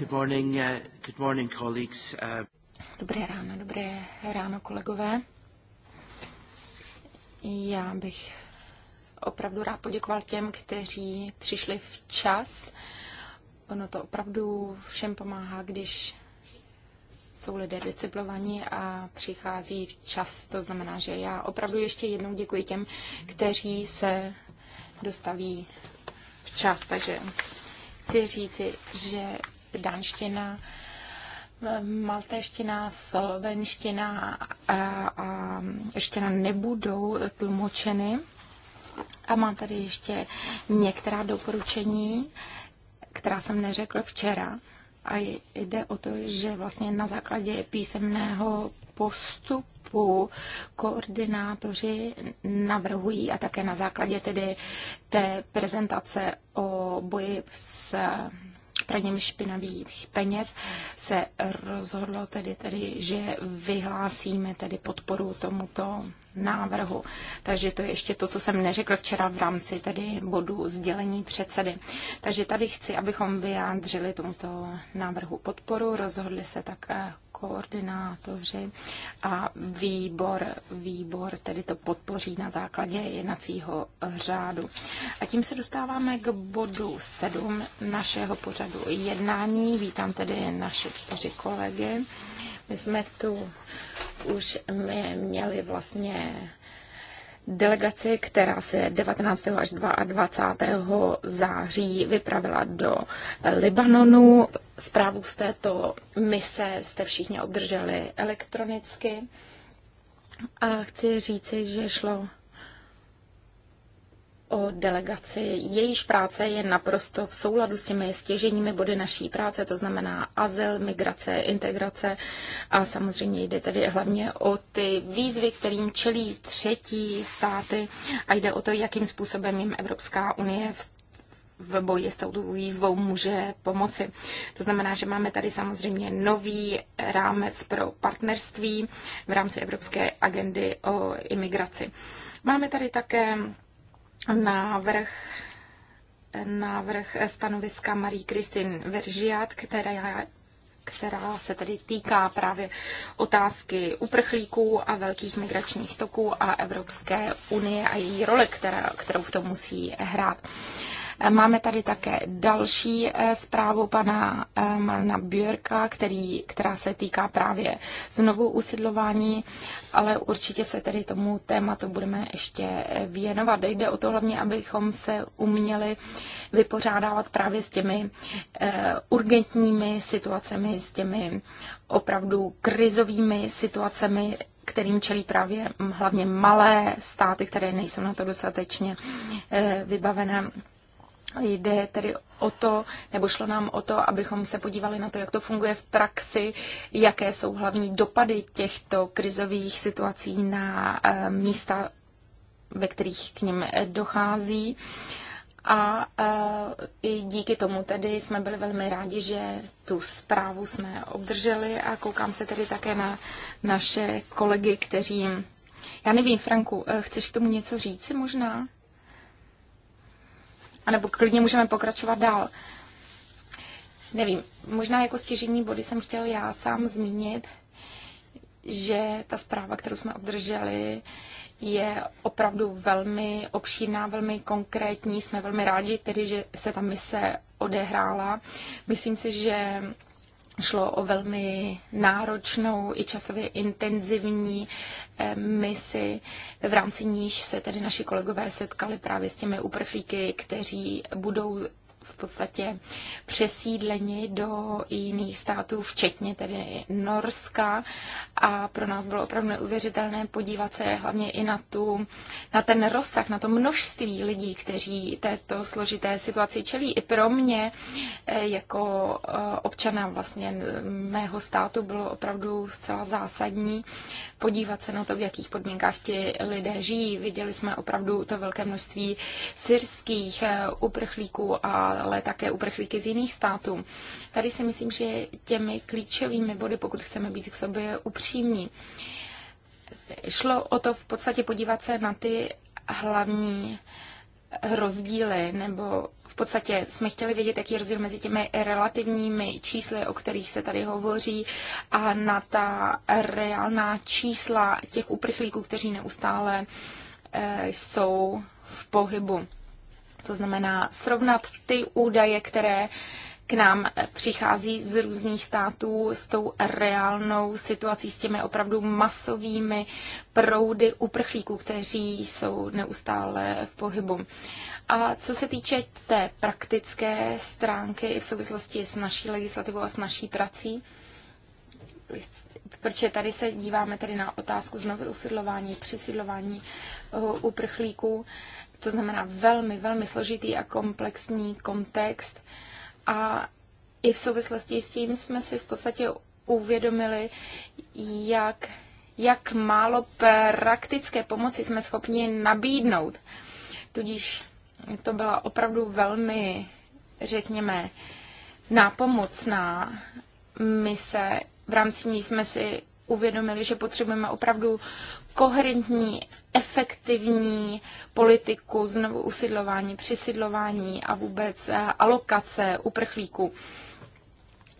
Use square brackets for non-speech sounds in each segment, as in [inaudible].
Good morning, uh, good morning, colleagues. Uh... Dobré ráno, dobré ráno, kolegové. Já bych opravdu rád poděkoval těm, kteří přišli včas. Ono to opravdu všem pomáhá, když jsou lidé disciplovaní a přichází včas. To znamená, že já opravdu ještě jednou děkuji těm, kteří se dostaví včas. Takže chci říci, že dánština, maltéština, slovenština a, a ština nebudou tlumočeny. A mám tady ještě některá doporučení, která jsem neřekl včera. A jde o to, že vlastně na základě písemného postupu koordinátoři navrhují a také na základě tedy té prezentace o boji s praním špinavých peněz se rozhodlo tedy, tedy že vyhlásíme tedy podporu tomuto návrhu. Takže to je ještě to, co jsem neřekl včera v rámci tedy bodu sdělení předsedy. Takže tady chci, abychom vyjádřili tomuto návrhu podporu. Rozhodli se tak eh, koordinátoři a výbor, výbor tedy to podpoří na základě jednacího řádu. A tím se dostáváme k bodu 7 našeho pořadu jednání. Vítám tedy naše čtyři kolegy. My jsme tu už měli vlastně delegaci, která se 19. až 22. září vypravila do Libanonu. Zprávu z této mise jste všichni obdrželi elektronicky. A chci říci, že šlo o delegaci. Jejíž práce je naprosto v souladu s těmi stěženími body naší práce, to znamená azyl, migrace, integrace a samozřejmě jde tedy hlavně o ty výzvy, kterým čelí třetí státy a jde o to, jakým způsobem jim Evropská unie v v boji s touto výzvou může pomoci. To znamená, že máme tady samozřejmě nový rámec pro partnerství v rámci Evropské agendy o imigraci. Máme tady také návrh návrh stanoviska Marie Kristin Veržiat, která, která se tedy týká právě otázky uprchlíků a velkých migračních toků a Evropské unie a její role, která, kterou v tom musí hrát. Máme tady také další eh, zprávu pana eh, Marna Björka, který, která se týká právě znovu usidlování, ale určitě se tedy tomu tématu budeme ještě eh, věnovat. Jde o to hlavně, abychom se uměli vypořádávat právě s těmi urgentními situacemi, s těmi opravdu krizovými situacemi, kterým čelí právě hlavně malé státy, které nejsou na to dostatečně vybavené. Jde tedy o to, nebo šlo nám o to, abychom se podívali na to, jak to funguje v praxi, jaké jsou hlavní dopady těchto krizových situací na eh, místa, ve kterých k ním eh, dochází. A eh, i díky tomu tedy jsme byli velmi rádi, že tu zprávu jsme obdrželi a koukám se tedy také na naše kolegy, kteří... Já nevím, Franku, chceš k tomu něco říci možná? anebo klidně můžeme pokračovat dál. Nevím, možná jako stěžení body jsem chtěl já sám zmínit, že ta zpráva, kterou jsme obdrželi, je opravdu velmi obšírná, velmi konkrétní. Jsme velmi rádi tedy, že se ta mise odehrála. Myslím si, že šlo o velmi náročnou i časově intenzivní misi, v rámci níž se tedy naši kolegové setkali právě s těmi uprchlíky, kteří budou v podstatě přesídleni do jiných států, včetně tedy Norska. A pro nás bylo opravdu neuvěřitelné podívat se hlavně i na, tu, na ten rozsah, na to množství lidí, kteří této složité situaci čelí. I pro mě eh, jako eh, občana vlastně mého státu bylo opravdu zcela zásadní podívat se na to, v jakých podmínkách ti lidé žijí. Viděli jsme opravdu to velké množství syrských eh, uprchlíků a ale také uprchlíky z jiných států. Tady si myslím, že těmi klíčovými body, pokud chceme být k sobě upřímní, šlo o to v podstatě podívat se na ty hlavní rozdíly, nebo v podstatě jsme chtěli vědět, jaký je rozdíl mezi těmi relativními čísly, o kterých se tady hovoří, a na ta reálná čísla těch uprchlíků, kteří neustále eh, jsou v pohybu. To znamená srovnat ty údaje, které k nám přichází z různých států s tou reálnou situací, s těmi opravdu masovými proudy uprchlíků, kteří jsou neustále v pohybu. A co se týče té praktické stránky i v souvislosti s naší legislativou a s naší prací, protože tady se díváme tady na otázku znovu usidlování, přesidlování eh, uprchlíků, to znamená velmi, velmi složitý a komplexní kontext. A i v souvislosti s tím jsme si v podstatě uvědomili, jak, jak málo praktické pomoci jsme schopni nabídnout. Tudíž to byla opravdu velmi, řekněme, nápomocná mise. V rámci ní jsme si uvědomili, že potřebujeme opravdu koherentní, efektivní politiku znovu usidlování, přisidlování a vůbec eh, alokace uprchlíků.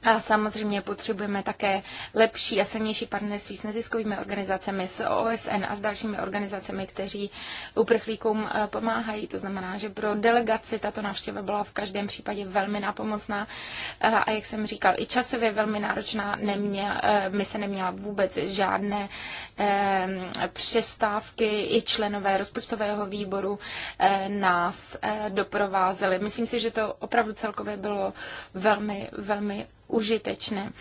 A samozřejmě potřebujeme také lepší a silnější partnerství s neziskovými organizacemi, s OSN a s dalšími organizacemi, kteří uprchlíkům eh, pomáhají. To znamená, že pro delegaci tato návštěva byla v každém případě velmi nápomocná eh, a jak jsem říkal, i časově velmi náročná. Neměl, eh, my se neměla vůbec žádné přestávky. I členové rozpočtového výboru nás doprovázeli. Myslím si, že to opravdu celkově bylo velmi, velmi užitečné.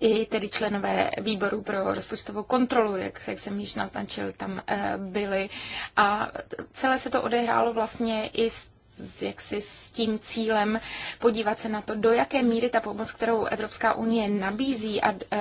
I tedy členové výboru pro rozpočtovou kontrolu, jak, jak jsem již naznačil, tam eh, byli. A celé se to odehrálo vlastně i s jaksi s tím cílem podívat se na to, do jaké míry ta pomoc, kterou Evropská unie nabízí a eh,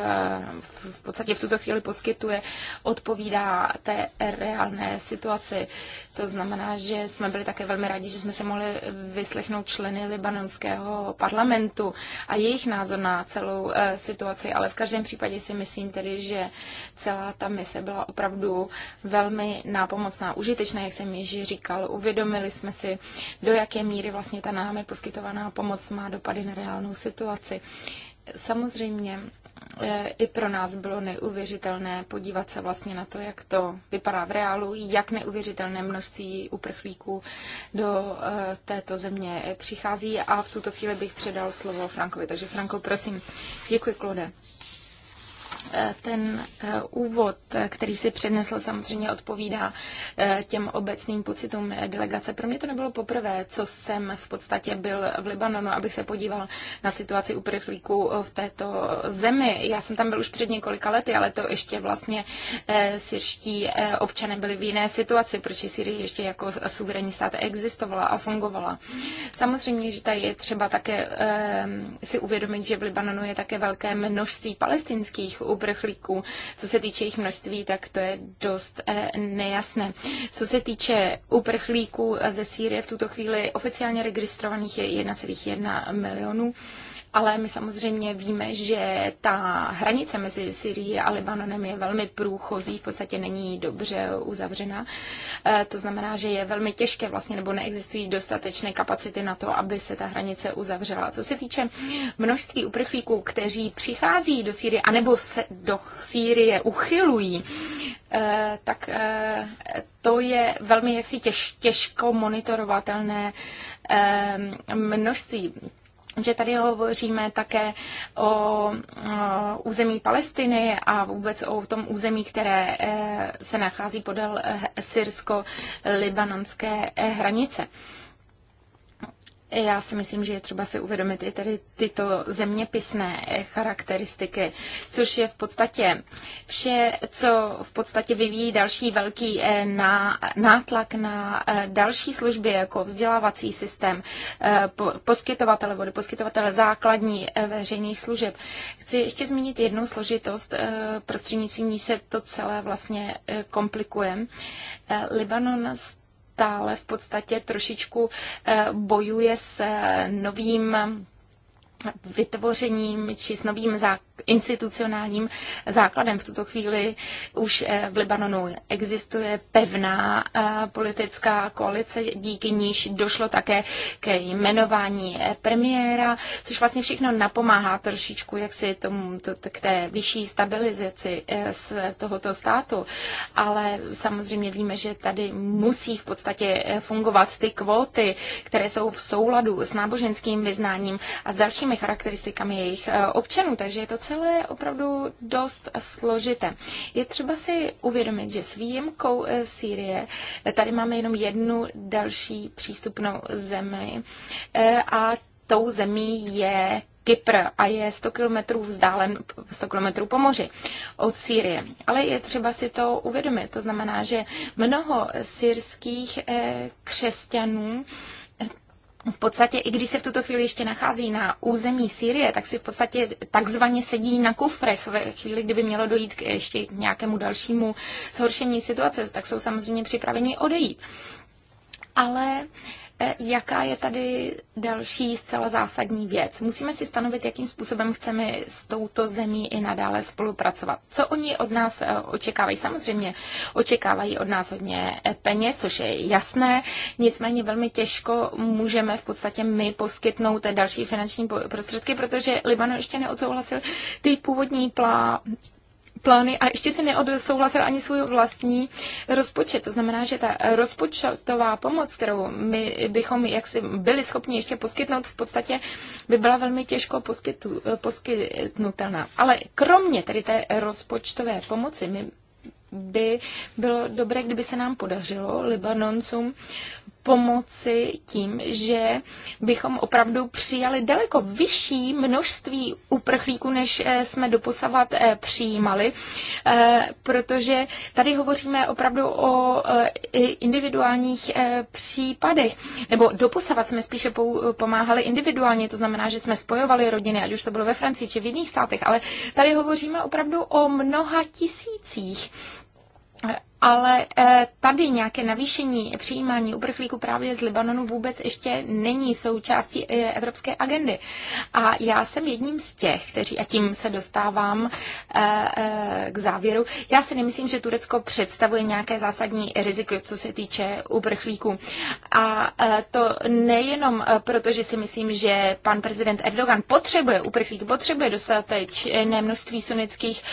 v podstatě v tuto chvíli poskytuje, odpovídá té reálné situaci. To znamená, že jsme byli také velmi rádi, že jsme se mohli vyslechnout členy libanonského parlamentu a jejich názor na celou eh, situaci, ale v každém případě si myslím tedy, že celá ta mise byla opravdu velmi nápomocná, užitečná, jak jsem již říkal. Uvědomili jsme si, do jaké míry vlastně ta námi poskytovaná pomoc má dopady na reálnou situaci. Samozřejmě Eh, i pro nás bylo neuvěřitelné podívat se vlastně na to, jak to vypadá v reálu, jak neuvěřitelné množství uprchlíků do eh, této země přichází a v tuto chvíli bych předal slovo Frankovi. Takže Franko, prosím. Děkuji, Klode ten eh, úvod, který si přednesl, samozřejmě odpovídá eh, těm obecným pocitům delegace. Pro mě to nebylo poprvé, co jsem v podstatě byl v Libanonu, abych se podíval na situaci uprchlíků eh, v této zemi. Já jsem tam byl už před několika lety, ale to ještě vlastně syrští občané byli v jiné situaci, proč Syrie ještě jako suverénní stát existovala a fungovala. Samozřejmě, že tady je třeba také si uvědomit, že v Libanonu je také velké množství palestinských uprchlíků, co se týče jejich množství, tak to je dost eh, nejasné. Co se týče uprchlíků ze Sýrie, v tuto chvíli oficiálně registrovaných je 1,1 milionů ale my samozřejmě víme, že ta hranice mezi Syrií a Libanonem je velmi průchozí, v podstatě není dobře uzavřena. E, to znamená, že je velmi těžké vlastně, nebo neexistují dostatečné kapacity na to, aby se ta hranice uzavřela. Co se týče množství uprchlíků, kteří přichází do Sýrie, anebo se do Sýrie uchylují, e, tak e, to je velmi jaksi těž, těžko monitorovatelné množství že tady hovoříme také o, území Palestiny a vůbec o tom území, které eh, se nachází podél eh, syrsko-libanonské eh, hranice. Já si myslím, že je třeba si uvědomit i tady tyto zeměpisné charakteristiky, což je v podstatě vše, co v podstatě vyvíjí další velký eh, nátlak na eh, další služby, jako vzdělávací systém, eh, poskytovatele vody, poskytovatele základní veřejných služeb. Chci ještě zmínit jednu složitost, prostřednictvím ní se to celé vlastně komplikuje. Libanon stále v podstatě trošičku eh, bojuje s eh, novým vytvořením či s novým zák- institucionálním základem. V tuto chvíli už eh, v Libanonu existuje pevná eh, politická koalice, díky níž došlo také ke jmenování eh, premiéra, což vlastně všechno napomáhá trošičku jak si tomu, to, k té vyšší stabilizaci z tohoto státu. Ale samozřejmě víme, že tady musí v podstatě fungovat ty kvóty, které jsou v souladu s náboženským vyznáním a s dalšími osobnostními charakteristikami jejich eh, občanů, takže je to celé opravdu dost složité. Je třeba si uvědomit, že s výjimkou eh, Sýrie eh, tady máme jenom jednu další přístupnou zemi a tou zemí je Kypr a je 100 kilometrů vzdálen, 100 kilometrů po moři od Sýrie. Ale je třeba si to uvědomit. To znamená, že mnoho syrských křesťanů v podstatě, i když se v tuto chvíli ještě nachází na území Sýrie, tak si v podstatě takzvaně sedí na kufrech ve chvíli, kdyby mělo dojít k ještě nějakému dalšímu zhoršení situace, tak jsou samozřejmě připraveni odejít. Ale E, jaká je tady další zcela zásadní věc. Musíme si stanovit, jakým způsobem chceme s touto zemí i nadále spolupracovat. Co oni od nás e, očekávají? Samozřejmě očekávají od nás hodně e, peněz, což je jasné, nicméně velmi těžko můžeme v podstatě my poskytnout další finanční prostředky, protože Libanon ještě neodsouhlasil ty původní plá, plány a ještě se neodsouhlasil ani svůj vlastní rozpočet. To znamená, že ta rozpočtová pomoc, kterou my bychom jaksi byli schopni ještě poskytnout, v podstatě by byla velmi těžko poskytu, poskytnutelná. Ale kromě tedy té rozpočtové pomoci, my by bylo dobré, kdyby se nám podařilo Libanoncům pomoci tím, že bychom opravdu přijali daleko vyšší množství uprchlíků, než eh, jsme doposavat eh, přijímali, eh, protože tady hovoříme opravdu o individuálních případech, nebo doposavat jsme spíše pomáhali individuálně, to znamená, že jsme spojovali rodiny, ať už to bylo ve Francii či v jiných státech, ale tady hovoříme opravdu o mnoha tisících ale eh, tady nějaké navýšení přijímání uprchlíků právě z Libanonu vůbec ještě není součástí eh, evropské agendy. A já jsem jedním z těch, kteří, a tím se dostávám eh, k závěru, já si nemyslím, že Turecko představuje nějaké zásadní riziko, co se týče uprchlíků. A to nejenom proto, že si myslím, že pan prezident Erdogan potřebuje uprchlík, potřebuje dostatečné množství sunnických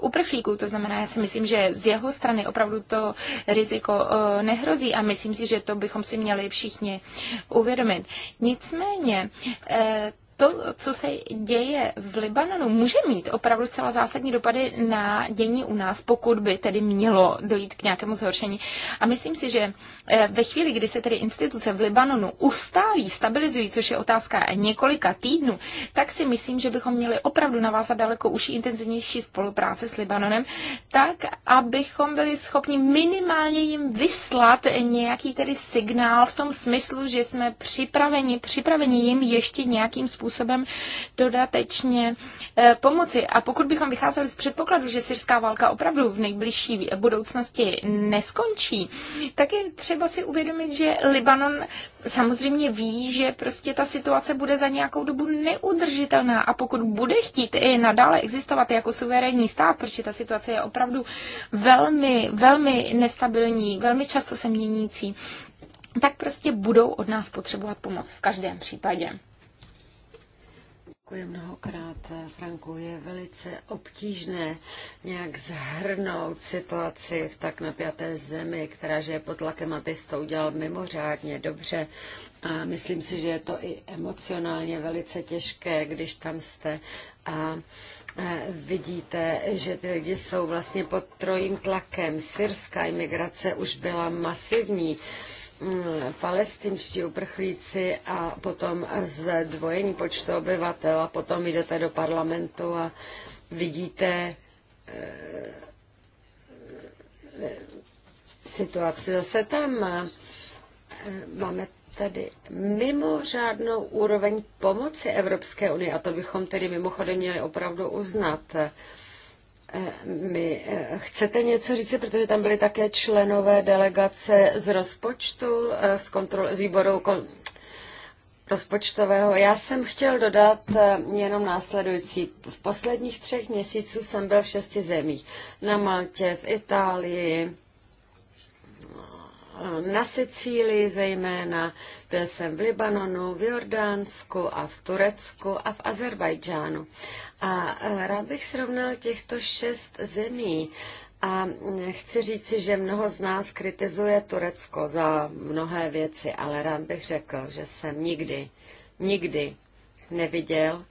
uprchlíků. To znamená, já si myslím, že z jeho strany opravdu opravdu to riziko eh, nehrozí a myslím si, že to bychom si měli všichni uvědomit. Nicméně eh, to, co se děje v Libanonu, může mít opravdu zcela zásadní dopady na dění u nás, pokud by tedy mělo dojít k nějakému zhoršení. A myslím si, že eh, ve chvíli, kdy se tedy instituce v Libanonu ustálí, stabilizují, což je otázka několika týdnů, tak si myslím, že bychom měli opravdu navázat daleko užší, intenzivnější spolupráce s Libanonem, tak, abychom byli schopni minimálně jim vyslat nějaký tedy signál v tom smyslu, že jsme připraveni, připraveni jim ještě nějakým způsobem způsobem dodatečně eh, pomoci. A pokud bychom vycházeli z předpokladu, že syrská válka opravdu v nejbližší budoucnosti neskončí, tak je třeba si uvědomit, že Libanon samozřejmě ví, že prostě ta situace bude za nějakou dobu neudržitelná a pokud bude chtít i nadále existovat jako suverénní stát, protože ta situace je opravdu velmi, velmi nestabilní, velmi často se měnící, tak prostě budou od nás potřebovat pomoc v každém případě. Děkuji mnohokrát, Franku. Je velice obtížné nějak zhrnout situaci v tak napjaté zemi, která že je pod tlakem a ty jsi to udělal mimořádně dobře. A myslím si, že je to i emocionálně velice těžké, když tam jste a e, vidíte, že ty lidi jsou vlastně pod trojím tlakem. Syrská imigrace už byla masivní Mm, palestinští uprchlíci a potom zdvojení počtu obyvatel a potom jdete do parlamentu a vidíte eh, situaci zase tam. Eh, máme tady mimořádnou úroveň pomoci Evropské unie a to bychom tedy mimochodem měli opravdu uznat. Eh, mi eh, chcete něco říct, protože tam byly také členové delegace z rozpočtu, eh, z, kontrol, z výboru kon, rozpočtového. Já jsem chtěl dodat jenom následující. V posledních třech měsíců jsem byl v šesti zemích. Na Maltě, v Itálii, na Sicílii zejména. Byl jsem v Libanonu, v Jordánsku a v Turecku a v Azerbajdžánu. A e, rád bych srovnal těchto šest zemí. A chci říci, že mnoho z nás kritizuje Turecko za mnohé věci, ale rád bych řekl, že jsem nikdy, nikdy neviděl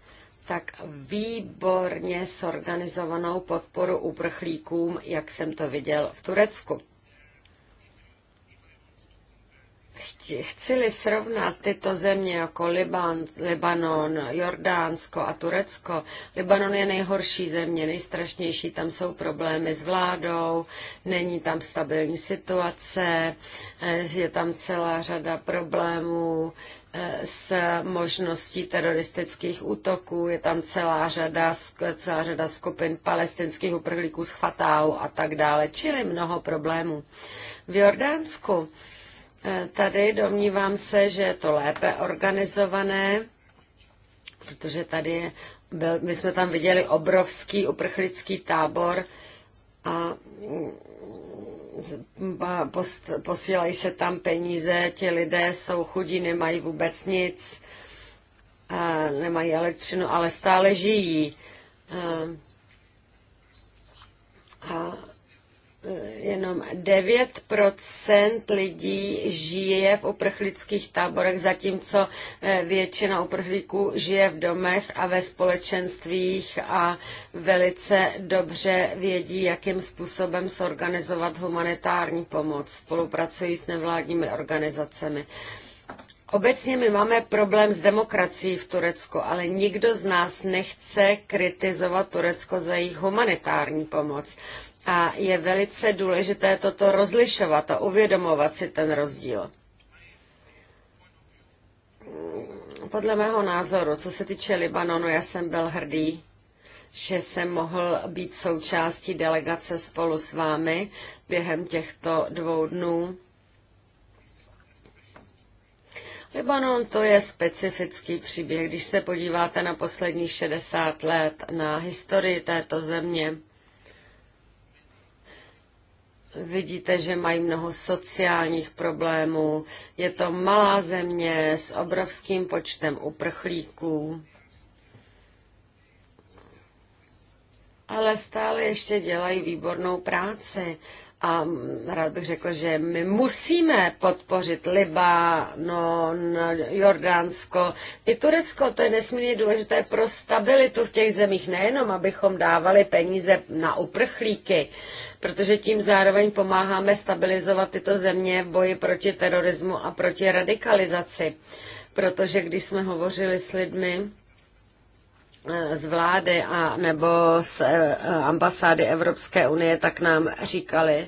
tak výborně sorganizovanou podporu uprchlíkům, jak jsem to viděl v Turecku. chci-li srovnat tyto země jako Liban, Libanon, Jordánsko a Turecko, Libanon je nejhorší země, nejstrašnější, tam jsou problémy s vládou, není tam stabilní situace, eh, je tam celá řada problémů eh, s možností teroristických útoků, je tam celá řada, celá řada skupin palestinských uprchlíků z Fatahu a tak dále, čili mnoho problémů. V Jordánsku Tady domnívám se, že je to lépe organizované, protože tady byl, my jsme tam viděli obrovský uprchlický tábor a mm, post, posílají se tam peníze, ti lidé jsou chudí, nemají vůbec nic, a nemají elektřinu, ale stále žijí. A, a Eh, jenom 9% lidí žije v uprchlických táborech, zatímco eh, většina uprchlíků žije v domech a ve společenstvích a velice dobře vědí, jakým způsobem zorganizovat humanitární pomoc. Spolupracují s nevládními organizacemi. Obecně my máme problém s demokracií v Turecku, ale nikdo z nás nechce kritizovat Turecko za jejich humanitární pomoc. A je velice důležité toto rozlišovat a uvědomovat si ten rozdíl. Podle mého názoru, co se týče Libanonu, já jsem byl hrdý, že jsem mohl být součástí delegace spolu s vámi během těchto dvou dnů. Libanon to je specifický příběh. Když se podíváte na posledních 60 let, na historii této země, Vidíte, že mají mnoho sociálních problémů. Je to malá země s obrovským počtem uprchlíků. Ale stále ještě dělají výbornou práci. A rád bych řekl, že my musíme podpořit Libanon, Jordánsko i Turecko. To je nesmírně důležité pro stabilitu v těch zemích, nejenom abychom dávali peníze na uprchlíky, protože tím zároveň pomáháme stabilizovat tyto země v boji proti terorismu a proti radikalizaci. Protože když jsme hovořili s lidmi, Eh, z vlády a nebo z eh, ambasády Evropské unie, tak nám říkali,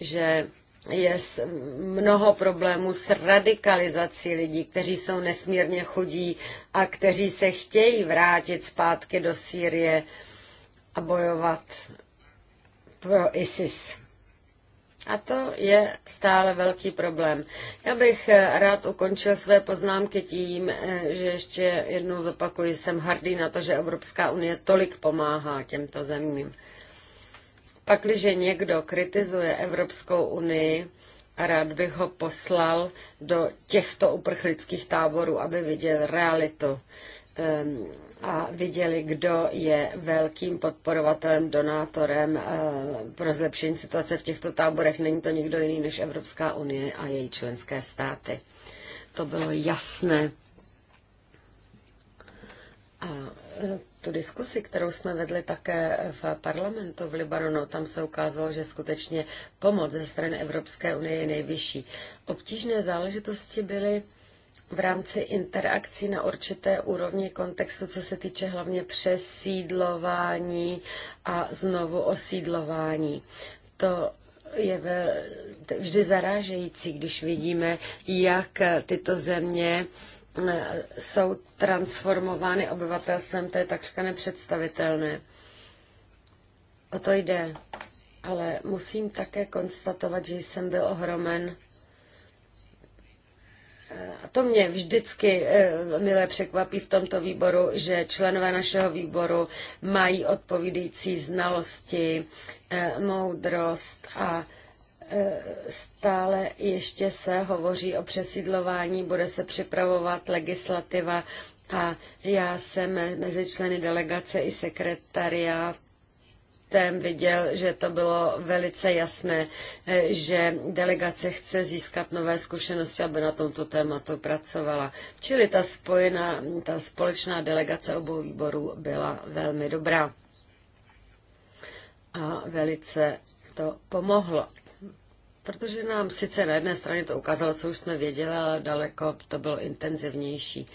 že je mnoho problémů s radikalizací lidí, kteří jsou nesmírně chudí a kteří se chtějí vrátit zpátky do Sýrie a bojovat pro ISIS. A to je stále velký problém. Já bych eh, rád ukončil své poznámky tím, eh, že ještě jednou zopakuji, jsem hrdý na to, že Evropská unie tolik pomáhá těmto zemím. Pakliže někdo kritizuje Evropskou unii, rád bych ho poslal do těchto uprchlických táborů, aby viděl realitu ehm, a viděli, kdo je velkým podporovatelem, donátorem eh, pro zlepšení situace v těchto táborech. Není to nikdo jiný než Evropská unie a její členské státy. To bylo jasné. A eh, tu diskusi, kterou jsme vedli také v parlamentu v Libanonu, tam se ukázalo, že skutečně pomoc ze strany Evropské unie je nejvyšší. Obtížné záležitosti byly v rámci interakcí na určité úrovni kontextu, co se týče hlavně přesídlování a znovu osídlování. To je vždy zarážející, když vidíme, jak tyto země eh, jsou transformovány obyvatelstvem, to je takřka nepředstavitelné. O to jde. Ale musím také konstatovat, že jsem byl ohromen a to mě vždycky eh, milé překvapí v tomto výboru, že členové našeho výboru mají odpovídající znalosti, eh, moudrost a eh, stále ještě se hovoří o přesídlování, bude se připravovat legislativa a já jsem mezi členy delegace i sekretariát jsem viděl, že to bylo velice jasné, eh, že delegace chce získat nové zkušenosti, aby na tomto tématu pracovala. Čili ta, spojená, ta společná delegace obou výborů byla velmi dobrá a velice to pomohlo. Protože nám sice na jedné straně to ukázalo, co už jsme věděli, ale daleko to bylo intenzivnější.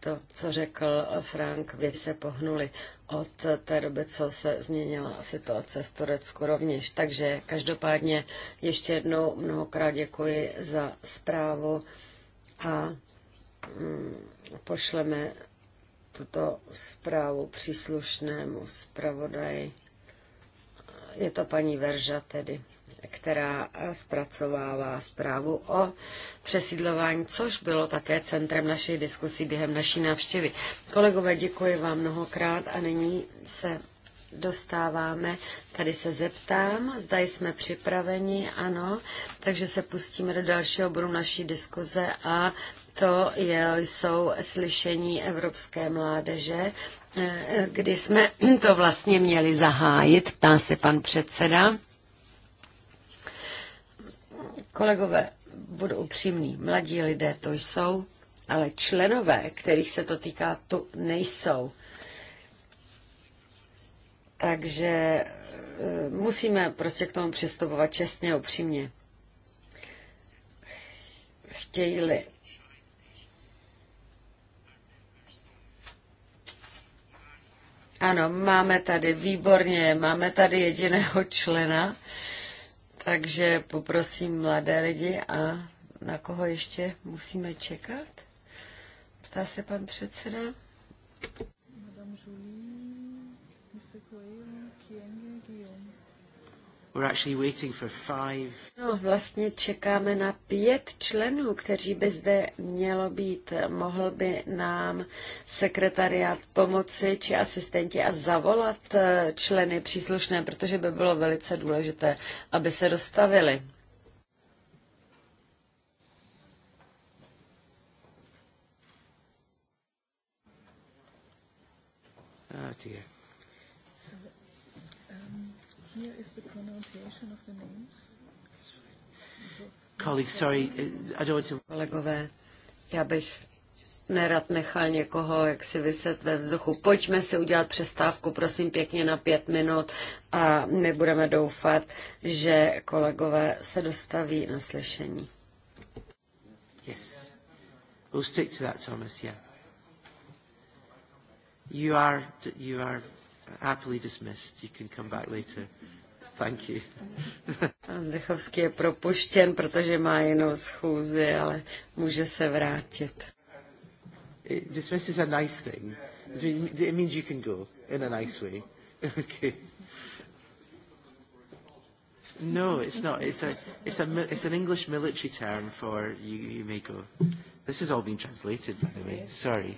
To, co řekl Frank, věci se pohnuli od té doby, co se změnila situace v Turecku rovněž. Takže každopádně ještě jednou mnohokrát děkuji za zprávu a mm, pošleme tuto zprávu příslušnému zpravodaji. Je to paní Verža tedy která eh, zpracovává zprávu o přesídlování, což bylo také centrem našich diskusí během naší návštěvy. Kolegové, děkuji vám mnohokrát a nyní se dostáváme, tady se zeptám, zda jsme připraveni, ano, takže se pustíme do dalšího bodu naší diskuze a to je, jsou slyšení evropské mládeže, eh, kdy jsme to vlastně měli zahájit, ptá se pan předseda. Kolegové, budu upřímný, mladí lidé to jsou, ale členové, kterých se to týká, tu nejsou. Takže eh, musíme prostě k tomu přistupovat čestně, upřímně. Chtějí-li Ano, máme tady, výborně, máme tady jediného člena takže poprosím mladé lidi a na koho ještě musíme čekat? Ptá se pan předseda. We're actually waiting for five. No, vlastně čekáme na pět členů, kteří by zde mělo být. Mohl by nám sekretariát pomoci či asistenti a zavolat eh, členy příslušné, protože by bylo velice důležité, aby se dostavili. Oh dear. Kolegové, já bych nerad nechal někoho, jak si vyset ve vzduchu. Pojďme si udělat přestávku, prosím pěkně, na pět minut a nebudeme doufat, že kolegové se dostaví na slyšení. Yes. We'll stick to that, Thomas, yeah. You are, you are happily dismissed. You can come back later. Thank you. [laughs] Pan Zdechovský je propuštěn, protože má jinou schůzi, ale může se vrátit. Dismiss is a nice thing. It means you can go in a nice way. [laughs] No, it's not. It's a it's a it's an English military term for you. You may go. This has all been translated, by the way. Sorry.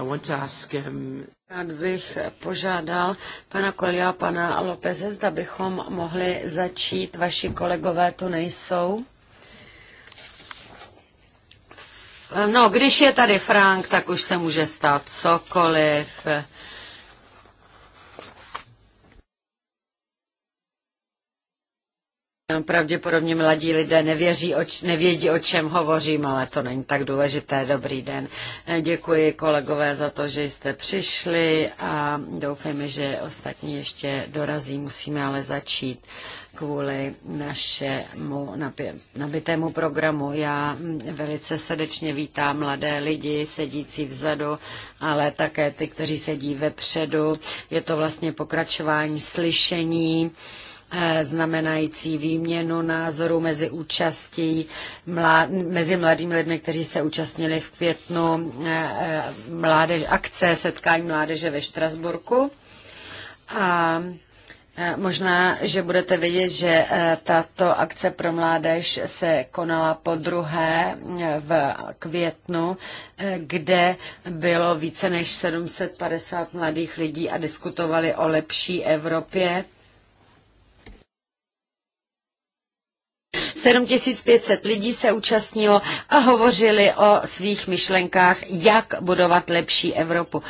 Um, Rád bych požádal pana Kolia a pana Lopeze, zda bychom mohli začít. Vaši kolegové tu nejsou. No, když je tady Frank, tak už se může stát cokoliv. Pravděpodobně mladí lidé nevěří, oč, nevědí, o čem hovořím, ale to není tak důležité. Dobrý den. Eh, děkuji kolegové za to, že jste přišli a doufejme, že ostatní ještě dorazí. Musíme ale začít kvůli našemu nabitému programu. Já mm, velice srdečně vítám mladé lidi sedící vzadu, ale také ty, kteří sedí vepředu. Je to vlastně pokračování slyšení Eh, znamenající výměnu názorů mezi účastí, mezi mladými lidmi, kteří se účastnili v květnu eh, eh, mládež, akce setkání mládeže ve Štrasburku. A Možná, že budete vědět, že tato akce pro mládež se konala po druhé v květnu, kde bylo více než 750 mladých lidí a diskutovali o lepší Evropě 7500 lidí se účastnilo a hovořili o svých myšlenkách, jak budovat lepší Evropu.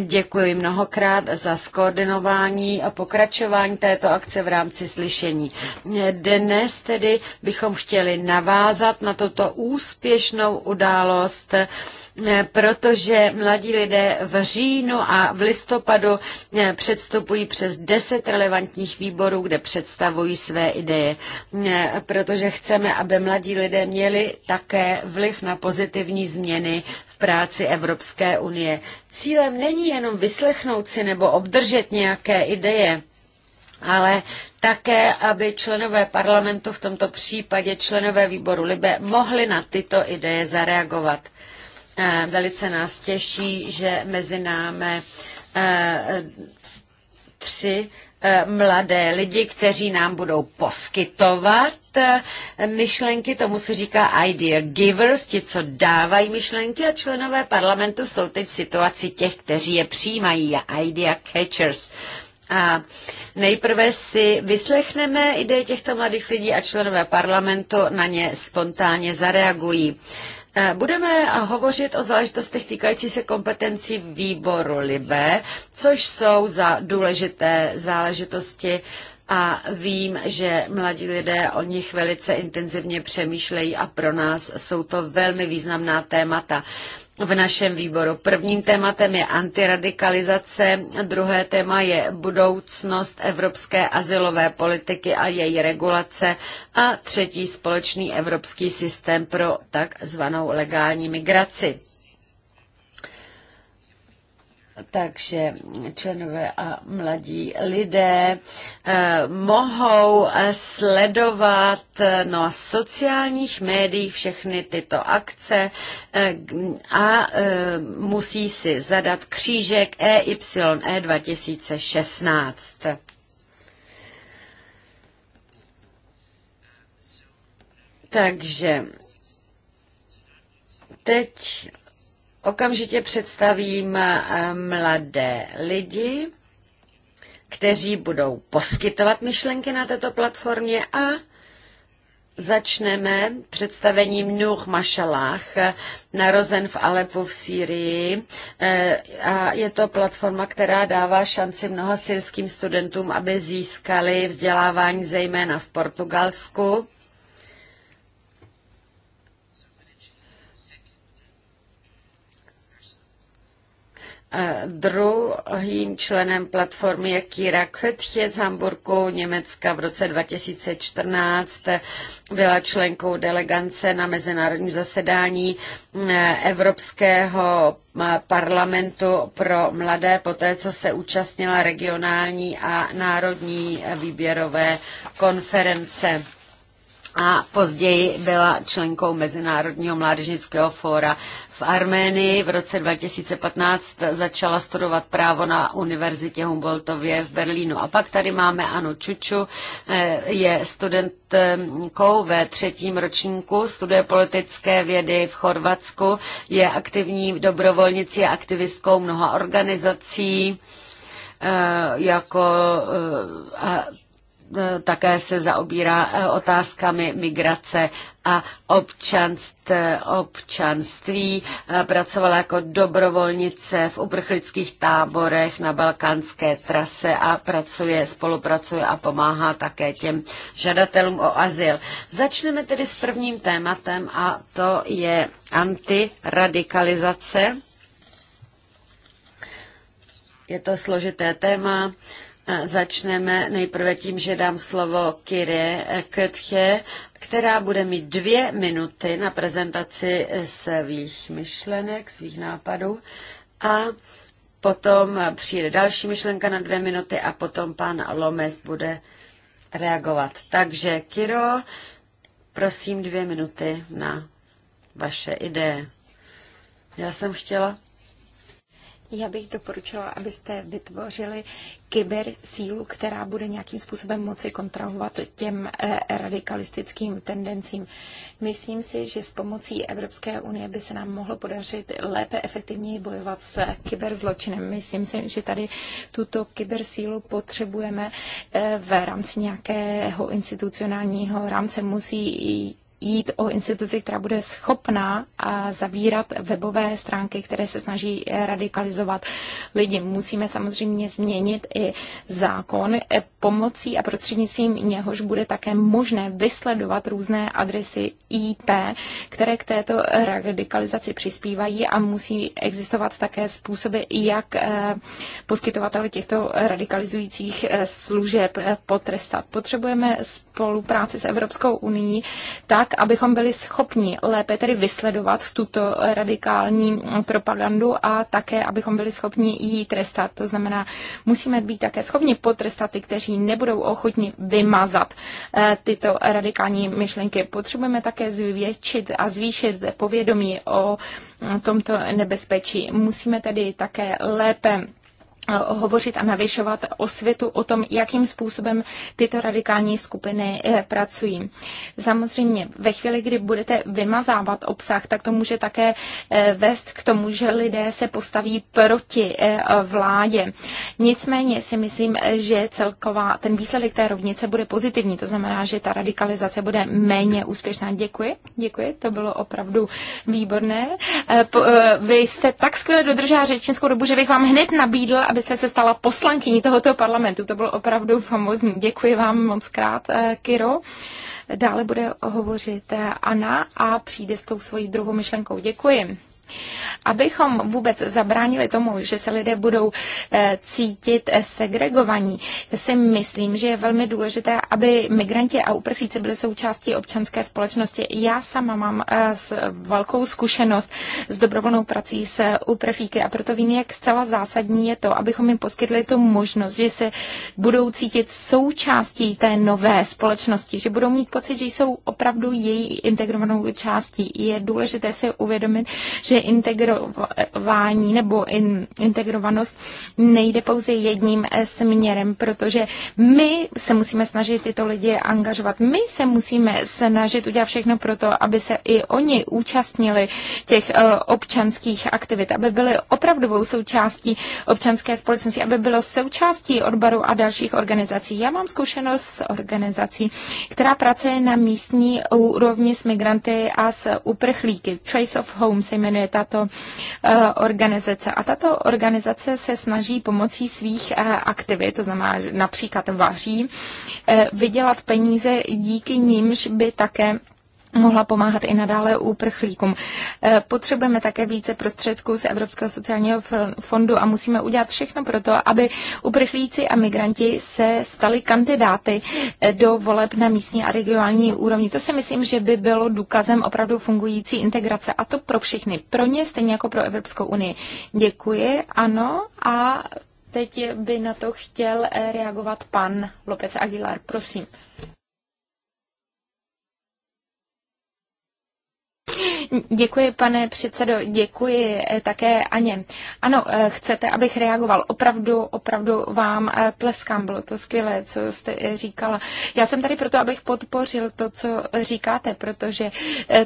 Děkuji mnohokrát za skoordinování a pokračování této akce v rámci slyšení. Dnes tedy bychom chtěli navázat na toto úspěšnou událost, Eh, protože mladí lidé v říjnu a v listopadu eh, předstupují přes deset relevantních výborů, kde představují své ideje, eh, protože chceme, aby mladí lidé měli také vliv na pozitivní změny v práci Evropské unie. Cílem není jenom vyslechnout si nebo obdržet nějaké ideje, ale také, aby členové parlamentu, v tomto případě členové výboru Libe, mohli na tyto ideje zareagovat. Eh, velice nás těší, že mezi námi eh, tři eh, mladé lidi, kteří nám budou poskytovat myšlenky, tomu se říká idea givers, ti, co dávají myšlenky a členové parlamentu jsou teď v situaci těch, kteří je přijímají a idea catchers. A nejprve si vyslechneme ideje těchto mladých lidí a členové parlamentu na ně spontánně zareagují. Eh, budeme hovořit o záležitostech týkající se kompetencí výboru LIBE, což jsou za důležité záležitosti a vím, že mladí lidé o nich velice intenzivně přemýšlejí a pro nás jsou to velmi významná témata v našem výboru. Prvním tématem je antiradikalizace, druhé téma je budoucnost evropské asilové politiky a její regulace a třetí společný evropský systém pro takzvanou legální migraci takže členové a mladí lidé eh, mohou sledovat eh, na no sociálních médiích všechny tyto akce eh, a musí si zadat křížek EYE 2016. E takže teď Okamžitě představím eh, mladé lidi, kteří budou poskytovat myšlenky na této platformě a začneme představením Nuh Mašalách, narozen v Alepu v Sýrii. Eh, a je to platforma, která dává šanci mnoha syrským studentům, aby získali vzdělávání zejména v Portugalsku Druhým členem platformy je Kira Kvetche z Hamburgu, Německa v roce 2014. Byla členkou delegance na mezinárodní zasedání eh, Evropského eh, parlamentu pro mladé, poté co se účastnila regionální a národní eh, výběrové konference a později byla členkou Mezinárodního mládežnického fóra v Arménii. V roce 2015 začala studovat právo na univerzitě Humboldtově v Berlínu. A pak tady máme Anu Čuču, eh, je studentkou ve třetím ročníku, studuje politické vědy v Chorvatsku, je aktivní dobrovolnici a aktivistkou mnoha organizací eh, jako eh, Eh, také se zaobírá eh, otázkami migrace a občanst, občanství. Eh, pracovala jako dobrovolnice v uprchlických táborech na balkánské trase a pracuje, spolupracuje a pomáhá také těm žadatelům o azyl. Začneme tedy s prvním tématem a to je antiradikalizace. Je to složité téma. Eh, začneme nejprve tím, že dám slovo Kyrie eh, Kötche, která bude mít dvě minuty na prezentaci eh, svých myšlenek, svých nápadů a potom přijde další myšlenka na dvě minuty a potom pan Lomes bude reagovat. Takže Kiro, prosím dvě minuty na vaše ideje. Já jsem chtěla já bych doporučila, abyste vytvořili sílu, která bude nějakým způsobem moci kontrahovat těm eh, radikalistickým tendencím. Myslím si, že s pomocí Evropské unie by se nám mohlo podařit lépe efektivněji bojovat s kyberzločinem. Myslím si, že tady tuto kybersílu potřebujeme eh, v rámci nějakého institucionálního rámce. Musí jít o instituci, která bude schopná zabírat webové stránky, které se snaží eh, radikalizovat lidi. Musíme samozřejmě změnit i zákon eh, pomocí a prostřednictvím něhož bude také možné vysledovat různé adresy IP, které k této radikalizaci přispívají a musí existovat také způsoby, jak eh, poskytovateli těchto radikalizujících služeb potrestat. Potřebujeme spolupráci s Evropskou unii tak, abychom byli schopni lépe tedy vysledovat tuto radikální propagandu a také, abychom byli schopni ji trestat. To znamená, musíme být také schopni potrestat ty, kteří nebudou ochotni vymazat eh, tyto radikální myšlenky. Potřebujeme také zvětšit a zvýšit povědomí o tomto nebezpečí. Musíme tedy také lépe hovořit a navyšovat osvětu o tom, jakým způsobem tyto radikální skupiny eh, pracují. Samozřejmě ve chvíli, kdy budete vymazávat obsah, tak to může také eh, vést k tomu, že lidé se postaví proti eh, vládě. Nicméně si myslím, že celková ten výsledek té rovnice bude pozitivní, to znamená, že ta radikalizace bude méně úspěšná. Děkuji, děkuji, to bylo opravdu výborné. Vy jste tak skvěle dodržela řečnickou dobu, že bych vám hned nabídl, abyste se stala poslankyní tohoto parlamentu. To bylo opravdu famozní. Děkuji vám moc krát, eh, Kiro. Dále bude hovořit eh, Anna a přijde s tou svojí druhou myšlenkou. Děkuji. Abychom vůbec zabránili tomu, že se lidé budou eh, cítit eh, segregovaní, si myslím, že je velmi důležité, aby migranti a uprchlíci byli součástí občanské společnosti. Já sama mám eh, velkou zkušenost s dobrovolnou prací s uprchlíky a proto vím, jak zcela zásadní je to, abychom jim poskytli tu možnost, že se budou cítit součástí té nové společnosti, že budou mít pocit, že jsou opravdu její integrovanou částí. Je důležité si uvědomit, že integrování nebo in, integrovanost nejde pouze jedním eh, směrem, protože my se musíme snažit tyto lidi angažovat. My se musíme snažit udělat všechno pro to, aby se i oni účastnili těch eh, občanských aktivit, aby byli opravdovou součástí občanské společnosti, aby bylo součástí odboru a dalších organizací. Já mám zkušenost s organizací, která pracuje na místní úrovni s migranty a s uprchlíky. Trace of Home se jmenuje tato eh, organizace. A tato organizace se snaží pomocí svých eh, aktivit, to znamená například vaří, eh, vydělat peníze, díky nímž by také mohla pomáhat i nadále úprchlíkům. E, potřebujeme také více prostředků z Evropského sociálního fondu a musíme udělat všechno pro to, aby uprchlíci a migranti se stali kandidáty e, do voleb na místní a regionální úrovni. To si myslím, že by bylo důkazem opravdu fungující integrace a to pro všechny. Pro ně stejně jako pro Evropskou unii. Děkuji, ano a teď by na to chtěl e, reagovat pan López Aguilar. Prosím. Děkuji, pane předsedo, děkuji eh, také Aně. Ano, eh, chcete, abych reagoval. Opravdu, opravdu vám eh, tleskám, bylo to skvělé, co jste říkala. Já jsem tady proto, abych podpořil to, co říkáte, protože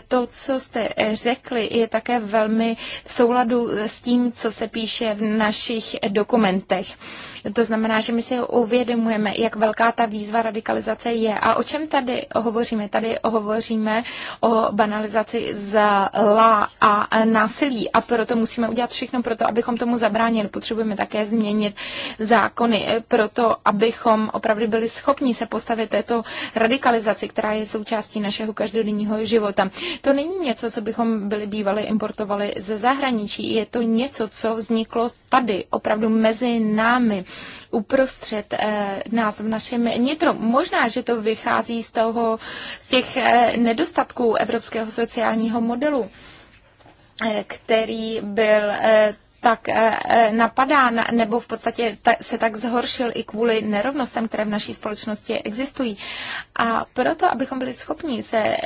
to, co jste řekli, je také velmi v souladu s tím, co se píše v našich dokumentech. To znamená, že my si uvědomujeme, jak velká ta výzva radikalizace je. A o čem tady hovoříme? Tady hovoříme o banalizaci zla a násilí a proto musíme udělat všechno pro to, abychom tomu zabránili. Potřebujeme také změnit zákony proto, abychom opravdu byli schopni se postavit této radikalizaci, která je součástí našeho každodenního života. To není něco, co bychom byli bývali importovali ze zahraničí. Je to něco, co vzniklo tady, opravdu mezi námi uprostřed eh, nás v našem nitru. Možná, že to vychází z, toho, z těch eh, nedostatků evropského sociálního modelu eh, který byl tak eh, eh, napadá nebo v podstatě se tak zhoršil i kvůli nerovnostem, které v naší společnosti existují. A proto, abychom byli schopni se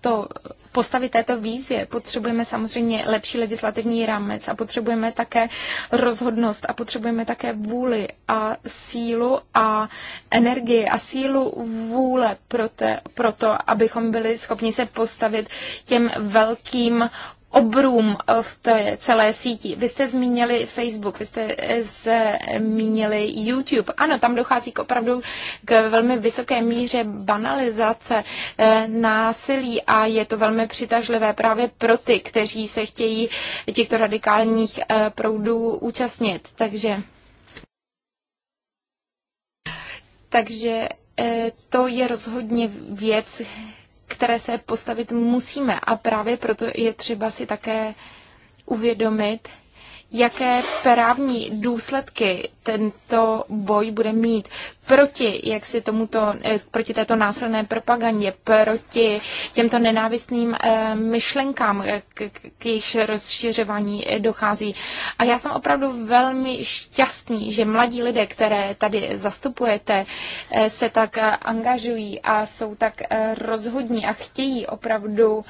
to postavit této výzvě, potřebujeme samozřejmě lepší legislativní rámec a potřebujeme také rozhodnost a potřebujeme také vůli a sílu a energii a sílu vůle pro, te, pro to, abychom byli schopni se postavit těm velkým obrům eh, v té celé síti. Vy jste zmínili Facebook, vy jste eh, zmínili YouTube. Ano, tam dochází k opravdu k velmi vysoké míře banalizace eh, násilí a je to velmi přitažlivé právě pro ty, kteří se chtějí těchto radikálních proudů účastnit. Takže takže to je rozhodně věc, které se postavit musíme. A právě proto je třeba si také uvědomit, jaké právní důsledky tento boj bude mít proti, jak si tomuto, eh, proti této násilné propagandě, proti těmto nenávistným eh, myšlenkám, eh, k, k jejich rozšiřování dochází. A já jsem opravdu velmi šťastný, že mladí lidé, které tady zastupujete, se tak angažují a jsou tak rozhodní a chtějí opravdu uh,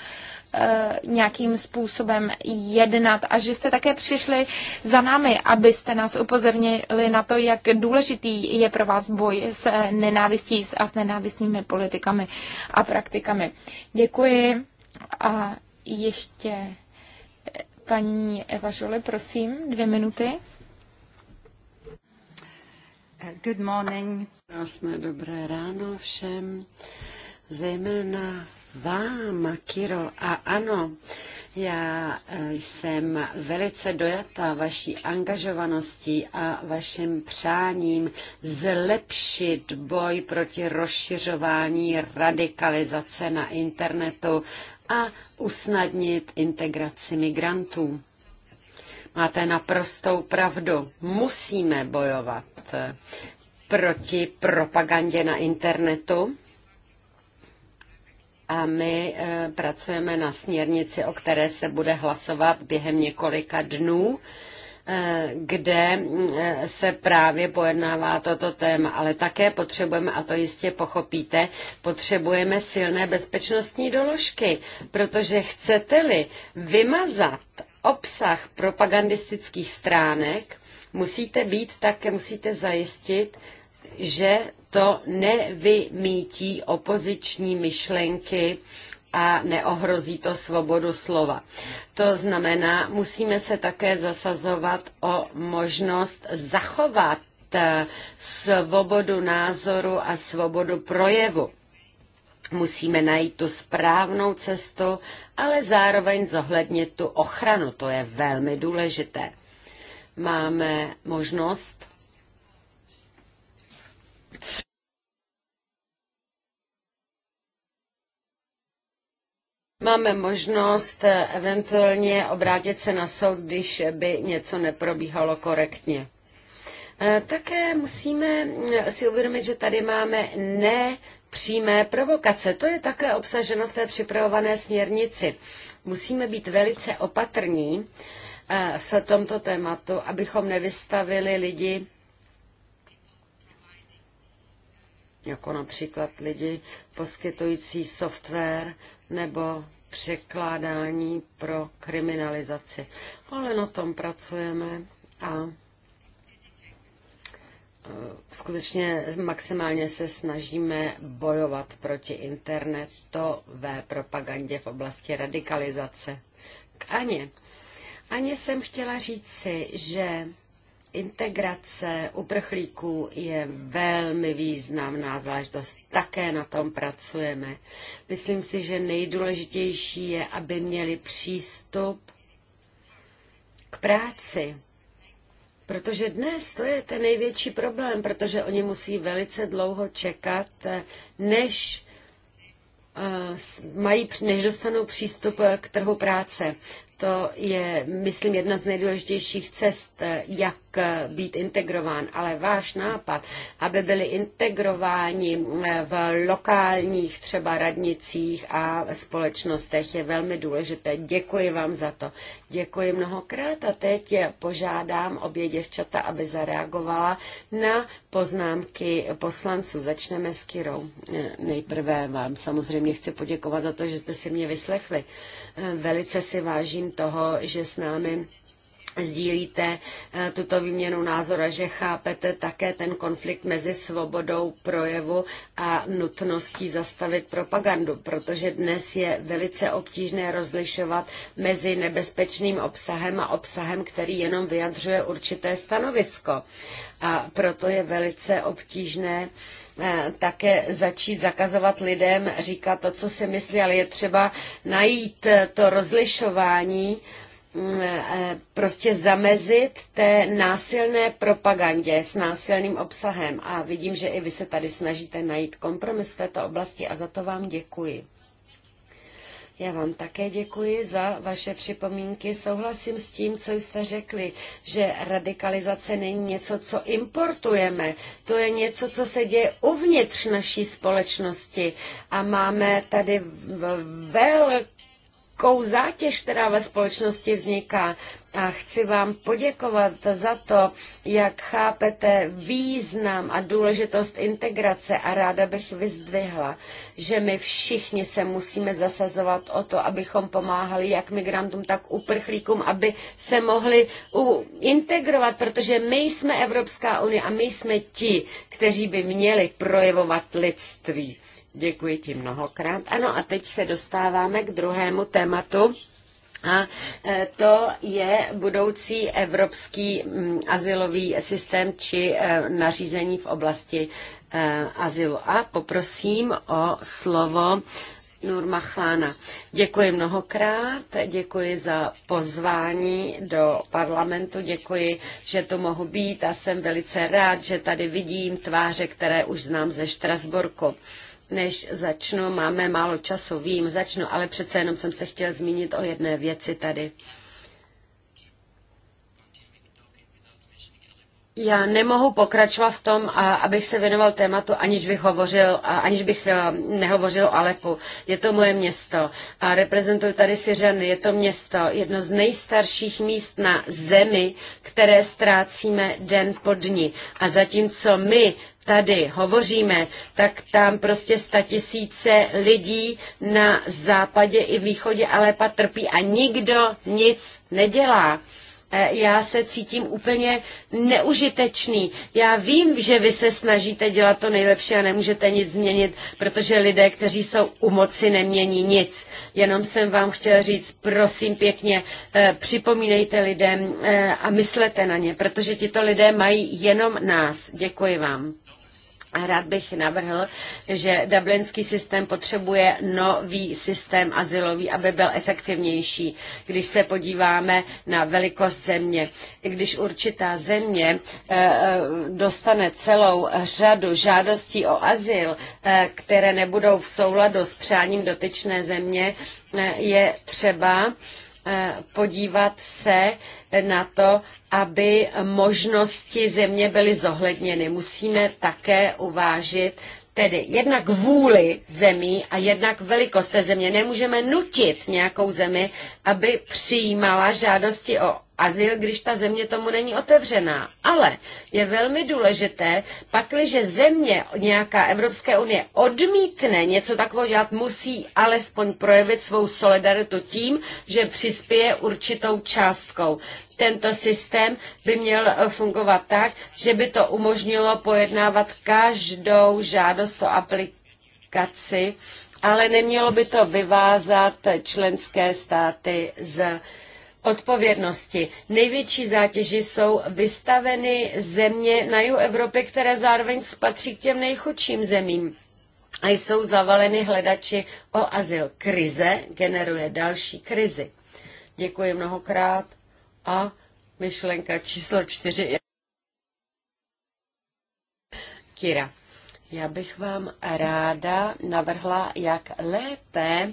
Eh, nějakým způsobem jednat a že jste také přišli za námi, abyste nás upozornili na to, jak důležitý je pro vás boj s nenávistí a s nenávistnými politikami a praktikami. Děkuji a ještě eh, paní Eva Žole, prosím, dvě minuty. Good morning. Krásné dobré ráno všem, zejména vám, Kiro. A ano, já eh, jsem velice dojatá vaší angažovaností a vaším přáním zlepšit boj proti rozšiřování radikalizace na internetu a usnadnit integraci migrantů. Máte naprostou pravdu. Musíme bojovat eh, proti propagandě na internetu a my eh, pracujeme na směrnici, o které se bude hlasovat během několika dnů eh, kde eh, se právě pojednává toto téma. Ale také potřebujeme, a to jistě pochopíte, potřebujeme silné bezpečnostní doložky, protože chcete-li vymazat obsah propagandistických stránek, musíte být také, musíte zajistit, že to nevymítí opoziční myšlenky a neohrozí to svobodu slova. To znamená, musíme se také zasazovat o možnost zachovat eh, svobodu názoru a svobodu projevu. Musíme najít tu správnou cestu, ale zároveň zohlednit tu ochranu. To je velmi důležité. Máme možnost máme možnost eh, eventuálně obrátit se na soud, když by něco neprobíhalo korektně. Eh, také musíme eh, si uvědomit, že tady máme ne přímé provokace. To je také obsaženo v té připravované směrnici. Musíme být velice opatrní v tomto tématu, abychom nevystavili lidi jako například lidi poskytující software nebo překládání pro kriminalizaci. Ale na tom pracujeme a e, skutečně maximálně se snažíme bojovat proti internetové propagandě v oblasti radikalizace. K Aně. Aně jsem chtěla říci, že Integrace uprchlíků je velmi významná záležitost. Také na tom pracujeme. Myslím si, že nejdůležitější je, aby měli přístup k práci. Protože dnes to je ten největší problém, protože oni musí velice dlouho čekat, než eh, mají, než dostanou přístup k trhu práce. To je, myslím, jedna z nejdůležitějších cest, jak být integrován, ale váš nápad, aby byli integrováni eh, v lokálních třeba radnicích a společnostech je velmi důležité. Děkuji vám za to. Děkuji mnohokrát a teď požádám obě děvčata, aby zareagovala na poznámky poslanců. Začneme s Kirou. Eh, nejprve vám samozřejmě chci poděkovat za to, že jste si mě vyslechli. Eh, velice si vážím toho, že s námi sdílíte eh, tuto výměnu názora, že chápete také ten konflikt mezi svobodou projevu a nutností zastavit propagandu, protože dnes je velice obtížné rozlišovat mezi nebezpečným obsahem a obsahem, který jenom vyjadřuje určité stanovisko. A proto je velice obtížné eh, také začít zakazovat lidem říkat to, co si myslí, ale je třeba najít to rozlišování, Mm, eh, prostě zamezit té násilné propagandě s násilným obsahem. A vidím, že i vy se tady snažíte najít kompromis v této oblasti a za to vám děkuji. Já vám také děkuji za vaše připomínky. Souhlasím s tím, co jste řekli, že radikalizace není něco, co importujeme. To je něco, co se děje uvnitř naší společnosti. A máme tady velké obrovskou zátěž, která ve společnosti vzniká. A chci vám poděkovat za to, jak chápete význam a důležitost integrace a ráda bych vyzdvihla, že my všichni se musíme zasazovat o to, abychom pomáhali jak migrantům, tak uprchlíkům, aby se mohli integrovat, protože my jsme Evropská unie a my jsme ti, kteří by měli projevovat lidství. Děkuji ti mnohokrát. Ano, a teď se dostáváme k druhému tématu. A e, to je budoucí evropský mm, asilový systém či e, nařízení v oblasti e, asilu. A poprosím o slovo Nurma Chlána. Děkuji mnohokrát, děkuji za pozvání do parlamentu, děkuji, že tu mohu být a jsem velice rád, že tady vidím tváře, které už znám ze Štrasburku než začnu, máme málo času, vím, začnu, ale přece jenom jsem se chtěl zmínit o jedné věci tady. Já nemohu pokračovat v tom, abych se věnoval tématu, aniž bych, hovořil, aniž bych nehovořil o Alepu. Je to moje město. A reprezentuji tady Syřany. Je to město, jedno z nejstarších míst na zemi, které ztrácíme den po dni. A zatímco my tady hovoříme, tak tam prostě sta tisíce lidí na západě i východě Alepa trpí a nikdo nic nedělá. E, já se cítím úplně neužitečný. Já vím, že vy se snažíte dělat to nejlepší a nemůžete nic změnit, protože lidé, kteří jsou u moci, nemění nic. Jenom jsem vám chtěl říct, prosím pěkně, e, připomínejte lidem e, a myslete na ně, protože tito lidé mají jenom nás. Děkuji vám. Rád bych navrhl, že dublinský systém potřebuje nový systém asilový, aby byl efektivnější. Když se podíváme na velikost země, když určitá země eh, eh, dostane celou řadu žádostí o azyl, eh, které nebudou v souladu s přáním dotyčné země, je třeba Eh, podívat se na to, aby možnosti země byly zohledněny. Musíme také uvážit tedy jednak vůli zemí a jednak velikost té země. Nemůžeme nutit nějakou zemi, aby přijímala žádosti o azyl, když ta země tomu není otevřená. Ale je velmi důležité, pakliže země nějaká Evropské unie odmítne něco takového dělat, musí alespoň projevit svou solidaritu tím, že přispěje určitou částkou. Tento systém by měl eh, fungovat tak, že by to umožnilo pojednávat každou žádost o aplikaci, ale nemělo by to vyvázat členské státy z odpovědnosti. Největší zátěži jsou vystaveny země na jihu Evropy, které zároveň spatří k těm nejchudším zemím. A jsou zavaleny hledači o azyl. Krize generuje další krizi. Děkuji mnohokrát a myšlenka číslo čtyři. Kira, já bych vám ráda navrhla, jak lépe uh,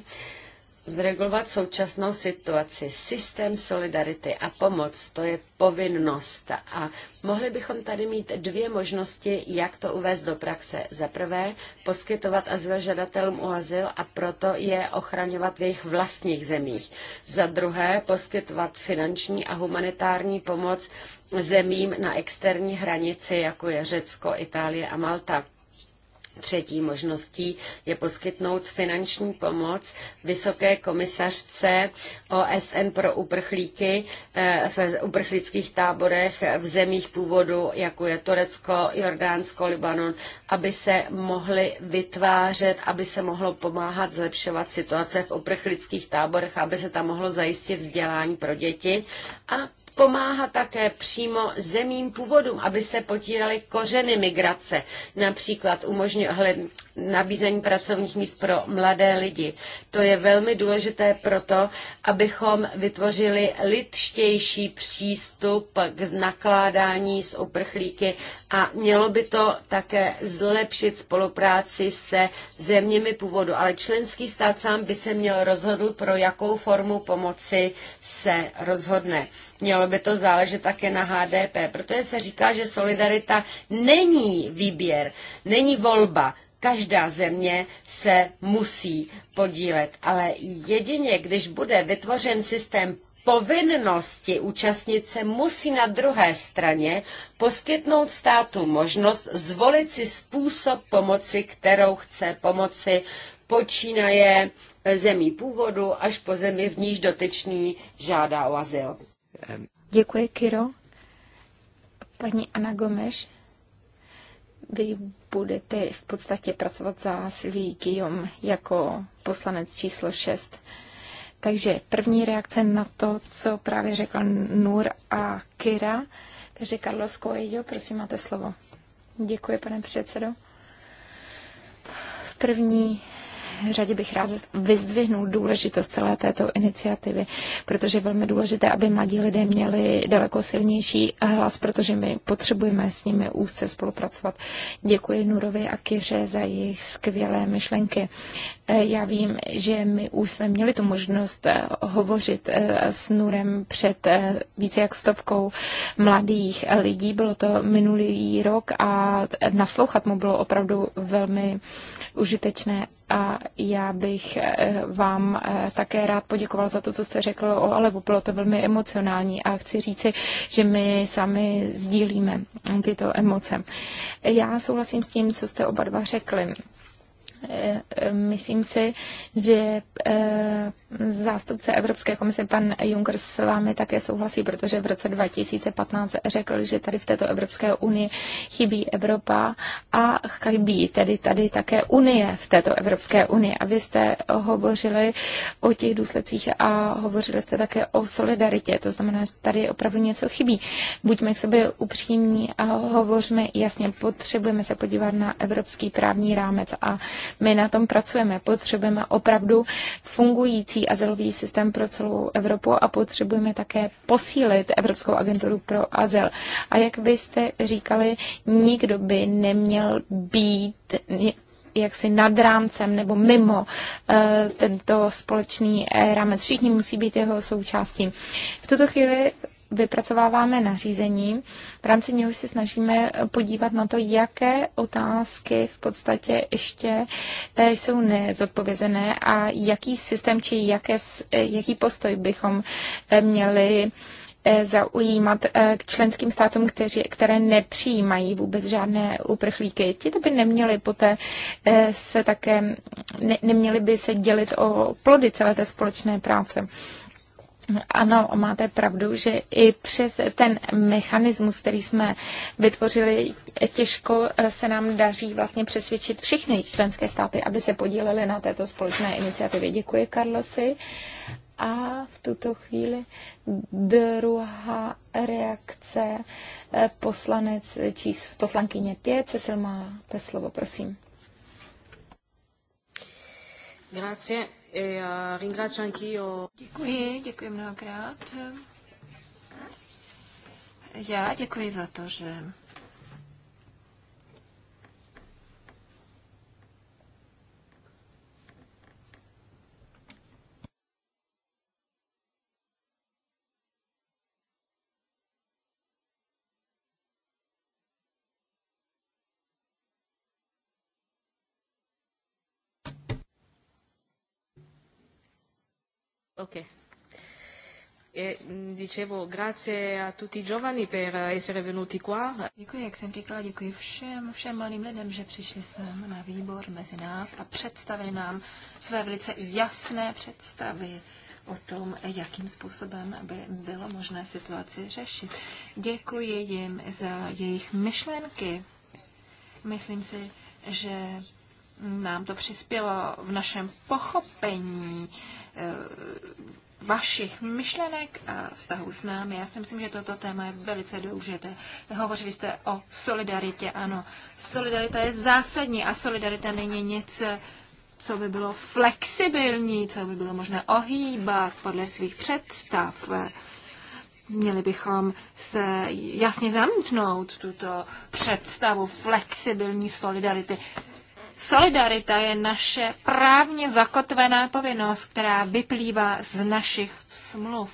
zregulovat současnou situaci. Systém solidarity a pomoc, to je povinnost. A mohli bychom tady mít dvě možnosti, jak to uvést do praxe. Za prvé, poskytovat azyl žadatelům o azyl a proto je ochraňovat v jejich vlastních zemích. Za druhé, poskytovat finanční a humanitární pomoc zemím na externí hranici, jako je Řecko, Itálie a Malta Třetí možností je poskytnout finanční pomoc Vysoké komisařce OSN pro uprchlíky eh, v uprchlických táborech v zemích původu, jako je Turecko, Jordánsko, Libanon, aby se mohly vytvářet, aby se mohlo pomáhat zlepšovat situace v uprchlických táborech, aby se tam mohlo zajistit vzdělání pro děti a pomáhá také přímo zemím původům, aby se potíraly kořeny migrace, například umožňovat skutečně ohledně nabízení pracovních míst pro mladé lidi. To je velmi důležité proto, abychom vytvořili lidštější přístup k nakládání s uprchlíky a mělo by to také zlepšit spolupráci se zeměmi původu. Ale členský stát sám by se měl rozhodl, pro jakou formu pomoci se rozhodne mělo by to záležet také na HDP, protože se říká, že solidarita není výběr, není volba. Každá země se musí podílet, ale jedině, když bude vytvořen systém povinnosti účastnice musí na druhé straně poskytnout státu možnost zvolit si způsob pomoci, kterou chce pomoci, počínaje zemí původu až po zemi, v níž dotyčný žádá o azyl. Děkuji, Kiro. Paní Ana Gomeš, vy budete v podstatě pracovat za Silví Guillaume jako poslanec číslo 6. Takže první reakce na to, co právě řekl Nur a Kira. Takže Carlos Coelho, prosím, máte slovo. Děkuji, pane předsedo. V první řadě bych rád vyzdvihnul důležitost celé této iniciativy, protože je velmi důležité, aby mladí lidé měli daleko silnější hlas, protože my potřebujeme s nimi úzce spolupracovat. Děkuji Nurovi a Kyře za jejich skvělé myšlenky. E, já vím, že my už jsme měli tu možnost e, hovořit e, s Nurem před více jak stovkou mladých lidí. Bylo to minulý rok a naslouchat mu bylo opravdu velmi užitečné a já bych eh, vám eh, také rád poděkoval za to, co jste řekl o Alevu. Bylo to velmi emocionální a chci říci, že my sami sdílíme tyto emoce. Já souhlasím s tím, co jste oba dva řekli. Eh, myslím si, že Zástupce Evropské komise pan Juncker s vámi také souhlasí, protože v roce 2015 řekl, že tady v této Evropské unii chybí Evropa a chybí tedy tady také Unie v této Evropské unii. A vy jste hovořili o těch důsledcích a hovořili jste také o solidaritě. To znamená, že tady opravdu něco chybí. Buďme k sobě upřímní a hovořme jasně. Potřebujeme se podívat na evropský právní rámec a my na tom pracujeme. Potřebujeme opravdu fungující lepší azylový systém pro celou Evropu a potřebujeme také posílit Evropskou agenturu pro azyl. A jak vy jste říkali, nikdo by neměl být jaksi nad rámcem nebo mimo eh, tento společný eh, rámec. Všichni musí být jeho součástí. V tuto chvíli vypracováváme nařízení, v rámci něhož se snažíme podívat na to, jaké otázky v podstatě ještě eh, jsou nezodpovězené a jaký systém či jaké, eh, jaký postoj bychom eh, měli zaujímat k členským státům, kteří, které nepřijímají vůbec žádné uprchlíky. Ti by neměli poté se také, ne, neměli by se dělit o plody celé té společné práce. Ano, máte pravdu, že i přes ten mechanismus, který jsme vytvořili, těžko eh, se nám daří vlastně přesvědčit všechny členské státy, aby se podíleli na této společné iniciativě. Děkuji, Karlosi. A v tuto chvíli druhá reakce eh, poslanec čís, poslankyně 5. Cecil, máte slovo, prosím. Grazie. Euh, euh, děkuji, děkuji mnohokrát. Já děkuji za to, že Ok. E, dicevo, grazie a tutti i giovani per essere venuti qua. Děkuji, jak jsem říkala, děkuji všem, všem mladým lidem, že přišli sem na výbor mezi nás a představili nám své velice jasné představy o tom, jakým způsobem by bylo možné situaci řešit. Děkuji jim za jejich myšlenky. Myslím si, že nám to přispělo v našem pochopení Eh, vašich myšlenek a vztahů s námi. Já si myslím, že toto téma je velice důležité. Hovořili jste o solidaritě, ano. Solidarita je zásadní a solidarita není nic, co by bylo flexibilní, co by bylo možné ohýbat podle svých představ. Měli bychom se jasně zamítnout tuto představu flexibilní solidarity. Solidarita je naše právně zakotvená povinnost, která vyplývá z našich smluv.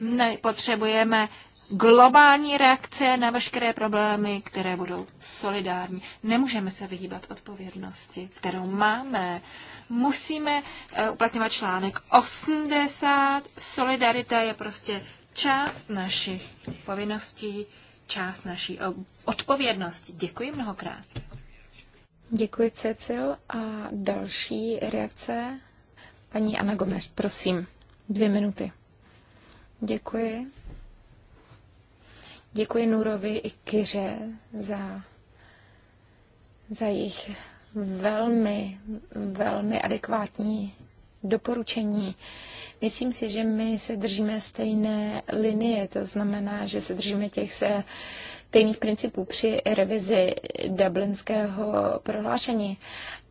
My potřebujeme globální reakce na veškeré problémy, které budou solidární. Nemůžeme se vyhýbat odpovědnosti, kterou máme. Musíme eh, uplatňovat článek 80. Solidarita je prostě část našich povinností, část naší eh, odpovědnosti. Děkuji mnohokrát. Děkuji, Cecil. A další reakce? Paní Ana Gomes, prosím, dvě minuty. Děkuji. Děkuji Nurovi i Kyře za, za jejich velmi, velmi adekvátní doporučení. Myslím si, že my se držíme stejné linie, to znamená, že se držíme těch se stejných principů při revizi Dublinského prohlášení.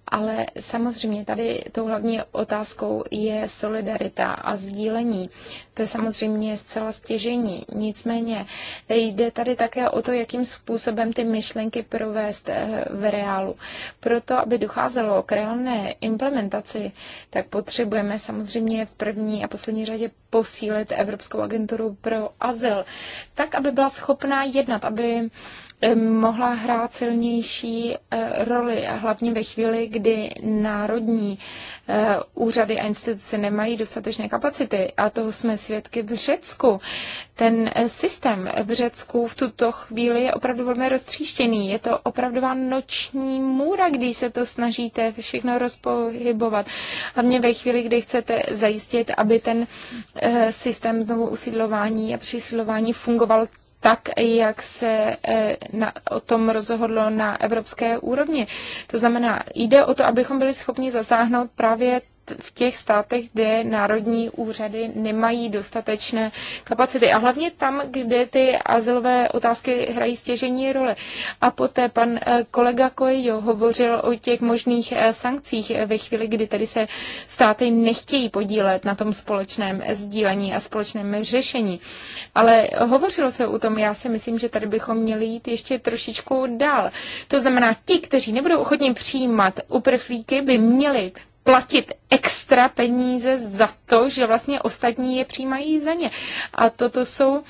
Ale samozřejmě tady tou hlavní otázkou je solidarita a sdílení. To je samozřejmě zcela stěžení. Nicméně jde tady také o to, jakým způsobem ty myšlenky provést eh, v reálu. Proto, aby docházelo k reálné implementaci, tak potřebujeme samozřejmě v první a poslední řadě posílit Evropskou agenturu pro azyl, tak, aby byla schopná jednat, aby mohla hrát silnější eh, roli a hlavně ve chvíli, kdy národní eh, úřady a instituce nemají dostatečné kapacity a toho jsme svědky v Řecku. Ten eh, systém v Řecku v tuto chvíli je opravdu velmi roztříštěný. Je to opravdová noční můra, když se to snažíte všechno rozpohybovat. Hlavně ve chvíli, kdy chcete zajistit, aby ten systém toho usídlování a přisídlování fungoval tak, jak se eh, na, o tom rozhodlo na evropské úrovni. To znamená, jde o to, abychom byli schopni zasáhnout právě v těch státech, kde národní úřady nemají dostatečné kapacity. A hlavně tam, kde ty azylové otázky hrají stěžení roli. A poté pan eh, kolega Kojo hovořil o těch možných eh, sankcích ve chvíli, kdy tady se státy nechtějí podílet na tom společném sdílení a společném řešení. Ale hovořilo se o tom, já si myslím, že tady bychom měli jít ještě trošičku dál. To znamená, ti, kteří nebudou ochotní přijímat uprchlíky, by měli platit extra peníze za to, že vlastně ostatní je přijímají za ně. A toto jsou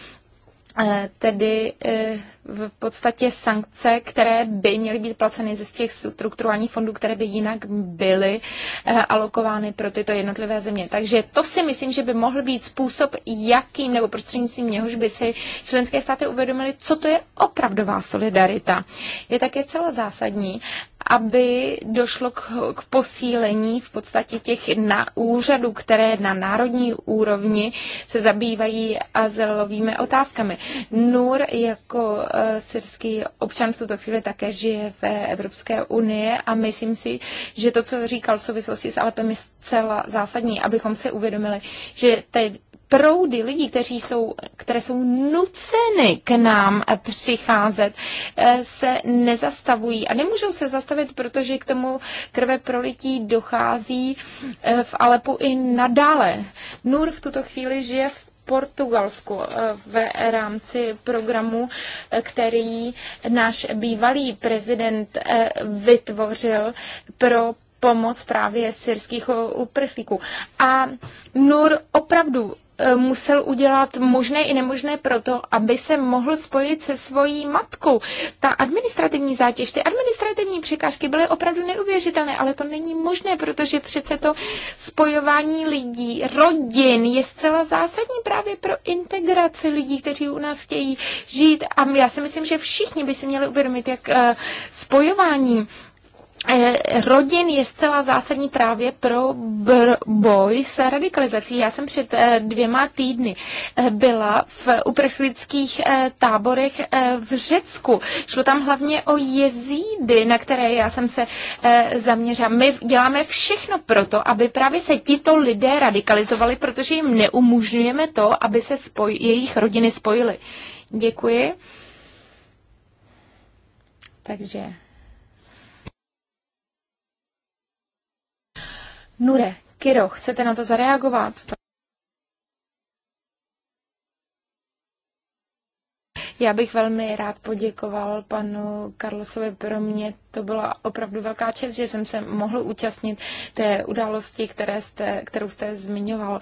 eh, tedy eh, v podstatě sankce, které by měly být placeny ze těch strukturálních fondů, které by jinak byly eh, alokovány pro tyto jednotlivé země. Takže to si myslím, že by mohl být způsob, jakým nebo prostřednictvím něhož by si členské státy uvědomily, co to je opravdová solidarita. Je také celá zásadní, aby došlo k, k posílení v podstatě těch na úřadů, které na národní úrovni se zabývají azylovými otázkami. Nur jako uh, syrský občan v tuto chvíli také žije v Evropské unii a myslím si, že to, co říkal v souvislosti s Alepem, je zcela zásadní, abychom si uvědomili, že te, proudy lidí, kteří jsou, které jsou nuceny k nám přicházet, eh, se nezastavují a nemůžou se zastavit, protože k tomu krve prolití dochází eh, v Alepu i nadále. Nur v tuto chvíli žije v Portugalsku eh, v rámci programu, který náš bývalý prezident vytvořil pro pomoc právě syrských uprchlíků. A Nur opravdu E, musel udělat možné i nemožné proto, aby se mohl spojit se svojí matkou. Ta administrativní zátěž, ty administrativní překážky byly opravdu neuvěřitelné, ale to není možné, protože přece to spojování lidí, rodin je zcela zásadní právě pro integraci lidí, kteří u nás chtějí žít. A já si myslím, že všichni by si měli uvědomit, jak e, spojování Eh, rodin je zcela zásadní právě pro boj s radikalizací. Já jsem před eh, dvěma týdny eh, byla v uprchlických táborech v Řecku. Šlo tam hlavně o jezídy, na které já jsem se zaměřila. My děláme všechno proto, aby právě se tito lidé radikalizovali, protože jim neumožňujeme to, aby se spoj, jejich rodiny spojily. Děkuji. Takže Nure, Kiro, chcete na to zareagovat? Já bych velmi rád poděkoval panu Carlosovi. Pro mě to byla opravdu velká čest, že jsem se mohl účastnit té události, které jste, kterou jste zmiňoval.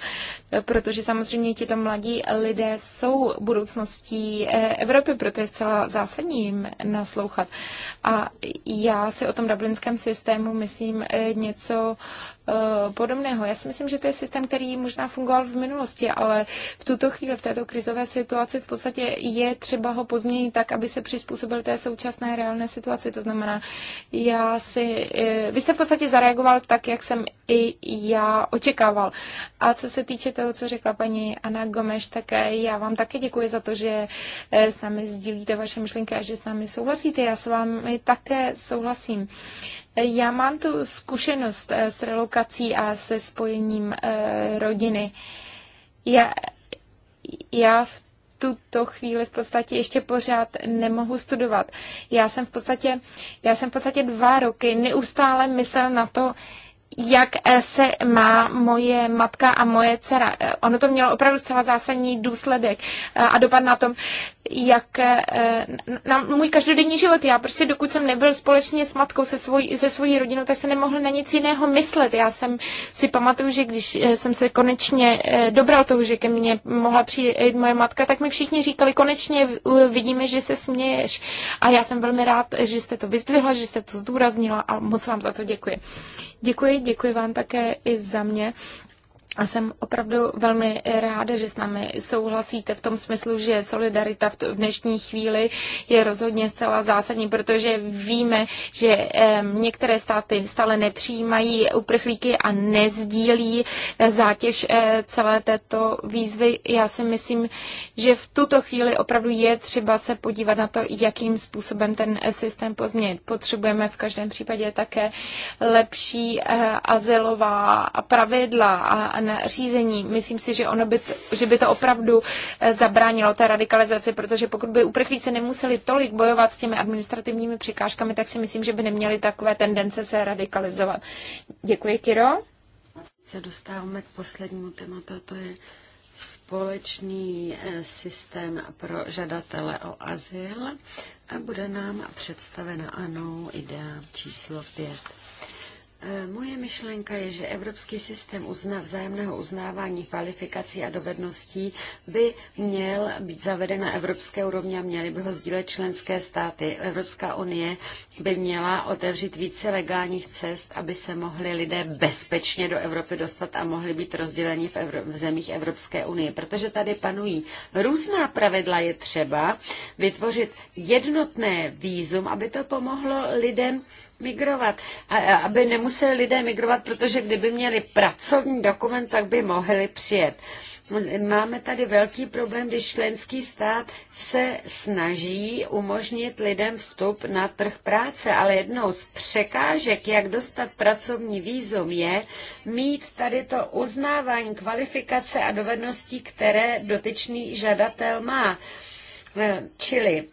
Protože samozřejmě ti tam mladí lidé jsou budoucností eh, Evropy, proto je zcela zásadní jim naslouchat. A já si o tom dublinském systému myslím eh, něco eh, podobného. Já si myslím, že to je systém, který možná fungoval v minulosti, ale v tuto chvíli, v této krizové situaci, v podstatě je třeba ho pozměnit tak, aby se přizpůsobil té současné reálné situaci. To znamená, já si, e, vy jste v podstatě zareagoval tak, jak jsem i já očekával. A co se týče toho, co řekla paní Ana Gomeš, tak e, já vám také děkuji za to, že e, s námi sdílíte vaše myšlenky a že s námi souhlasíte. Já s vámi také souhlasím. Já mám tu zkušenost s relokací a se spojením rodiny. Já, já v tuto chvíli v podstatě ještě pořád nemohu studovat. Já jsem v podstatě, já jsem v podstatě dva roky neustále myslel na to, jak se má moje matka a moje dcera. Ono to mělo opravdu zcela zásadní důsledek eh, a dopad na tom, jak eh, na můj každodenní život. Já prostě dokud jsem nebyl společně s matkou, se svojí, se svojí rodinou, tak jsem nemohl na nic jiného myslet. Já jsem si pamatuju, že když eh, jsem se konečně eh, dobral toho, že ke mně mohla přijít moje matka, tak mi všichni říkali, konečně vidíme, že se směješ. A já jsem velmi rád, že jste to vyzdvihla, že jste to zdůraznila a moc vám za to děkuji. Děkuji, děkuji vám také i za mě. A jsem opravdu velmi ráda, že s námi souhlasíte v tom smyslu, že solidarita v dnešní chvíli je rozhodně zcela zásadní, protože víme, že některé státy stále nepřijímají uprchlíky a nezdílí eh, zátěž eh, celé této výzvy. Já si myslím, že v tuto chvíli opravdu je třeba se podívat na to, jakým způsobem ten eh, systém pozměnit. Potřebujeme v každém případě také lepší azylová pravidla a nařízení. Myslím si, že, ono by, že by to opravdu eh, zabránilo té radikalizaci, protože pokud by uprchlíci nemuseli tolik bojovat s těmi administrativními překážkami, tak si myslím, že by neměli takové tendence se radikalizovat. Děkuji, Kiro. Se dostáváme k poslednímu tématu, to je společný eh, systém pro žadatele o azyl a bude nám představena ano idea číslo 5. E, moje myšlenka je, že evropský systém uzna, vzájemného uznávání kvalifikací a dovedností by měl být zaveden na evropské úrovni a měly by ho sdílet členské státy. Evropská unie by měla otevřít více legálních cest, aby se mohli lidé bezpečně do Evropy dostat a mohli být rozděleni v, Evro- v zemích Evropské unie, protože tady panují různá pravidla. Je třeba vytvořit jednotné výzum, aby to pomohlo lidem migrovat, aby nemuseli lidé migrovat, protože kdyby měli pracovní dokument, tak by mohli přijet. Máme tady velký problém, když členský stát se snaží umožnit lidem vstup na trh práce, ale jednou z překážek, jak dostat pracovní výzum, je mít tady to uznávání kvalifikace a dovedností, které dotyčný žadatel má. Čili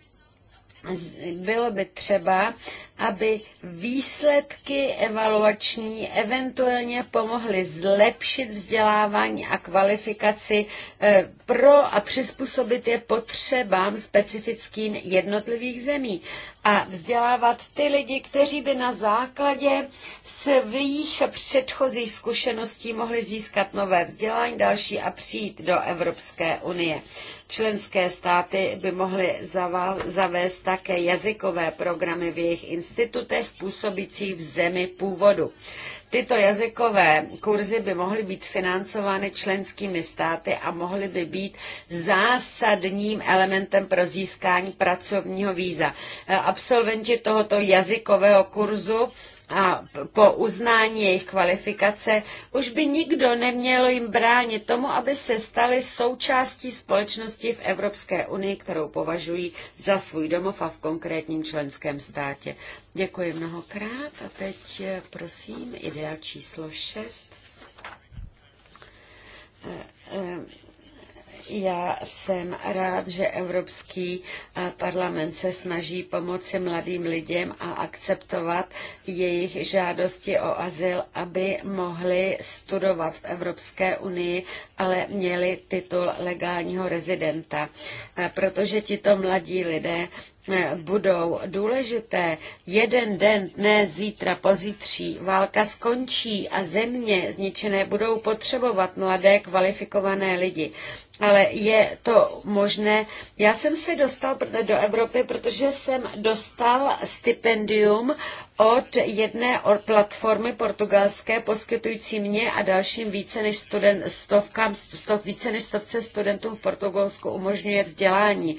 bylo by třeba, aby výsledky evaluační eventuálně pomohly zlepšit vzdělávání a kvalifikaci eh, pro a přizpůsobit je potřebám specifickým jednotlivých zemí a vzdělávat ty lidi, kteří by na základě svých předchozích zkušeností mohli získat nové vzdělání další a přijít do Evropské unie. Členské státy by mohly zavést také jazykové programy v jejich institutech působících v zemi původu. Tyto jazykové kurzy by mohly být financovány členskými státy a mohly by být zásadním elementem pro získání pracovního víza. Absolventi tohoto jazykového kurzu a po uznání jejich kvalifikace už by nikdo nemělo jim bránit tomu, aby se stali součástí společnosti v Evropské unii, kterou považují za svůj domov a v konkrétním členském státě. Děkuji mnohokrát a teď eh, prosím idea číslo 6 já jsem rád, že Evropský eh, parlament se snaží pomoci mladým lidem a akceptovat jejich žádosti o azyl, aby mohli studovat v Evropské unii, ale měli titul legálního rezidenta. Eh, protože tito mladí lidé Eh, budou důležité. Jeden den, ne zítra, pozítří, válka skončí a země zničené budou potřebovat mladé kvalifikované lidi. Ale je to možné. Já jsem se dostal do Evropy, protože jsem dostal stipendium od jedné platformy portugalské, poskytující mě a dalším více než student, stovkám, stov, více než stovce studentů v Portugalsku umožňuje vzdělání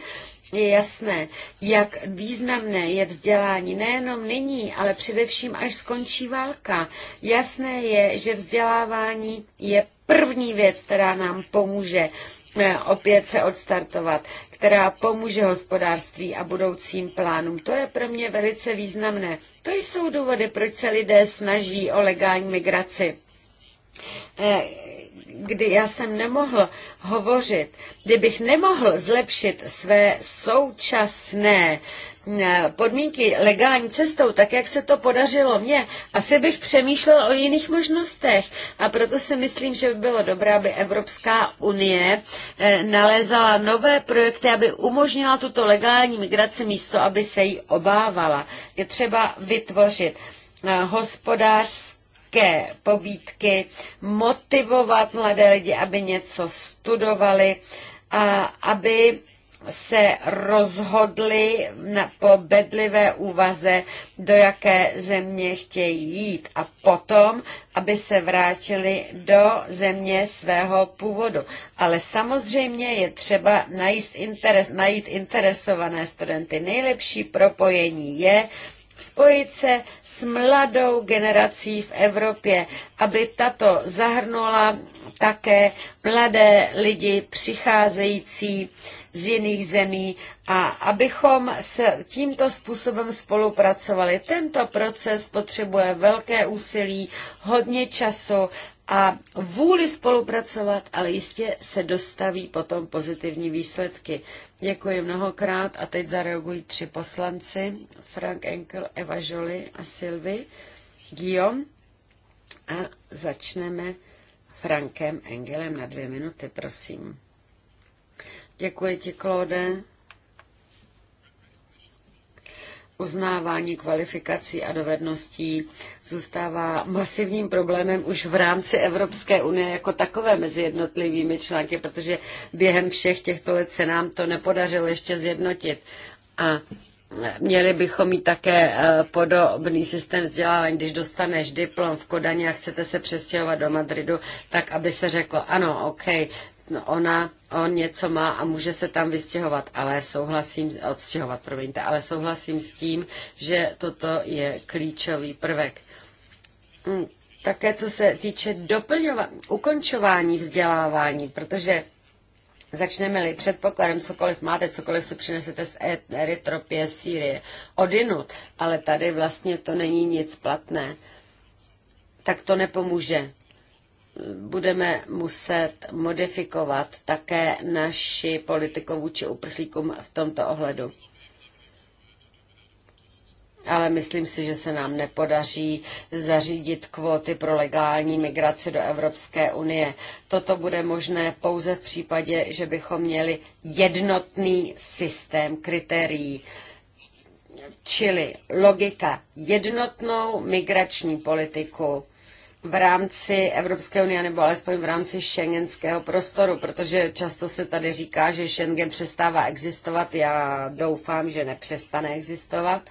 je jasné, jak významné je vzdělání nejenom nyní, ale především až skončí válka. Jasné je, že vzdělávání je první věc, která nám pomůže eh, opět se odstartovat, která pomůže hospodářství a budoucím plánům. To je pro mě velice významné. To jsou důvody, proč se lidé snaží o legální migraci eh, kdy já jsem nemohl hovořit, kdybych nemohl zlepšit své současné eh, podmínky legální cestou, tak jak se to podařilo mně, asi bych přemýšlel o jiných možnostech. A proto si myslím, že by bylo dobré, aby Evropská unie eh, nalézala nové projekty, aby umožnila tuto legální migraci místo, aby se jí obávala. Je třeba vytvořit eh, hospodářské politické pobídky, motivovat mladé lidi, aby něco studovali a aby se rozhodli na, po bedlivé úvaze, do jaké země chtějí jít a potom, aby se vrátili do země svého původu. Ale samozřejmě je třeba najít, interes, najít interesované studenty. Nejlepší propojení je, spojit se s mladou generací v Evropě, aby tato zahrnula také mladé lidi přicházející z jiných zemí a abychom s tímto způsobem spolupracovali. Tento proces potřebuje velké úsilí, hodně času a vůli spolupracovat, ale jistě se dostaví potom pozitivní výsledky. Děkuji mnohokrát a teď zareagují tři poslanci, Frank Enkel, Eva Joly a Silvi Guillaume a začneme Frankem Engelem na dvě minuty, prosím. Děkuji ti, Claude uznávání kvalifikací a dovedností zůstává masivním problémem už v rámci Evropské unie jako takové mezi jednotlivými články, protože během všech těchto let se nám to nepodařilo ještě zjednotit. A Měli bychom mít také eh, podobný systém vzdělávání, když dostaneš diplom v Kodani a chcete se přestěhovat do Madridu, tak aby se řeklo, ano, OK, no, ona on něco má a může se tam vystěhovat, ale souhlasím, odstěhovat, promiňte, ale souhlasím s tím, že toto je klíčový prvek. Hm, také co se týče doplňování, ukončování vzdělávání, protože Začneme-li předpokladem, cokoliv máte, cokoliv si přinesete z e- Eritropie, Sýrie, odinut, ale tady vlastně to není nic platné, tak to nepomůže budeme muset modifikovat také naši politiku vůči uprchlíkům v tomto ohledu. Ale myslím si, že se nám nepodaří zařídit kvóty pro legální migraci do Evropské unie. Toto bude možné pouze v případě, že bychom měli jednotný systém kritérií. Čili logika jednotnou migrační politiku v rámci Evropské unie nebo alespoň v rámci šengenského prostoru, protože často se tady říká, že Schengen přestává existovat. Já doufám, že nepřestane existovat.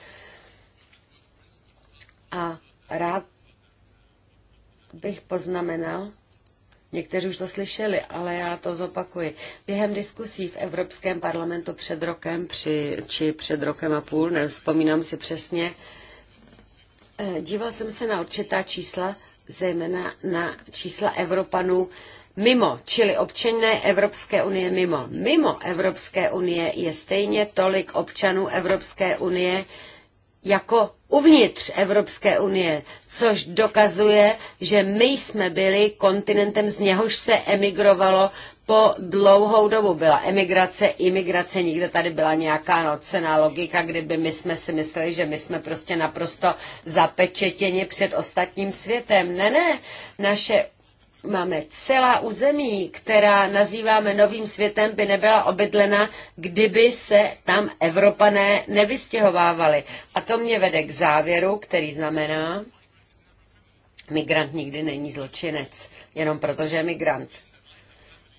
A rád bych poznamenal, někteří už to slyšeli, ale já to zopakuji. Během diskusí v Evropském parlamentu před rokem při, či před rokem a půl, nevzpomínám si přesně, eh, díval jsem se na určitá čísla, zejména na čísla Evropanů mimo, čili občané Evropské unie mimo. Mimo Evropské unie je stejně tolik občanů Evropské unie jako uvnitř Evropské unie, což dokazuje, že my jsme byli kontinentem, z něhož se emigrovalo po dlouhou dobu byla emigrace, imigrace, nikde tady byla nějaká nocená logika, kdyby my jsme si mysleli, že my jsme prostě naprosto zapečetěni před ostatním světem. Ne, ne, naše máme celá území, která nazýváme novým světem, by nebyla obydlena, kdyby se tam Evropané nevystěhovávali. A to mě vede k závěru, který znamená, migrant nikdy není zločinec, jenom protože je migrant.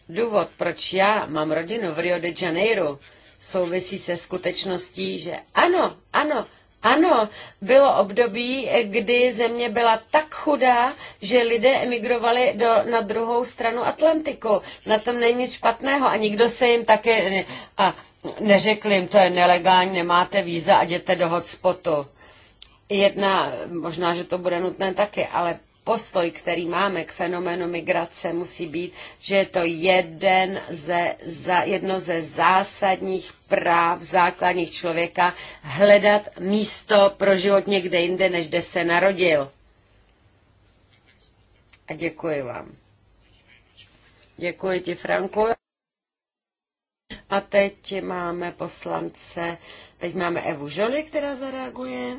Důvod, proč já mám rodinu v Rio de Janeiro, souvisí se skutečností, že ano, ano, ano, bylo období, kdy země byla tak chudá, že lidé emigrovali do, na druhou stranu Atlantiku. Na tom není nic špatného a nikdo se jim také... A neřekl jim, to je nelegální, nemáte víza a jděte do hotspotu. Jedna, možná, že to bude nutné taky, ale postoj, který máme k fenoménu migrace, musí být, že je to jeden ze, za, jedno ze zásadních práv základních člověka hledat místo pro život někde jinde, než kde se narodil. A děkuji vám. Děkuji ti, Franku. A teď máme poslance, teď máme Evu Žoli, která zareaguje.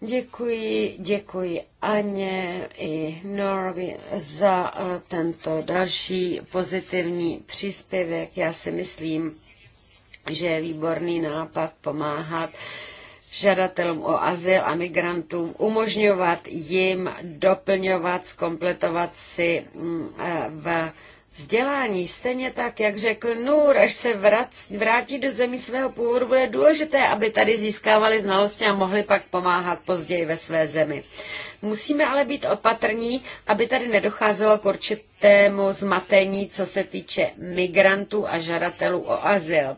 Děkuji, děkuji Aně i Norovi za eh, tento další pozitivní příspěvek. Já si myslím, že je výborný nápad pomáhat žadatelům o azyl a migrantům, umožňovat jim doplňovat, skompletovat si mm, eh, v Vzdělání, stejně tak, jak řekl Nur, až se vrátí do zemí svého původu, bude důležité, aby tady získávali znalosti a mohli pak pomáhat později ve své zemi. Musíme ale být opatrní, aby tady nedocházelo k určitému zmatení, co se týče migrantů a žadatelů o azyl.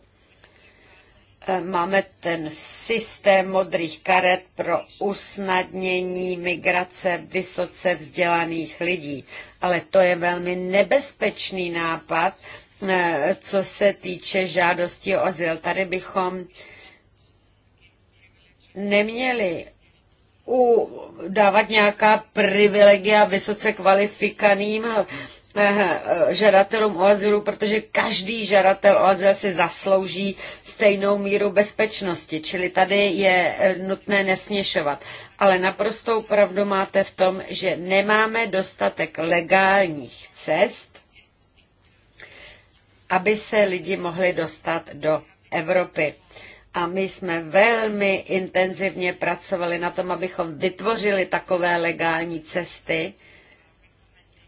Eh, máme ten systém modrých karet pro usnadnění migrace vysoce vzdělaných lidí. Ale to je velmi nebezpečný nápad, eh, co se týče žádosti o azyl. Tady bychom neměli u, dávat nějaká privilegia vysoce kvalifikovaným Eh, žadatelům o azylu, protože každý žadatel o azyl si zaslouží stejnou míru bezpečnosti, čili tady je eh, nutné nesměšovat. Ale naprostou pravdu máte v tom, že nemáme dostatek legálních cest, aby se lidi mohli dostat do Evropy. A my jsme velmi intenzivně pracovali na tom, abychom vytvořili takové legální cesty,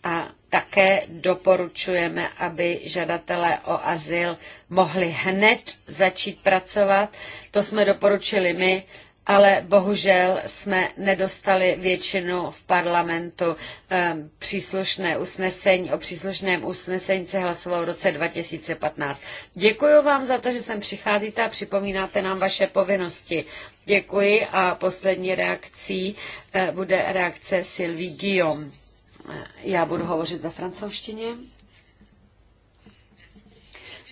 a také doporučujeme, aby žadatelé o azyl mohli hned začít pracovat. To jsme doporučili my, ale bohužel jsme nedostali většinu v parlamentu. Ehm, příslušné usnesení, o příslušném usnesení se hlasovalo v roce 2015. Děkuji vám za to, že sem přicházíte a připomínáte nám vaše povinnosti. Děkuji a poslední reakcí eh, bude reakce Sylvie Guillaume. Já budu hovořit ve francouzštině.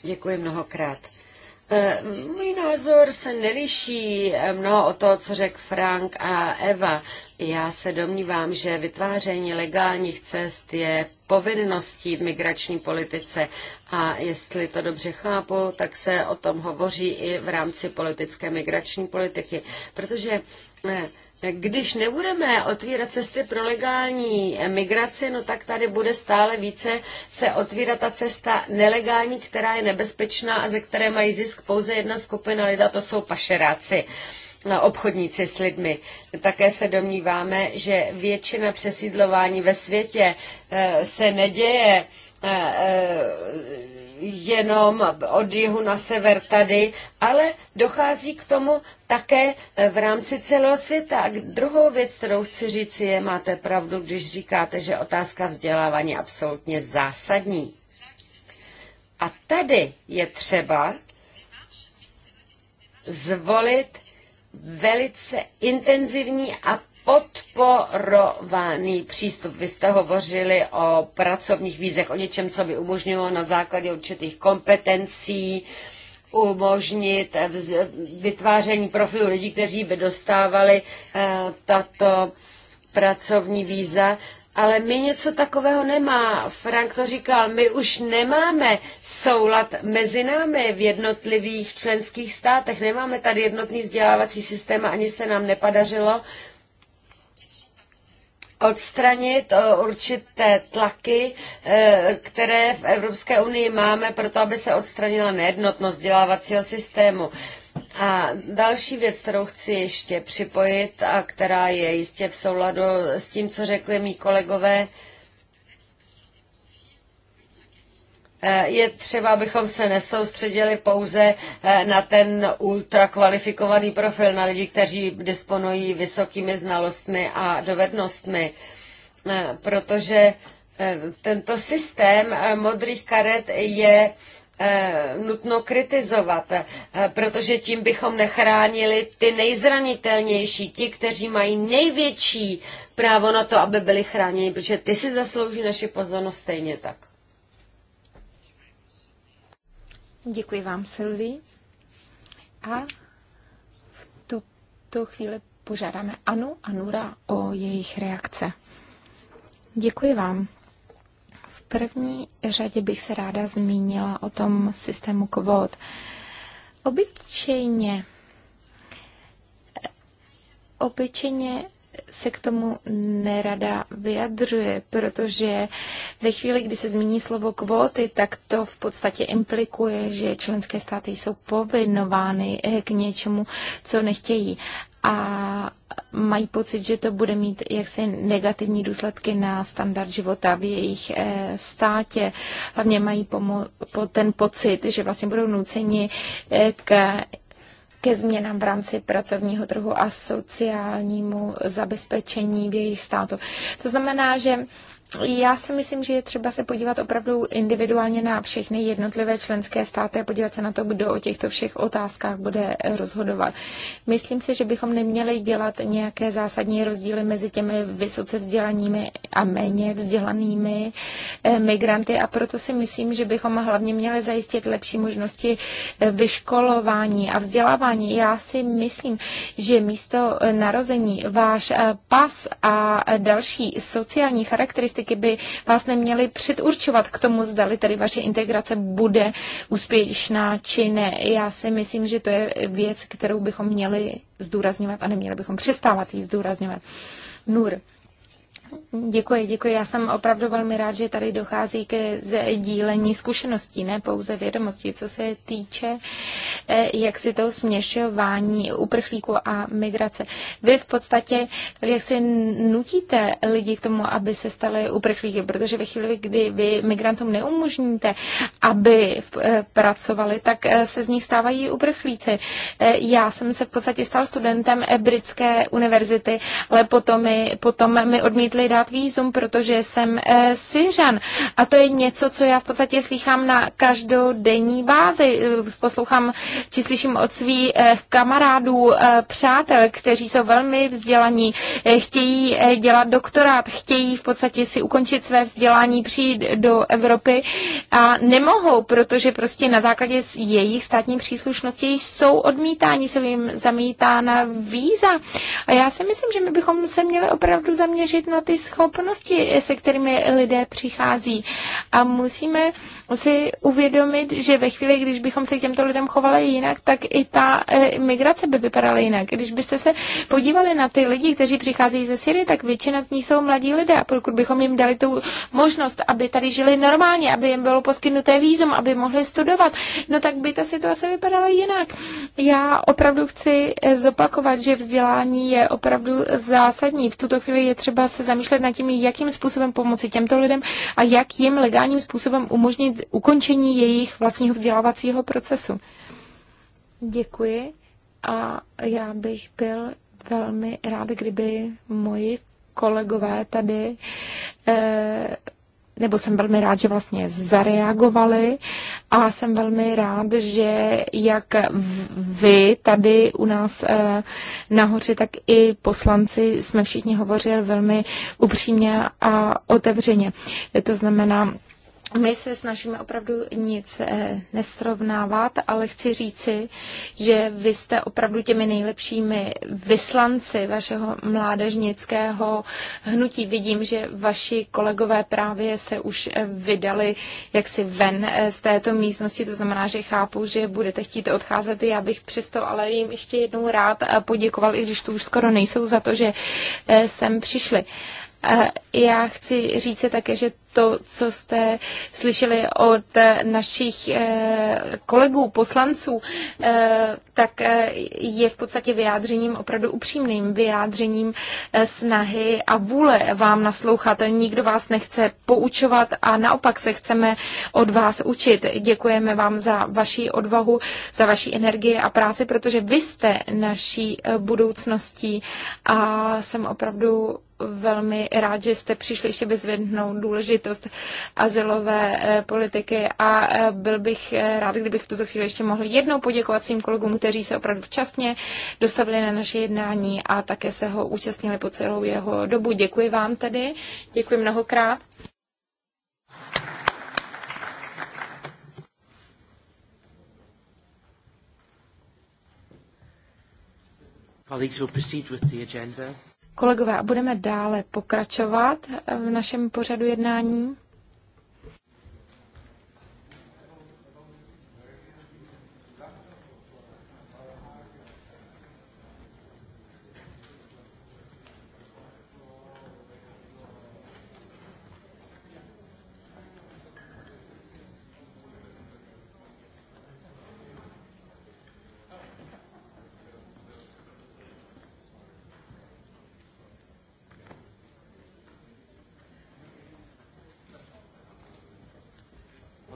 Děkuji mnohokrát. E, můj názor se neliší e, mnoho o toho, co řekl Frank a Eva. Já se domnívám, že vytváření legálních cest je povinností v migrační politice a jestli to dobře chápu, tak se o tom hovoří i v rámci politické migrační politiky, protože e, když nebudeme otvírat cesty pro legální migraci, no tak tady bude stále více se otvírat ta cesta nelegální, která je nebezpečná a ze které mají zisk pouze jedna skupina lidí, to jsou pašeráci no, obchodníci s lidmi. Také se domníváme, že většina přesídlování ve světě eh, se neděje Eh, eh, jenom od jihu na sever tady, ale dochází k tomu také eh, v rámci celého světa. A druhou věc, kterou chci říct, je, máte pravdu, když říkáte, že otázka vzdělávání je absolutně zásadní. A tady je třeba zvolit velice intenzivní a podporovaný přístup. Vy jste hovořili o pracovních vízech, o něčem, co by umožnilo na základě určitých kompetencí umožnit vytváření profilu lidí, kteří by dostávali eh, tato pracovní víza. Ale my něco takového nemá. Frank to říkal, my už nemáme soulad mezi námi v jednotlivých členských státech. Nemáme tady jednotný vzdělávací systém a ani se nám nepadařilo odstranit eh, určité tlaky, eh, které v Evropské unii máme, proto aby se odstranila nejednotnost vzdělávacího systému. A další věc, kterou chci ještě připojit a která je jistě v souladu s tím, co řekli mý kolegové, Eh, je třeba, abychom se nesoustředili pouze eh, na ten ultrakvalifikovaný profil, na lidi, kteří disponují vysokými znalostmi a dovednostmi, eh, protože tento systém modrých karet je nutno kritizovat, protože tím bychom nechránili ty nejzranitelnější, ti, kteří mají největší právo na to, aby byli chráněni, protože ty si zaslouží naši pozornost stejně tak. Děkuji vám, Silvi A v tuto chvíli požádáme Anu a Nura o jejich reakce. Děkuji vám. V první řadě bych se ráda zmínila o tom systému kvót. Obyčejně obyčejně se k tomu nerada vyjadřuje, protože ve chvíli, kdy se zmíní slovo kvóty, tak to v podstatě implikuje, že členské státy jsou povinovány eh, k něčemu, co nechtějí. A mají pocit, že to bude mít jaksi negativní důsledky na standard života v jejich eh, státě. Hlavně mají pomo- po ten pocit, že vlastně budou nuceni eh, k ke změnám v rámci pracovního trhu a sociálnímu zabezpečení v jejich státu. To znamená, že já si myslím, že je třeba se podívat opravdu individuálně na všechny jednotlivé členské státy a podívat se na to, kdo o těchto všech otázkách bude rozhodovat. Myslím si, že bychom neměli dělat nějaké zásadní rozdíly mezi těmi vysoce vzdělanými a méně vzdělanými eh, migranty a proto si myslím, že bychom hlavně měli zajistit lepší možnosti eh, vyškolování a vzdělávání. Já si myslím, že místo narození váš eh, pas a další sociální charakteristiky statistiky by vás neměly předurčovat k tomu, zdali tady vaše integrace bude úspěšná či ne. Já si myslím, že to je věc, kterou bychom měli zdůrazňovat a neměli bychom přestávat ji zdůrazňovat. Nur, Děkuji, děkuji. Já jsem opravdu velmi rád, že tady dochází ke sdílení zkušeností, ne pouze vědomostí, co se týče eh, jak si toho směšování uprchlíků a migrace. Vy v podstatě jak si nutíte lidi k tomu, aby se stali uprchlíky, protože ve chvíli, kdy vy migrantům neumožníte, aby eh, pracovali, tak eh, se z nich stávají uprchlíci. Já jsem se v podstatě stal studentem britské univerzity, ale potom mi, potom mi odmítli museli dát výzum, protože jsem eh, Syřan. A to je něco, co já v podstatě slychám na každodenní bázi. Eh, poslouchám či slyším od svých eh, kamarádů, přátel, kteří jsou velmi vzdělaní, chtějí dělat doktorát, chtějí v podstatě si ukončit své vzdělání, přijít do Evropy a nemohou, protože prostě na základě jejich státní příslušnosti jsou odmítáni, jsou jim zamítána víza. A já si myslím, že my bychom se měli opravdu zaměřit na ty ty schopnosti, se kterými lidé přichází. A musíme si uvědomit, že ve chvíli, když bychom se těmto lidem chovali jinak, tak i ta e, migrace by vypadala jinak. Když byste se podívali na ty lidi, kteří přicházejí ze Syrie, tak většina z nich jsou mladí lidé. A pokud bychom jim dali tu možnost, aby tady žili normálně, aby jim bylo poskytnuté výzum, aby mohli studovat, no tak by ta situace vypadala jinak. Já opravdu chci e, zopakovat, že vzdělání je opravdu zásadní. V tuto chvíli je třeba se zamýšlet nad tím, jakým způsobem pomoci těmto lidem a jak jim legálním způsobem umožnit ukončení jejich vlastního vzdělávacího procesu. Děkuji a já bych byl velmi rád, kdyby moji kolegové tady eh, nebo jsem velmi rád, že vlastně zareagovali a jsem velmi rád, že jak vy tady u nás eh, nahoře, tak i poslanci jsme všichni hovořili velmi upřímně a otevřeně. To znamená, my se snažíme opravdu nic eh, nesrovnávat, ale chci říci, že vy jste opravdu těmi nejlepšími vyslanci vašeho mládežnického hnutí. Vidím, že vaši kolegové právě se už eh, vydali jaksi ven eh, z této místnosti, to znamená, že chápu, že budete chtít odcházet. Já bych přesto ale jim ještě jednou rád poděkoval, i když tu už skoro nejsou za to, že sem přišli. Já chci říct také, že to, co jste slyšeli od našich eh, kolegů, poslanců, eh, tak eh, je v podstatě vyjádřením, opravdu upřímným vyjádřením snahy a vůle vám naslouchat. Nikdo vás nechce poučovat a naopak se chceme od vás učit. Děkujeme vám za vaši odvahu, za vaši energii a práci, protože vy jste naší budoucností a jsem opravdu velmi rád, že jste přišli ještě vyzvednout důležitost azylové eh, politiky a eh, byl bych eh, rád, kdybych v tuto chvíli ještě mohl jednou poděkovat svým kolegům, kteří se opravdu včasně dostavili na naše jednání a také se ho účastnili po celou jeho dobu. Děkuji vám tedy, děkuji mnohokrát. Colleagues, we'll proceed with the agenda. Kolegové, budeme dále pokračovat v našem pořadu jednání.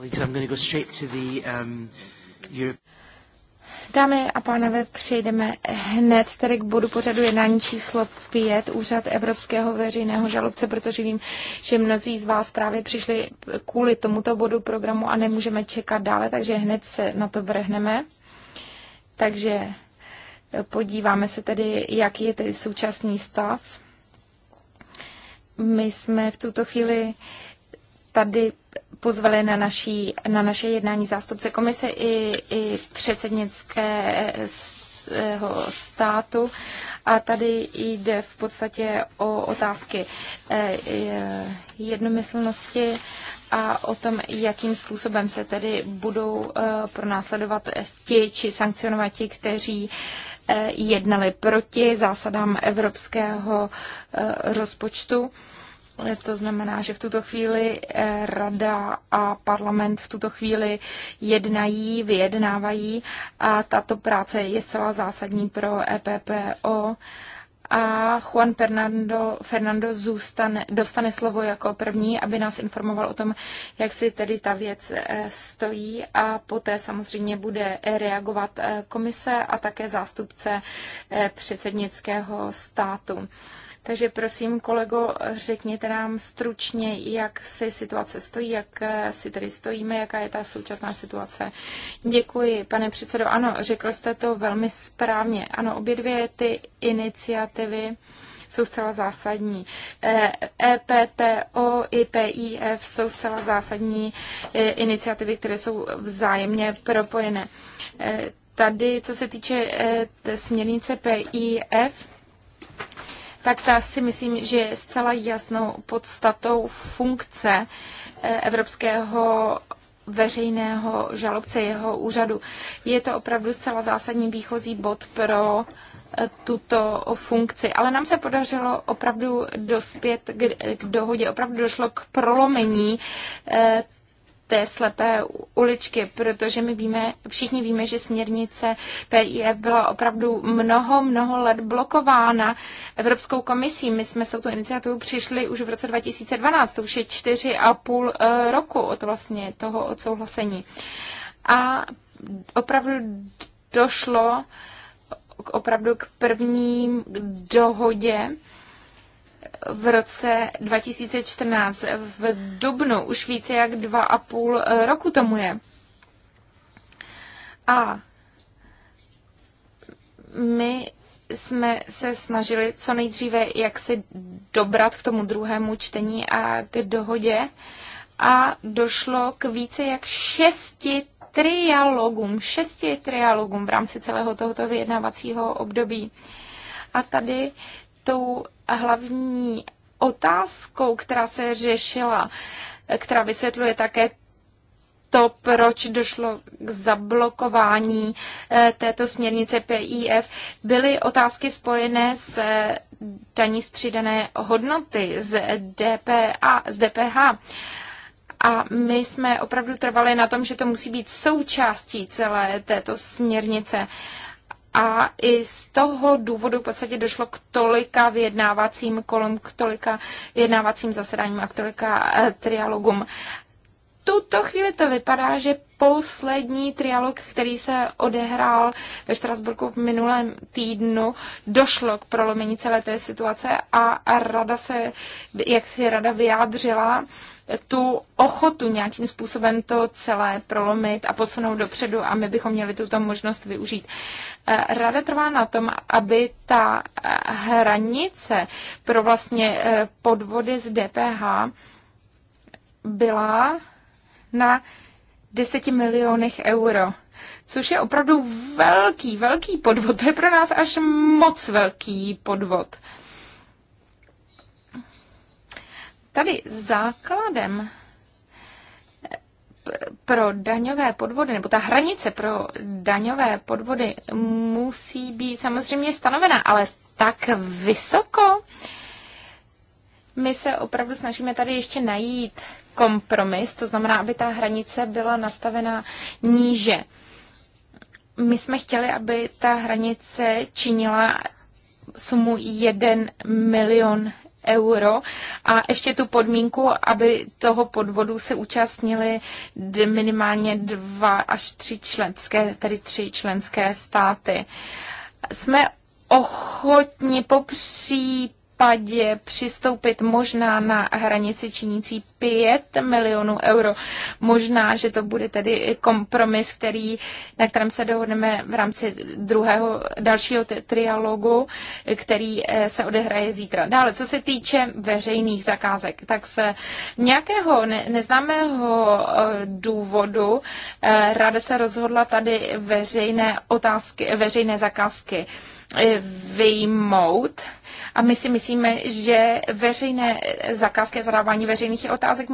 colleagues, I'm going to go straight to the um, Europe. Dámy a pánové, přejdeme hned tady k bodu pořadu jednání číslo 5, Úřad Evropského veřejného žalobce, protože vím, že mnozí z vás právě přišli kvůli tomuto bodu programu a nemůžeme čekat dále, takže hned se na to vrhneme. Takže eh, podíváme se tedy, jaký je tedy současný stav. My jsme v tuto chvíli tady pozvali na, naší, na naše jednání zástupce komise i, i předsednického státu. A tady jde v podstatě o otázky eh, eh, jednomyslnosti a o tom, jakým způsobem se tedy budou eh, pronásledovat ti či sankcionovat ti, kteří jednali proti zásadám evropského rozpočtu. To znamená, že v tuto chvíli eh, rada a parlament v tuto chvíli jednají, vyjednávají a tato práce je zcela zásadní pro EPPO a Juan Fernando, Fernando zůstane, dostane slovo jako první, aby nás informoval o tom, jak si tedy ta věc eh, stojí a poté samozřejmě bude reagovat eh, komise a také zástupce předsednického státu. Takže prosím, kolego, řekněte nám stručně, jak si situace stojí, jak si tedy stojíme, jaká je ta současná situace. Děkuji, pane předsedo. Ano, řekl jste to velmi správně. Ano, obě dvě ty iniciativy jsou zcela zásadní. EPPO e i PIF jsou zcela zásadní e, iniciativy, které jsou vzájemně propojené. E, tady, co se týče směrnice PIF, tak ta si myslím, že je zcela jasnou podstatou funkce eh, Evropského veřejného žalobce jeho úřadu. Je to opravdu zcela zásadní výchozí bod pro eh, tuto funkci. Ale nám se podařilo opravdu dospět k, k dohodě, opravdu došlo k prolomení eh, té slepé uličky, protože my víme, všichni víme, že směrnice PIF byla opravdu mnoho, mnoho let blokována Evropskou komisí. My jsme s touto iniciativou přišli už v roce 2012, to už je čtyři a půl eh, roku od vlastně toho odsouhlasení. A opravdu došlo k opravdu k první dohodě v roce 2014 v Dubnu, už více jak dva a půl eh, roku tomu je. A my jsme se snažili co nejdříve jak se dobrat k tomu druhému čtení a k dohodě a došlo k více jak šesti trialogům, šesti trialogům v rámci celého tohoto vyjednávacího období. A tady tou hlavní otázkou, která se řešila, která vysvětluje také to, proč došlo k zablokování eh, této směrnice PIF, byly otázky spojené s eh, daní z přidané hodnoty, z, DPA, z DPH. A my jsme opravdu trvali na tom, že to musí být součástí celé této směrnice a i z toho důvodu v podstatě došlo k tolika vyjednávacím kolem, k tolika vyjednávacím zasedáním a k tolika eh, trialogům tuto chvíli to vypadá, že poslední trialog, který se odehrál ve Štrasburku v minulém týdnu, došlo k prolomení celé té situace a, a rada se, jak si rada vyjádřila, tu ochotu nějakým způsobem to celé prolomit a posunout dopředu a my bychom měli tuto možnost využít. Rada trvá na tom, aby ta hranice pro vlastně podvody z DPH byla na 10 milionech euro, což je opravdu velký, velký podvod. To je pro nás až moc velký podvod. Tady základem eh, pro daňové podvody, nebo ta hranice pro daňové podvody musí být samozřejmě stanovena, ale tak vysoko. My se opravdu snažíme tady ještě najít kompromis, to znamená, aby ta hranice byla nastavena níže. My jsme chtěli, aby ta hranice činila sumu 1 milion euro a ještě tu podmínku, aby toho podvodu se účastnili minimálně dva až tři členské, tedy tři členské státy. Jsme ochotni po případě přistoupit možná na hranici činící 5 milionů euro. Možná, že to bude tedy kompromis, který, na kterém se dohodneme v rámci druhého dalšího trialogu, který eh, se odehraje zítra. Dále, co se týče veřejných zakázek, tak se nějakého ne- neznámého eh, důvodu eh, rada se rozhodla tady veřejné otázky, veřejné zakázky Eh, vyjmout. A my si myslíme, že veřejné zakázky zadávání veřejných otázek,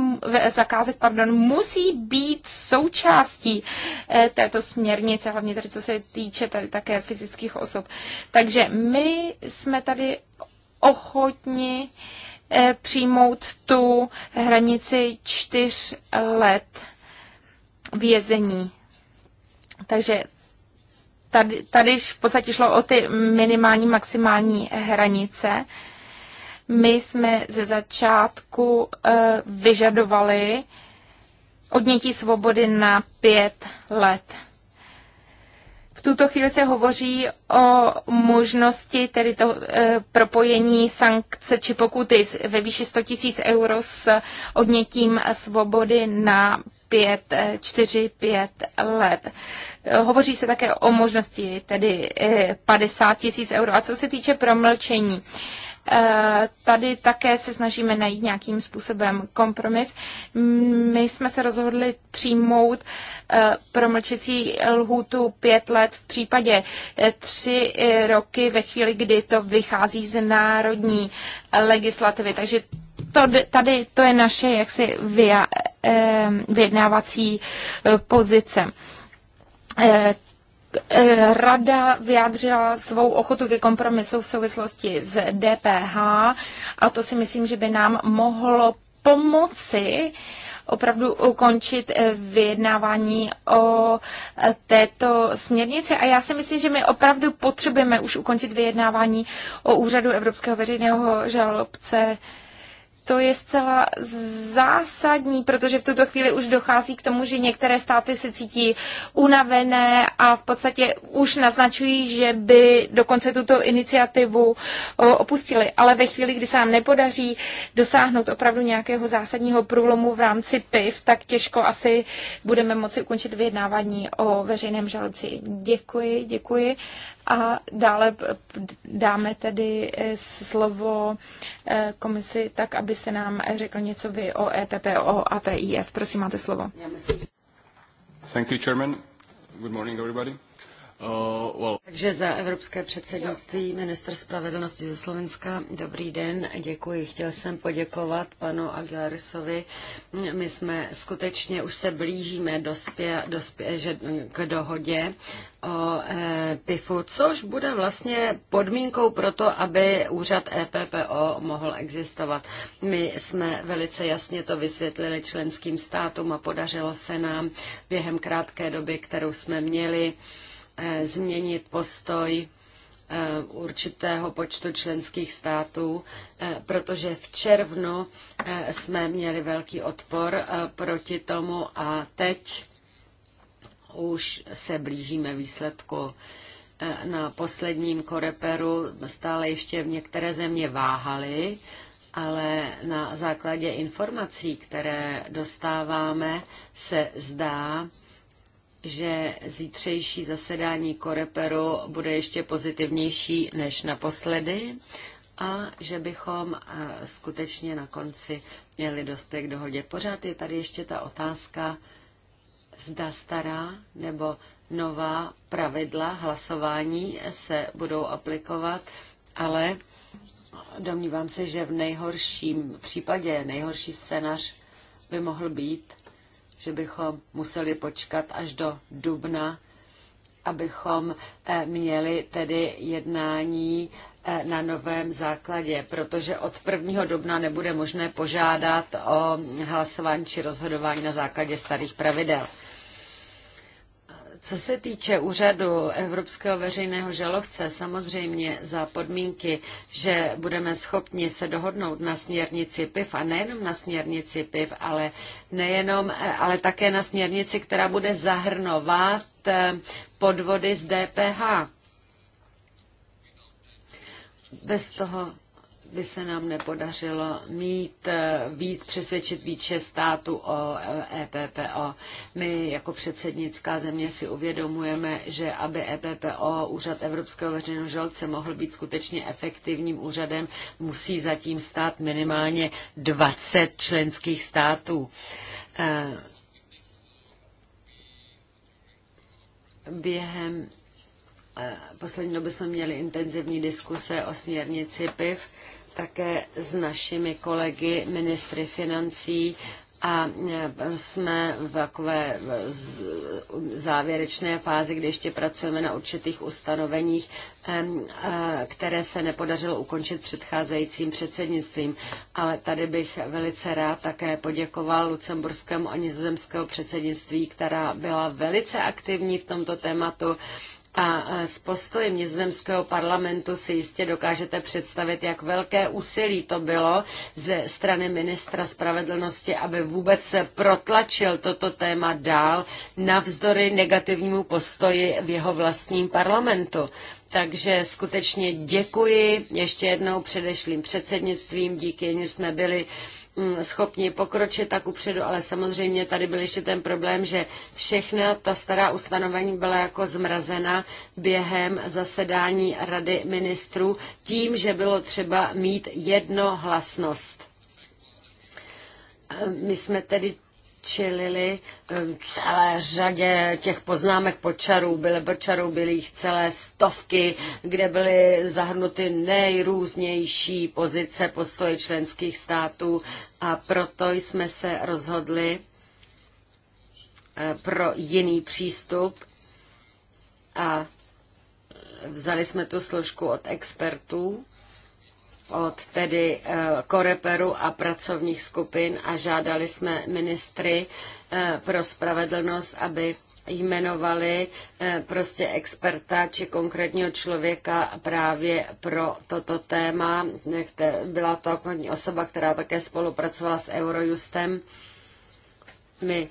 zakázek pardon, musí být součástí eh, této směrnice, hlavně tady co se týče tady také fyzických osob. Takže my jsme tady ochotni eh, přijmout tu hranici čtyř let vězení. Takže tady, tady v podstatě šlo o ty minimální, maximální hranice. My jsme ze začátku eh, vyžadovali odnětí svobody na pět let. V tuto chvíli se hovoří o možnosti tedy to e, propojení sankce či pokuty ve výši 100 tisíc euro s odnětím svobody na pět, eh, čtyři, pět let. Hovoří se také o možnosti tedy 50 eh, tisíc euro. A co se týče promlčení, eh, Tady také se snažíme najít nějakým způsobem kompromis. My jsme se rozhodli přijmout promlčecí lhůtu pět let v případě tři roky ve chvíli, kdy to vychází z národní legislativy. Takže to, tady to je naše jaksi eh, vyjednávací e, pozice. E, e, rada vyjádřila svou ochotu ke kompromisu v souvislosti s DPH a to si myslím, že by nám mohlo pomoci opravdu ukončit vyjednávání o této směrnici. A já si myslím, že my opravdu potřebujeme už ukončit vyjednávání o úřadu Evropského veřejného žalobce to je zcela zásadní, protože v tuto chvíli už dochází k tomu, že některé státy se cítí unavené a v podstatě už naznačují, že by dokonce tuto iniciativu opustili. Ale ve chvíli, kdy se nám nepodaří dosáhnout opravdu nějakého zásadního průlomu v rámci PIV, tak těžko asi budeme moci ukončit vyjednávání o veřejném žalci. Děkuji, děkuji. A dále dáme tedy eh, slovo eh, komisi tak, aby se nám eh, řekl něco vy o EPPO a PIF. Prosím, máte slovo. Thank you, Chairman. Good morning, everybody. Uh, well. Takže za Evropské předsednictví minister spravedlnosti ze Slovenska. Dobrý den, děkuji. Chtěl jsem poděkovat panu Aguilarisovi. My jsme skutečně už se blížíme dospě, dospě, že, k dohodě o e, PIFu, což bude vlastně podmínkou pro to, aby úřad EPPO mohl existovat. My jsme velice jasně to vysvětlili členským státům a podařilo se nám během krátké doby, kterou jsme měli, Eh, změnit postoj eh, určitého počtu členských států, eh, protože v červnu jsme měli velký odpor proti tomu a teď už se blížíme výsledku. Na posledním koreperu stále ještě v některé země váhaly, ale na základě informací, které dostáváme, se zdá, že zítřejší zasedání Koreperu bude ještě pozitivnější než naposledy a že bychom eh, skutečně na konci měli dostek dohodě. Pořád je tady ještě ta otázka, zda stará nebo nová pravidla hlasování se budou aplikovat, ale domnívám se, že v nejhorším případě, nejhorší scénář by mohl být, že bychom museli počkat až do dubna, abychom eh, měli tedy jednání eh, na novém základě, protože od 1. dubna nebude možné požádat o hlasování či rozhodování na základě starých pravidel. Co se týče úřadu Evropského veřejného žalovce, samozřejmě za podmínky, že budeme schopni se dohodnout na směrnici PIV a nejenom na směrnici PIV, ale, nejenom, ale také na směrnici, která bude zahrnovat eh, podvody z DPH. Bez toho by se nám nepodařilo mít, eh, víc, přesvědčit více států o EPPO. Eh, e My jako předsednická země si uvědomujeme, že aby EPPO, Úřad Evropského veřejného žalce, mohl být skutečně efektivním úřadem, musí zatím stát minimálně 20 členských států. Eh, během poslední doby jsme měli intenzivní diskuse o směrnici PIV také s našimi kolegy ministry financí a e, jsme v takové e, závěrečné fázi, kdy ještě pracujeme na určitých ustanoveních, e, které se nepodařilo ukončit předcházejícím předsednictvím. Ale tady bych velice rád také poděkoval lucemburskému a nizozemského předsednictví, která byla velice aktivní v tomto tématu a s postojem nizozemského parlamentu si jistě dokážete představit, jak velké úsilí to bylo ze strany ministra spravedlnosti, aby vůbec se protlačil toto téma dál navzdory negativnímu postoji v jeho vlastním parlamentu. Takže skutečně děkuji ještě jednou předešlým předsednictvím, díky ní jsme byli Mm, schopni pokročit tak upředu, ale samozřejmě tady byl ještě ten problém, že všechna ta stará ustanovení byla jako zmrazena během zasedání Rady ministrů tím, že bylo třeba mít jednohlasnost. My jsme tedy čelili eh, celé řadě těch poznámek počarů, byly počarů, byly jich celé stovky, kde byly zahrnuty nejrůznější pozice postoje členských států a proto jsme se rozhodli eh, pro jiný přístup a vzali jsme tu složku od expertů, od tedy eh, koreperu a pracovních skupin a žádali jsme ministry eh, pro spravedlnost, aby jmenovali eh, prostě experta či konkrétního člověka právě pro toto téma. Byla to osoba, která také spolupracovala s Eurojustem. My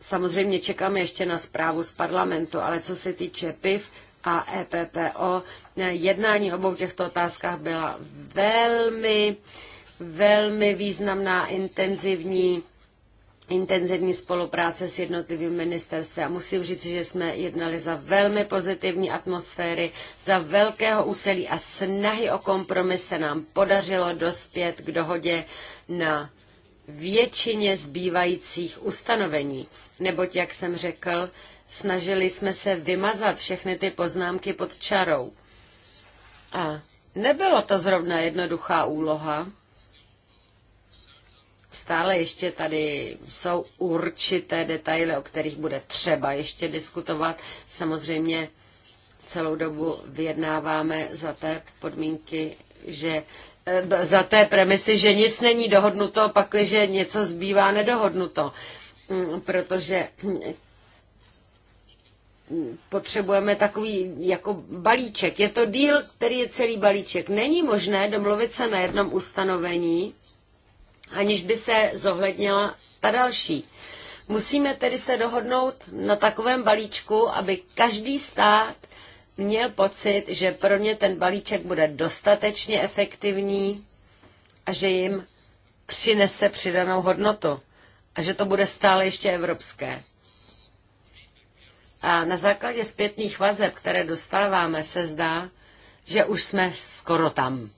samozřejmě čekáme ještě na zprávu z parlamentu, ale co se týče PIV, a EPPO. Jednání o obou těchto otázkách byla velmi, velmi významná, intenzivní intenzivní spolupráce s jednotlivými ministerstvy a musím říct, že jsme jednali za velmi pozitivní atmosféry, za velkého úsilí a snahy o kompromis se nám podařilo dospět k dohodě na většině zbývajících ustanovení. Neboť, jak jsem řekl, Snažili jsme se vymazat všechny ty poznámky pod čarou. A nebylo to zrovna jednoduchá úloha. Stále ještě tady jsou určité detaily, o kterých bude třeba ještě diskutovat. Samozřejmě celou dobu vyjednáváme za té podmínky, že eh, za té premisy, že nic není dohodnuto, pakliže něco zbývá nedohodnuto. Mm, protože potřebujeme takový jako balíček. Je to díl, který je celý balíček. Není možné domluvit se na jednom ustanovení, aniž by se zohlednila ta další. Musíme tedy se dohodnout na takovém balíčku, aby každý stát měl pocit, že pro ně ten balíček bude dostatečně efektivní a že jim přinese přidanou hodnotu a že to bude stále ještě evropské. A na základě zpětných vazeb, které dostáváme, se zdá, že už jsme skoro tam.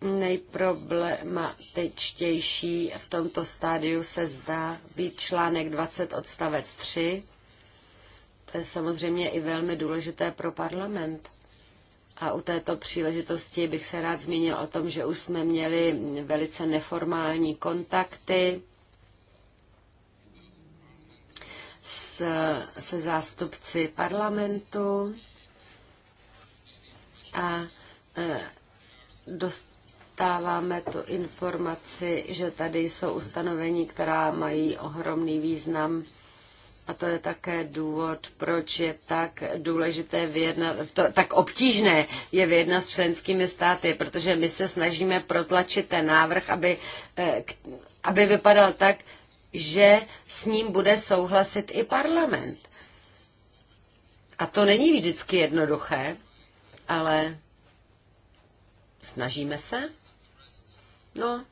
Nejproblematičtější v tomto stádiu se zdá být článek 20 odstavec 3. To je samozřejmě i velmi důležité pro parlament. A u této příležitosti bych se rád zmínil o tom, že už jsme měli velice neformální kontakty se zástupci parlamentu a e, dostáváme tu informaci, že tady jsou ustanovení, která mají ohromný význam a to je také důvod, proč je tak důležité vyjednat, to, tak obtížné je vyjednat s členskými státy, protože my se snažíme protlačit ten návrh, aby, e, aby vypadal tak, že s ním bude souhlasit i parlament. A to není vždycky jednoduché, ale snažíme se. No,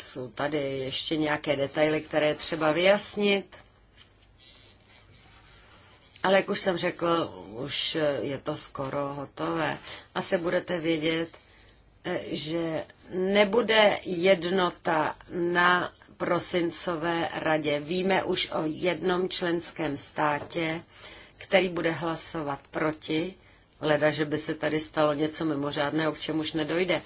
jsou tady ještě nějaké detaily, které třeba vyjasnit. Ale jak už jsem řekl, už je to skoro hotové. Asi budete vědět, že nebude jednota na prosincové radě. Víme už o jednom členském státě, který bude hlasovat proti, hleda, že by se tady stalo něco mimořádného, k čemu už nedojde.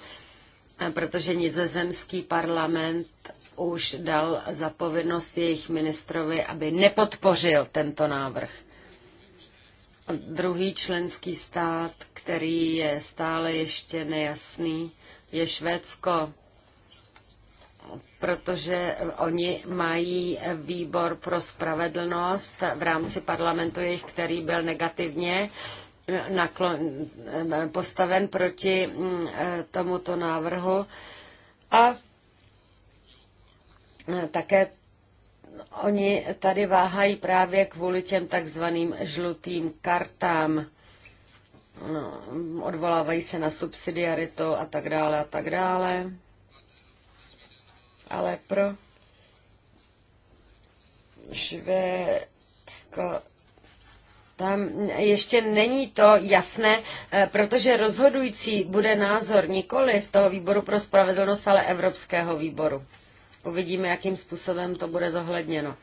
Protože nizozemský parlament už dal zapovinnost jejich ministrovi, aby nepodpořil tento návrh. Druhý členský stát, který je stále ještě nejasný, je Švédsko, protože oni mají výbor pro spravedlnost v rámci parlamentu jejich, který byl negativně eh, naklon, eh, postaven proti mm, eh, tomuto návrhu. A také Oni tady váhají právě kvůli těm takzvaným žlutým kartám. No, odvolávají se na subsidiaritu a tak dále a tak dále. Ale pro Švédsko tam ještě není to jasné, eh, protože rozhodující bude názor nikoli v toho výboru pro spravedlnost, ale Evropského výboru. Uvidíme, jakým způsobem to bude zohledněno.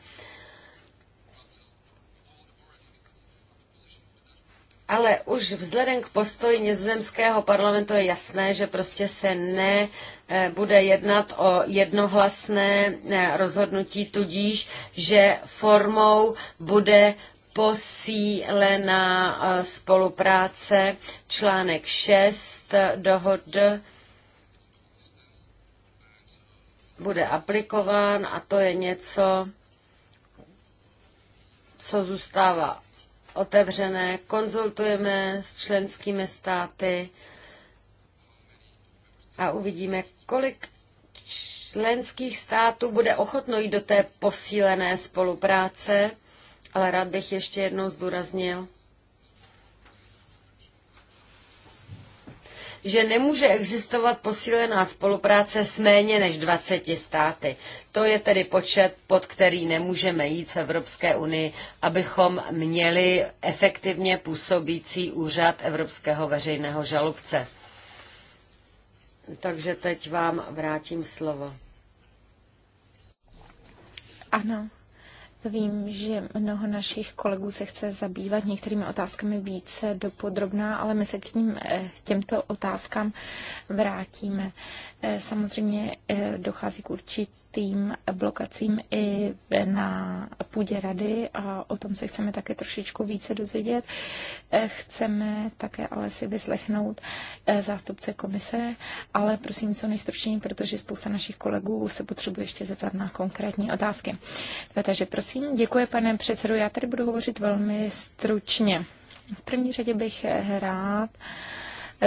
Ale už vzhledem k postoji nizozemského parlamentu je jasné, že prostě se ne eh, bude jednat o jednohlasné eh, rozhodnutí, tudíž, že formou bude posílená eh, spolupráce článek 6 dohod bude aplikován a to je něco, co zůstává otevřené. Konzultujeme s členskými státy a uvidíme, kolik členských států bude ochotno jít do té posílené spolupráce, ale rád bych ještě jednou zdůraznil, že nemůže existovat posílená spolupráce s méně než 20 státy. To je tedy počet, pod který nemůžeme jít v Evropské unii, abychom měli efektivně působící úřad Evropského veřejného žalobce. Takže teď vám vrátím slovo. Ano, Vím, že mnoho našich kolegů se chce zabývat některými otázkami více dopodrobná, ale my se k ním, eh, těmto otázkám vrátíme. Eh, samozřejmě eh, dochází k určitě tým blokacím i na půdě rady a o tom se chceme také trošičku více dozvědět. Eh, chceme také ale si vyslechnout eh, zástupce komise, ale prosím co nejstručněji, protože spousta našich kolegů se potřebuje ještě zeptat na konkrétní otázky. Eh, takže prosím, děkuji pane předsedu, já tady budu hovořit velmi stručně. V první řadě bych rád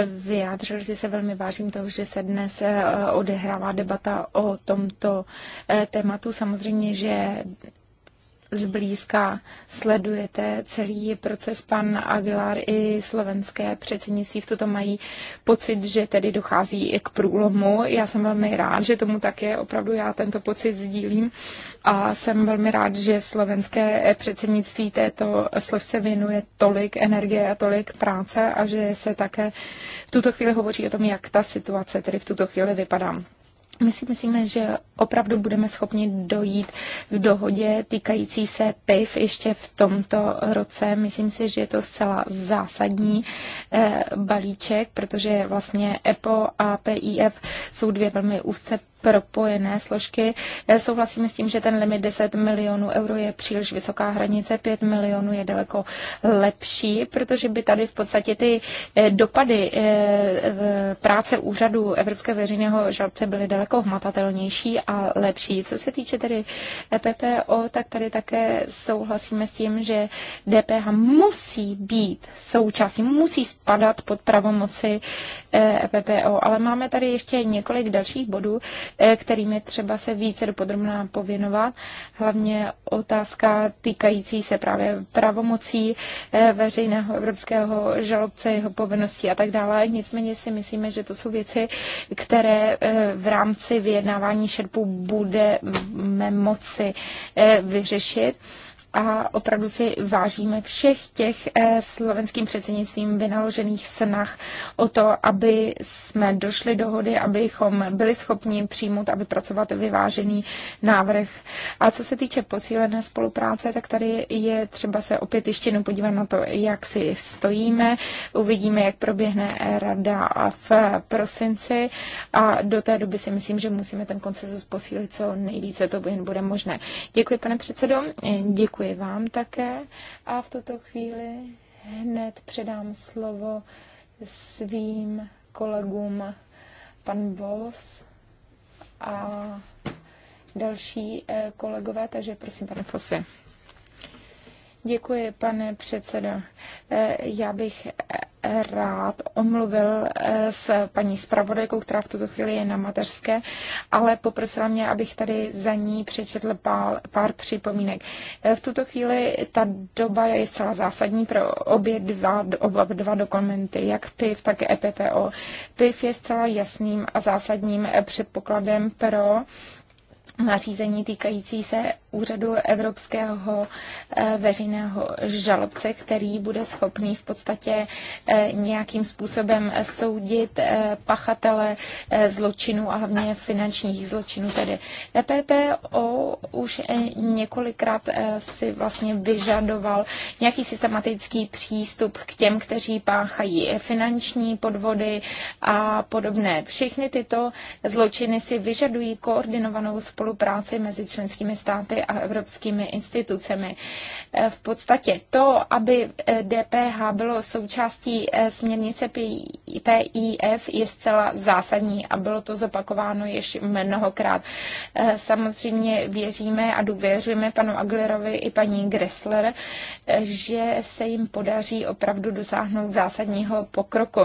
vyjádřil, že se velmi vážím toho, že se dnes eh, odehrává debata o tomto eh, tématu. Samozřejmě, že zblízka sledujete celý proces. Pan Aguilar i slovenské předsednictví v tuto mají pocit, že tedy dochází i k průlomu. Já jsem velmi rád, že tomu tak je. Opravdu já tento pocit sdílím a jsem velmi rád, že slovenské předsednictví této složce věnuje tolik energie a tolik práce a že se také v tuto chvíli hovoří o tom, jak ta situace tedy v tuto chvíli vypadá. My si myslíme, že opravdu budeme schopni dojít k dohodě týkající se PIV ještě v tomto roce. Myslím si, že je to zcela zásadní eh, balíček, protože vlastně EPO a PIF jsou dvě velmi úzce propojené složky. Souhlasím s tím, že ten limit 10 milionů euro je příliš vysoká hranice, 5 milionů je daleko lepší, protože by tady v podstatě ty eh, dopady eh, eh, práce úřadu Evropského veřejného žalce byly daleko hmatatelnější a lepší. Co se týče tedy e PPO, tak tady také souhlasíme s tím, že DPH musí být součástí, musí spadat pod pravomoci Eppo, Ale máme tady ještě několik dalších bodů, e, kterými třeba se více dopodrobná pověnovat. Hlavně otázka týkající se právě pravomocí e, veřejného evropského žalobce, jeho povinností a tak dále. Nicméně si myslíme, že to jsou věci, které e, v rámci vyjednávání šerpu budeme moci vyřešit a opravdu si vážíme všech těch eh, slovenským předsednictvím vynaložených snah o to, aby jsme došli dohody, abychom byli schopni přijmout a vypracovat vyvážený návrh. A co se týče posílené spolupráce, tak tady je třeba se opět ještě jednou podívat na to, jak si stojíme. Uvidíme, jak proběhne rada v prosinci a do té doby si myslím, že musíme ten koncesus posílit co nejvíce, to jen bude možné. Děkuji, pane předsedo. Děkuji Děkuji vám také a v tuto chvíli hned předám slovo svým kolegům pan Bos a další eh, kolegové, takže prosím, pane Fose. Děkuji, pane předsedo. Eh, já bych eh, rád omluvil eh, s paní zpravodajkou, která v tuto chvíli je na mateřské, ale poprosila mě, abych tady za ní přečetl pár, pár připomínek. V tuto chvíli ta doba je zcela zásadní pro obě dva, oba dva dokumenty, jak PIV, tak EPPO. PIV je zcela jasným a zásadním předpokladem pro nařízení týkající se úřadu Evropského eh, veřejného žalobce, který bude schopný v podstatě eh, nějakým způsobem soudit eh, pachatele zločinů a hlavně finančních zločinů. Tedy EPPO už několikrát si vlastně vyžadoval nějaký systematický přístup k těm, kteří páchají finanční podvody a podobné. Všechny tyto zločiny si vyžadují koordinovanou spolupráci mezi členskými státy a evropskými institucemi. Eh, v podstatě to, aby DPH eh, bylo součástí eh, směrnice PIF, je zcela zásadní a bylo to zopakováno již mnohokrát. Samozřejmě věříme a důvěřujeme panu Aglerovi i paní Gressler, že se jim podaří opravdu dosáhnout zásadního pokroku.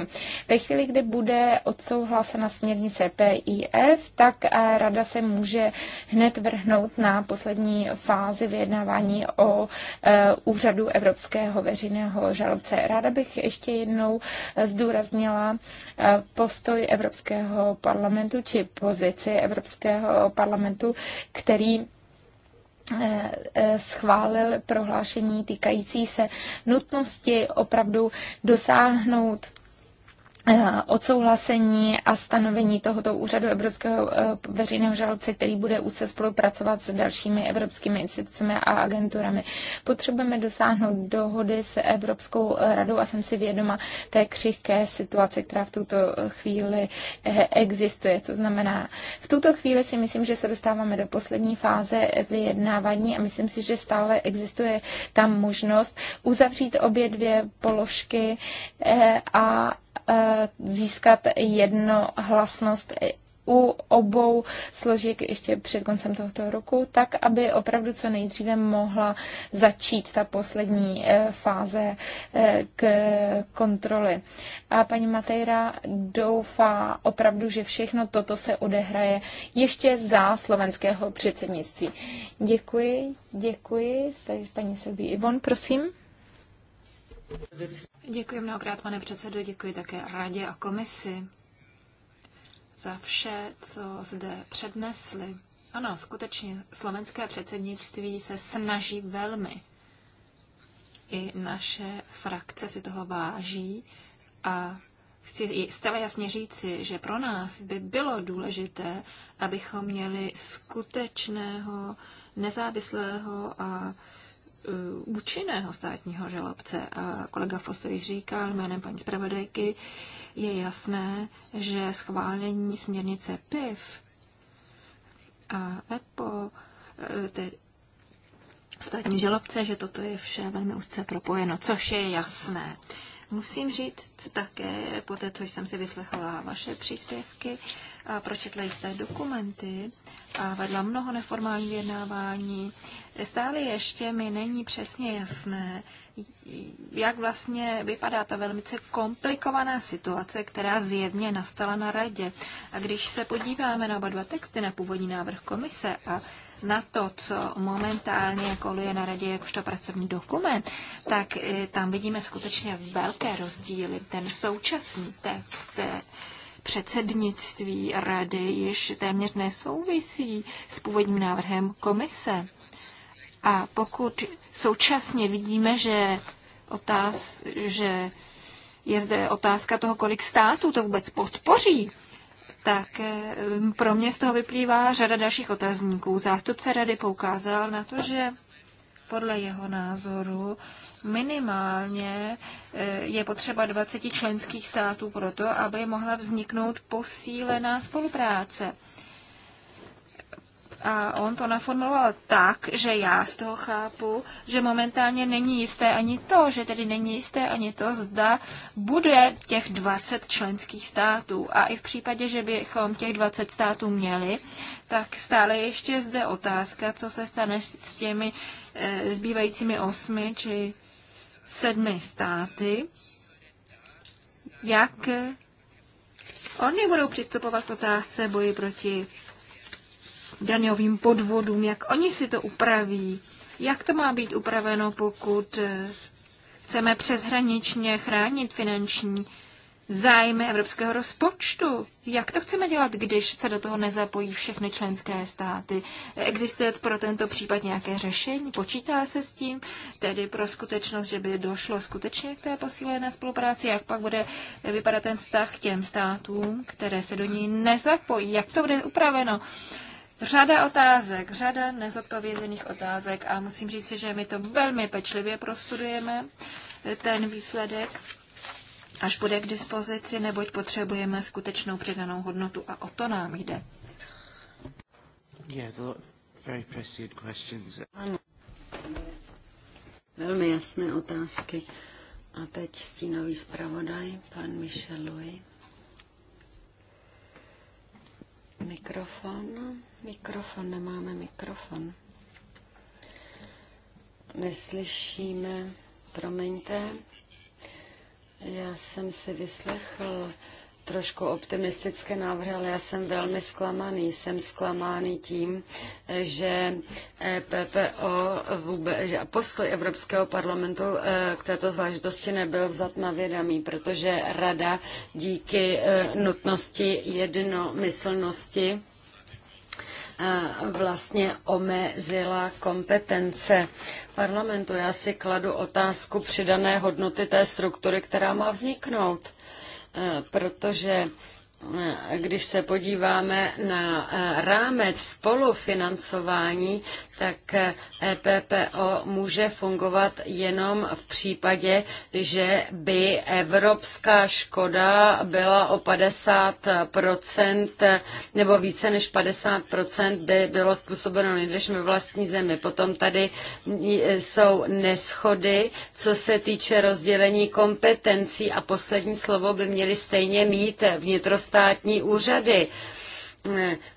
Ve chvíli, kdy bude odsouhlasena směrnice PIF, tak rada se může hned vrhnout na poslední fázi vyjednávání o Eh, úřadu Evropského veřejného žalobce. Ráda bych ještě jednou zdůraznila eh, postoj Evropského parlamentu či pozici Evropského parlamentu, který eh, schválil prohlášení týkající se nutnosti opravdu dosáhnout Eh, odsouhlasení a stanovení tohoto úřadu Evropského eh, veřejného žalce, který bude úzce spolupracovat s dalšími evropskými institucemi a agenturami. Potřebujeme dosáhnout dohody s Evropskou eh, radou a jsem si vědoma té křihké situace, která v tuto chvíli existuje. To znamená, v tuto chvíli si myslím, že se dostáváme do poslední fáze vyjednávání a myslím si, že stále existuje tam možnost uzavřít obě dvě položky a Eh, získat jednohlasnost u obou složek ještě před koncem tohoto roku, tak aby opravdu co nejdříve mohla začít ta poslední eh, fáze eh, k kontroly. A paní Matejra doufá opravdu, že všechno toto se odehraje ještě za slovenského předsednictví. Děkuji, děkuji. Paní Silví Ivon, prosím. Děkuji mnohokrát, pane předsedo, děkuji také radě a komisi za vše, co zde přednesli. Ano, skutečně slovenské předsednictví se snaží velmi. I naše frakce si toho váží a chci zcela jasně říci, že pro nás by bylo důležité, abychom měli skutečného, nezávislého a Eh, účinného státního žalobce. A kolega Foster již říkal jménem paní zpravodajky, je jasné, že schválení směrnice PIV a EPO, eh, tedy státní žalobce, že toto je vše velmi úzce propojeno, což je jasné. Musím říct také, po té, co jsem si vyslechla vaše příspěvky a pročetla jste dokumenty a vedla mnoho neformálních vyjednávání, Stále ještě mi není přesně jasné, jak vlastně vypadá ta velmi komplikovaná situace, která zjevně nastala na radě. A když se podíváme na oba dva texty, na původní návrh komise a na to, co momentálně koluje na radě jakožto pracovní dokument, tak eh, tam vidíme skutečně velké rozdíly. Ten současný text eh, předsednictví rady již téměř nesouvisí s původním návrhem komise. A pokud současně vidíme, že, otáz, že je zde otázka toho, kolik států to vůbec podpoří, tak eh, pro mě z toho vyplývá řada dalších otazníků. Zástupce rady poukázal na to, že podle jeho názoru minimálně eh, je potřeba 20 členských států pro to, aby mohla vzniknout posílená spolupráce. A on to naformuloval tak, že já z toho chápu, že momentálně není jisté ani to, že tedy není jisté ani to, zda bude těch 20 členských států. A i v případě, že bychom těch 20 států měli, tak stále ještě zde otázka, co se stane s těmi e, zbývajícími osmi či sedmi státy, jak eh, oni budou přistupovat k otázce boji proti daňovým podvodům, jak oni si to upraví, jak to má být upraveno, pokud eh, chceme přeshraničně chránit finanční zájmy evropského rozpočtu. Jak to chceme dělat, když se do toho nezapojí všechny členské státy? Existuje pro tento případ nějaké řešení? Počítá se s tím? Tedy pro skutečnost, že by došlo skutečně k té posílené spolupráci? Jak pak bude vypadat ten vztah k těm státům, které se do ní nezapojí? Jak to bude upraveno? řada otázek, řada nezodpovězených otázek a musím říct, že my to velmi pečlivě prostudujeme, ten výsledek, až bude k dispozici, neboť potřebujeme skutečnou přidanou hodnotu a o to nám jde. Yeah, very questions. Ano. Velmi jasné otázky. A teď stínový zpravodaj, pan Michel Louis. Mikrofon. Mikrofon, nemáme mikrofon. Neslyšíme, promiňte. Já jsem si vyslechl trošku optimistické návrhy, ale já jsem velmi zklamaný. Jsem zklamaný tím, že eh, PPO vůbec, že postoj Evropského parlamentu eh, k této záležitosti nebyl vzat na vědomí, protože rada díky eh, nutnosti jednomyslnosti vlastně omezila kompetence parlamentu. Já si kladu otázku přidané hodnoty té struktury, která má vzniknout Eh, protože když se podíváme na eh, rámec spolufinancování, tak EPPO eh, e může fungovat jenom v případě, že by evropská škoda byla o 50% nebo více než 50% by bylo způsobeno než ve vlastní zemi. Potom tady mm, jsou neschody, co se týče rozdělení kompetencí a poslední slovo by měly stejně mít vnitrostátní státní úřady.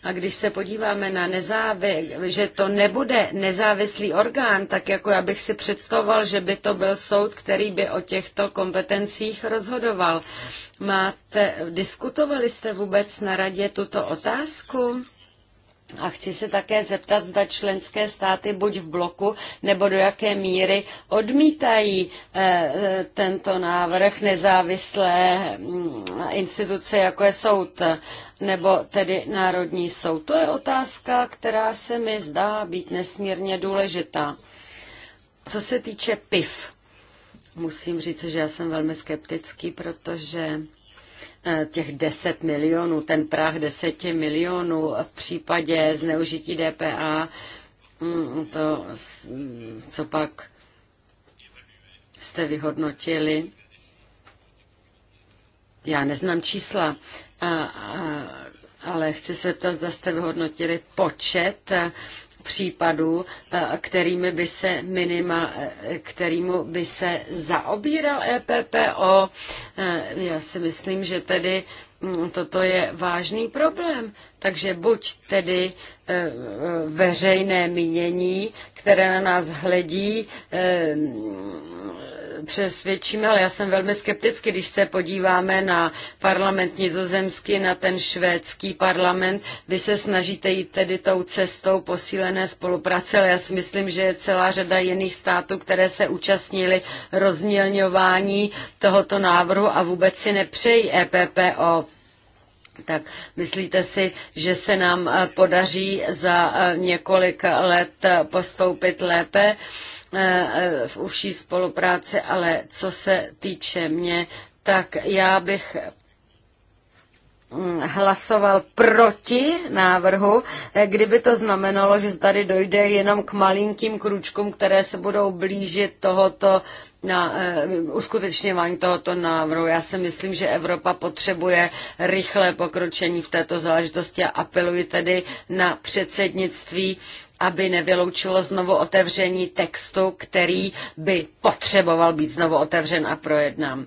A když se podíváme na nezávi, že to nebude nezávislý orgán, tak jako já bych si představoval, že by to byl soud, který by o těchto kompetencích rozhodoval. Máte, diskutovali jste vůbec na radě tuto otázku? A chci se také zeptat, zda členské státy buď v bloku nebo do jaké míry odmítají eh, eh, tento návrh nezávislé mm, instituce, jako je soud nebo tedy Národní soud. To je otázka, která se mi zdá být nesmírně důležitá. Co se týče PIF, musím říct, že já jsem velmi skeptický, protože Eh, těch 10 milionů, ten práh 10 milionů v případě zneužití DPA, mm, to, co pak jste vyhodnotili? Já neznám čísla, ale chci se to, zda jste vyhodnotili počet případů, eh, kterými by se minima, eh, kterýmu by se zaobíral EPPO. Eh, já si myslím, že tedy mm, toto je vážný problém. Takže buď tedy veřejné mínění, které na nás hledí, přesvědčíme, ale já jsem velmi skepticky, když se podíváme na parlament nizozemský, na ten švédský parlament. Vy se snažíte jít tedy tou cestou posílené spolupráce, ale já si myslím, že je celá řada jiných států, které se účastnili rozmělňování tohoto návrhu a vůbec si nepřejí EPPO. Tak myslíte si, že se nám eh, podaří za eh, několik let eh, postoupit lépe? Eh, v užší spolupráci, ale co se týče mě, tak já bych mm, hlasoval proti návrhu, eh, kdyby to znamenalo, že tady dojde jenom k malinkým kručkům, které se budou blížit tohoto na uh, uskutečňování tohoto návrhu. Já si myslím, že Evropa potřebuje rychlé pokročení v této záležitosti a apeluji tedy na předsednictví, aby nevyloučilo znovu otevření textu, který by potřeboval být znovu otevřen a projednán.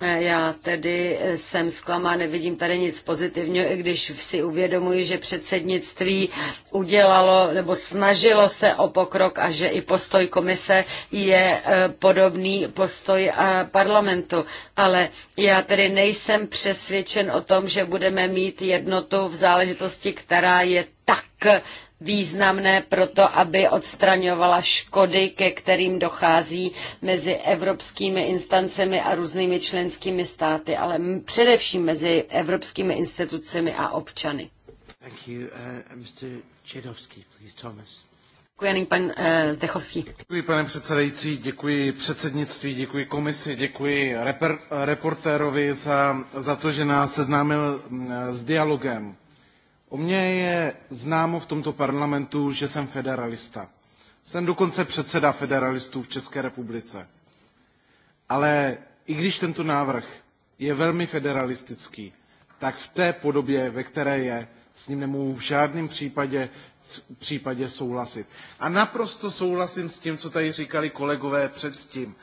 Eh, já tedy eh, jsem zklamá, nevidím tady nic pozitivního, i když si uvědomuji, že předsednictví udělalo nebo snažilo se o pokrok a že i postoj komise je eh, podobný postoj parlamentu. Ale já tedy nejsem přesvědčen o tom, že budeme mít jednotu v záležitosti, která je tak významné pro to, aby odstraňovala škody, ke kterým dochází mezi evropskými instancemi a různými členskými státy, ale především mezi evropskými institucemi a občany. Thank you, uh, Mr. please, Thomas. Děkuji, pan uh, Zdechovský. Děkuji, pane předsedající, děkuji předsednictví, děkuji komisi, děkuji reper, reportérovi za, za to, že nás seznámil mm, s dialogem O mně je známo v tomto parlamentu, že jsem federalista. Jsem dokonce předseda federalistů v České republice. Ale i když tento návrh je velmi federalistický, tak v té podobě, ve které je, s ním nemohu v žádném případě, v případě souhlasit. A naprosto souhlasím s tím, co tady říkali kolegové předtím.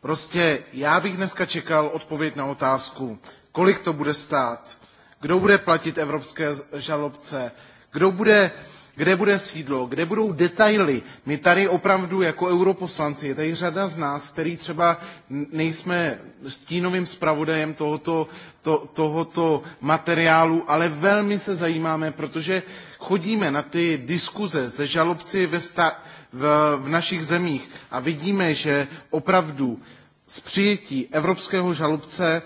Prostě já bych dneska čekal odpověď na otázku, kolik to bude stát, kdo bude platit evropské žalobce, kdo bude, kde bude sídlo, kde budou detaily. My tady opravdu jako europoslanci, je tady řada z nás, který třeba nejsme stínovým zpravodajem tohoto, to, tohoto materiálu, ale velmi se zajímáme, protože chodíme na ty diskuze se žalobci ve sta- v, v našich zemích a vidíme, že opravdu z přijetí evropského žalobce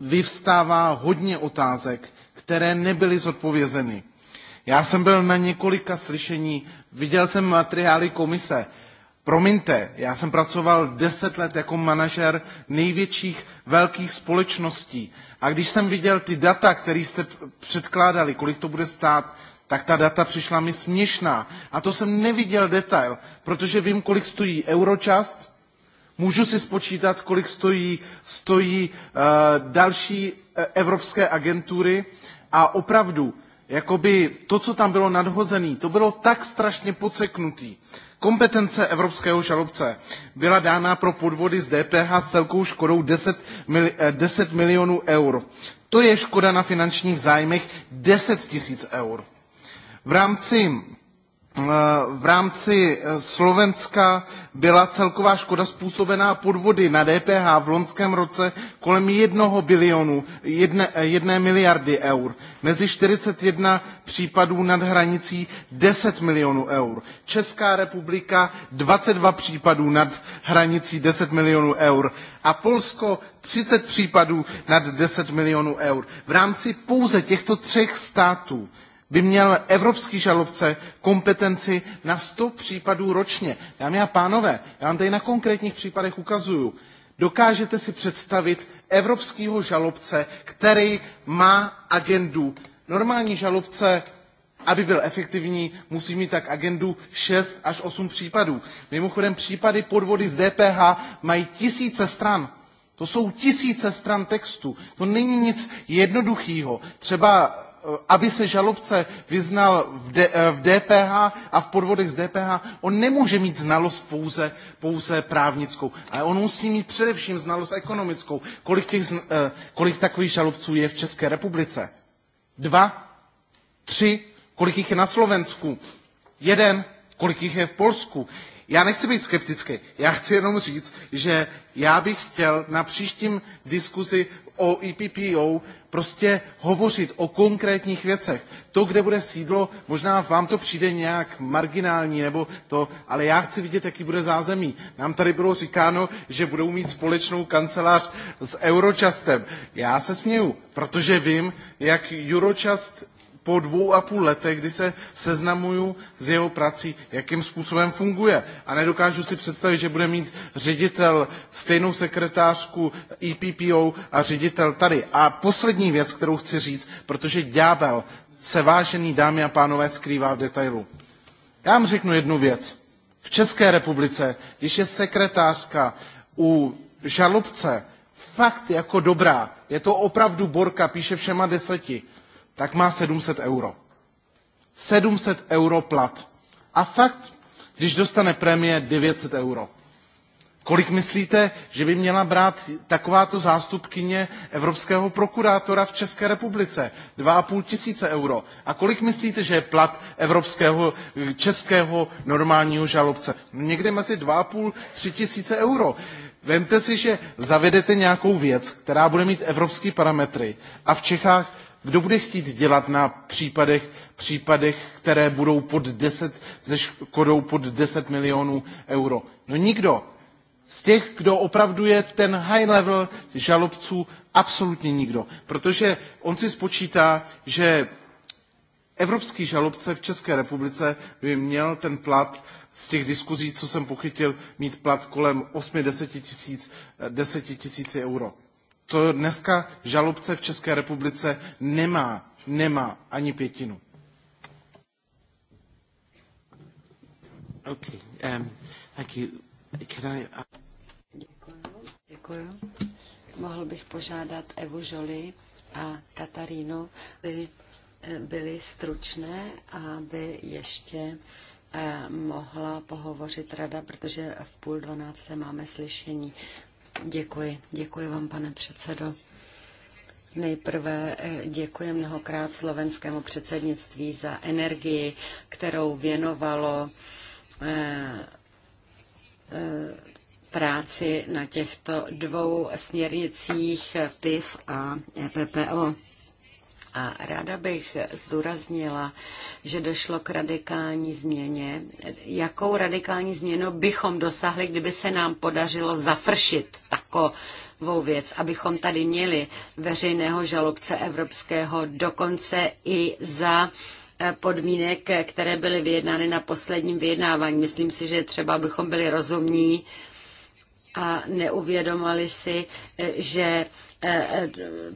vyvstává hodně otázek, které nebyly zodpovězeny. Já jsem byl na několika slyšení, viděl jsem materiály komise. Promiňte, já jsem pracoval deset let jako manažer největších velkých společností. A když jsem viděl ty data, které jste předkládali, kolik to bude stát, tak ta data přišla mi směšná. A to jsem neviděl detail, protože vím, kolik stojí euročast, Můžu si spočítat, kolik stojí, stojí uh, další eh, evropské agentury a opravdu, jakoby to, co tam bylo nadhozené, to bylo tak strašně poceknutý. Kompetence evropského žalobce byla dána pro podvody z DPH s celkou škodou 10, mil, 10 milionů eur. To je škoda na finančních zájmech 10 tisíc eur. V rámci v rámci eh, Slovenska byla celková škoda způsobená podvody na DPH v loňském roce kolem jednoho bilionu, jedne, eh, miliardy eur. Mezi 41 případů nad hranicí 10 milionů eur. Česká republika 22 případů nad hranicí 10 milionů eur a Polsko 30 případů nad 10 milionů eur. V rámci pouze těchto třech států by měl evropský žalobce kompetenci na 100 případů ročně. Dámy a pánové, já vám tady na konkrétních případech ukazuju. Dokážete si představit evropského žalobce, který má agendu. Normální žalobce aby byl efektivní, musí mít tak agendu 6 až 8 případů. Mimochodem případy podvody z DPH mají tisíce stran. To jsou tisíce stran textu. To není nic jednoduchého. Třeba Eh, aby se žalobce vyznal v, DPH eh, a v podvodech z DPH, on nemůže mít znalost pouze, pouze právnickou, ale on musí mít především znalost ekonomickou. Kolik, těch, eh, kolik takových žalobců je v České republice? Dva? Tři? Kolik jich je na Slovensku? Jeden? Kolik jich je v Polsku? Já nechci být skeptický, já chci jenom říct, že já bych chtěl na příštím diskuzi o EPPO prostě hovořit o konkrétních věcech. To, kde bude sídlo, možná vám to přijde nějak marginální nebo to, ale já chci vidět, jaký bude zázemí. Nám tady bylo říkáno, že budou mít společnou kancelář s Eurochastem. Já se směju, protože vím, jak Eurochast po dvou a půl letech, kdy se seznamuju s jeho prací, jakým způsobem funguje. A nedokážu si představit, že bude mít ředitel stejnou sekretářku EPPO a ředitel tady. A poslední věc, kterou chci říct, protože ďábel se vážený dámy a pánové skrývá v detailu. Já vám řeknu jednu věc. V České republice, když je sekretářka u žalobce fakt jako dobrá, je to opravdu borka, píše všema deseti, tak má 700 euro. 700 euro plat. A fakt, když dostane prémie 900 euro. Kolik myslíte, že by měla brát takováto zástupkyně evropského prokurátora v České republice? 2,5 tisíce euro. A kolik myslíte, že je plat evropského, českého normálního žalobce? Někde mezi 2,5, 3 tisíce euro. Vemte si, že zavedete nějakou věc, která bude mít evropské parametry a v Čechách kdo bude chtít dělat na případech, případech které budou pod 10, ze škodou pod 10 milionů euro? No nikdo. Z těch, kdo opravdu je ten high level žalobců, absolutně nikdo. Protože on si spočítá, že Evropský žalobce v České republice by měl ten plat z těch diskuzí, co jsem pochytil, mít plat kolem 8-10 tisíc, 10 tisíc euro. To dneska žalobce v České republice nemá, nemá ani pětinu. Okay, um, thank you. Can I... Uh, děkuju, děkuju. Mohl bych požádat Evu Žoli a Katarínu, aby eh, byly stručné a aby ještě eh, mohla pohovořit rada, protože v půl dvanácté máme slyšení. Děkuji, děkuji vám, pane předsedo. Nejprve eh, děkuji mnohokrát slovenskému předsednictví za energii, kterou věnovalo eh, eh, práci na těchto dvou směrnicích PIV a e PPO. A ráda bych zdůraznila, že došlo k radikální změně. Jakou radikální změnu bychom dosahli, kdyby se nám podařilo zafršit takovou věc, abychom tady měli veřejného žalobce evropského dokonce i za eh, podmínek, které byly vyjednány na posledním vyjednávání. Myslím si, že třeba bychom byli rozumní a neuvědomali si, eh, že eh, eh,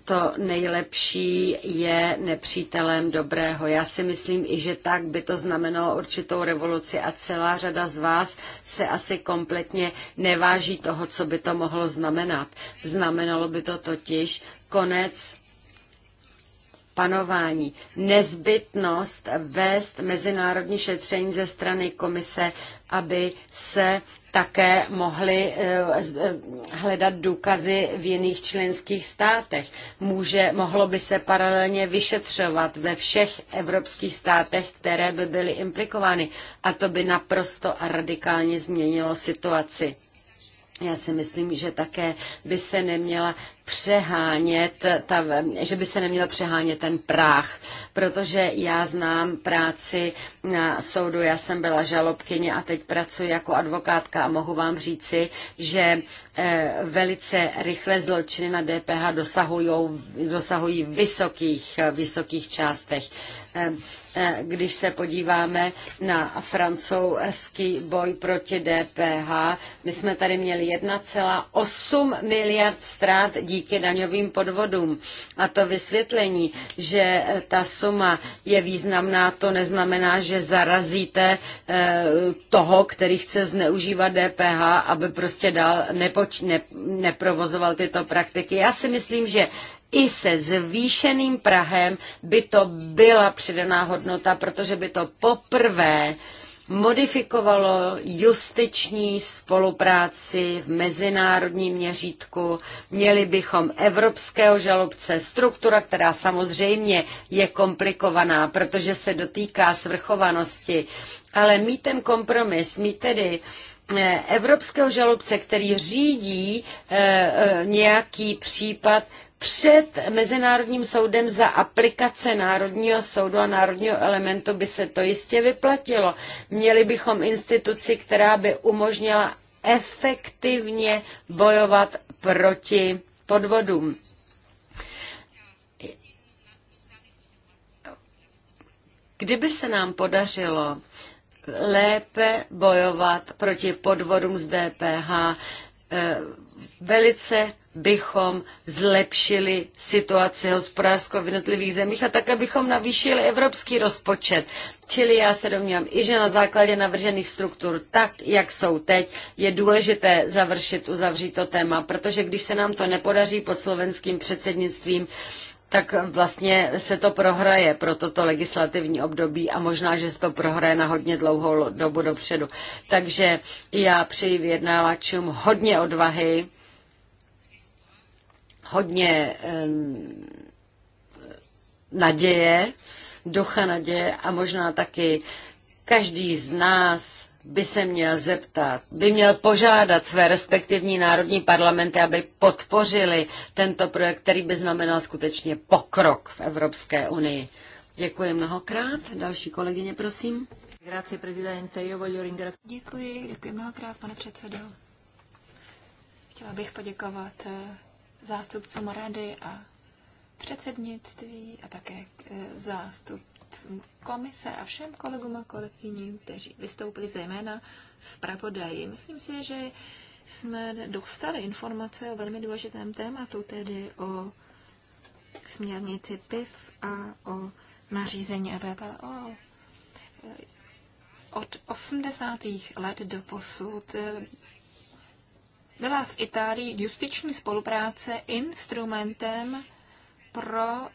to nejlepší je nepřítelem dobrého. Já si myslím i, že tak by to znamenalo určitou revoluci a celá řada z vás se asi kompletně neváží toho, co by to mohlo znamenat. Znamenalo by to totiž konec panování, nezbytnost vést mezinárodní šetření ze strany komise, aby se také mohli eh, eh, hledat důkazy v jiných členských státech. Může, mohlo by se paralelně vyšetřovat ve všech evropských státech, které by byly implikovány. A to by naprosto a radikálně změnilo situaci. Já si myslím, že také by se neměla přehánět, ta, že by se neměla přehánět ten práh, protože já znám práci na soudu, já jsem byla žalobkyně a teď pracuji jako advokátka a mohu vám říci, že eh, velice rychle zločiny na DPH dosahují, dosahují vysokých, vysokých částech. Eh, Eh, když se podíváme na francouzský boj proti DPH, my jsme tady měli 1,8 miliard ztrát díky daňovým podvodům. A to vysvětlení, že eh, ta suma je významná, to neznamená, že zarazíte eh, toho, který chce zneužívat DPH, aby prostě dál nepoč- ne- neprovozoval tyto praktiky. Já si myslím, že i se zvýšeným Prahem by to byla přidaná hodnota, protože by to poprvé modifikovalo justiční spolupráci v mezinárodním měřítku. Měli bychom evropského žalobce, struktura, která samozřejmě je komplikovaná, protože se dotýká svrchovanosti, ale mít ten kompromis, mít tedy eh, evropského žalobce, který řídí eh, eh, nějaký případ, před Mezinárodním soudem za aplikace Národního soudu a Národního elementu by se to jistě vyplatilo. Měli bychom instituci, která by umožnila efektivně bojovat proti podvodům. Kdyby se nám podařilo lépe bojovat proti podvodům z DPH, eh, velice bychom zlepšili situaci hospodářskou v jednotlivých zemích a tak, abychom navýšili evropský rozpočet. Čili já se domnívám i, že na základě navržených struktur, tak jak jsou teď, je důležité završit, uzavřít to téma, protože když se nám to nepodaří pod slovenským předsednictvím, tak vlastně se to prohraje pro toto legislativní období a možná, že se to prohraje na hodně dlouhou dobu dopředu. Takže já přeji vyjednávačům hodně odvahy, hodně naděje, ducha naděje a možná taky každý z nás by se měl zeptat, by měl požádat své respektivní národní parlamenty, aby podpořili tento projekt, který by znamenal skutečně pokrok v Evropské unii. Děkuji mnohokrát. Další kolegyně, prosím. Děkuji, děkuji mnohokrát, pane předsedo. Chtěla bych poděkovat eh, zástupcům rady a předsednictví a také k eh, zástupcům komise a všem kolegům a kolegyním, kteří vystoupili zejména pravodají. Myslím si, že jsme dostali informace o velmi důležitém tématu, tedy o směrnici PIV a o nařízení EVPO. Od 80. let do posud byla v Itálii justiční spolupráce instrumentem pro,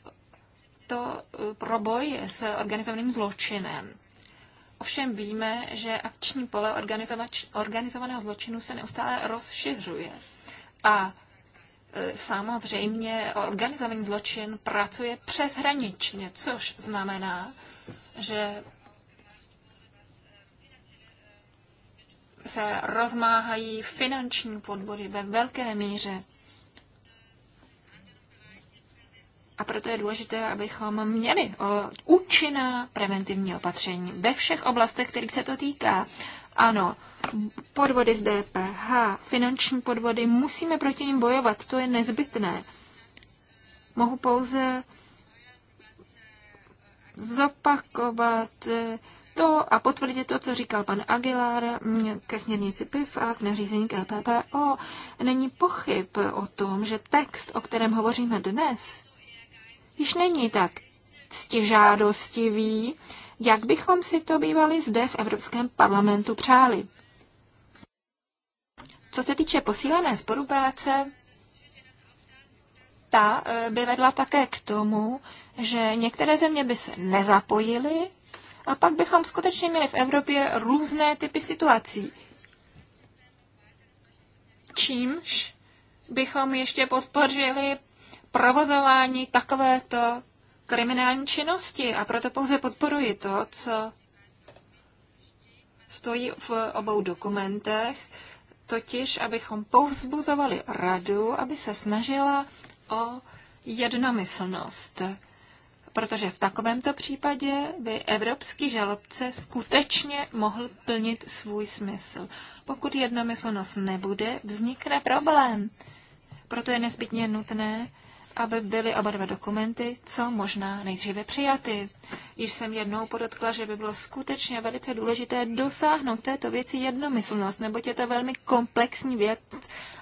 to, pro boj s organizovaným zločinem. Ovšem víme, že akční pole organizovaného zločinu se neustále rozšiřuje. A e, samozřejmě organizovaný zločin pracuje přeshraničně, což znamená, že se rozmáhají finanční podvody ve velké míře. A proto je důležité, abychom měli účinná preventivní opatření ve všech oblastech, kterých se to týká. Ano, podvody z DPH, finanční podvody, musíme proti ním bojovat, to je nezbytné. Mohu pouze zopakovat eh, to a potvrdit to, co říkal pan Aguilar mm, ke směrnici PIF a k nařízení KPPO. Není pochyb o tom, že text, o kterém hovoříme dnes, již není tak ctižádostivý, jak bychom si to bývali zde v Evropském parlamentu přáli. Co se týče posílené spolupráce, ta eh, by vedla také k tomu, že některé země by se nezapojily a pak bychom skutečně měli v Evropě různé typy situací. Čímž bychom ještě podpořili provozování takovéto kriminální činnosti. A proto pouze podporuji to, co stojí v obou dokumentech, totiž abychom povzbuzovali radu, aby se snažila o jednomyslnost protože v takovémto případě by evropský žalobce skutečně mohl plnit svůj smysl. Pokud jednomyslnost nebude, vznikne problém. Proto je nezbytně nutné, aby byly oba dva dokumenty co možná nejdříve přijaty. Již jsem jednou podotkla, že by bylo skutečně velice důležité dosáhnout této věci jednomyslnost, neboť je to velmi komplexní věc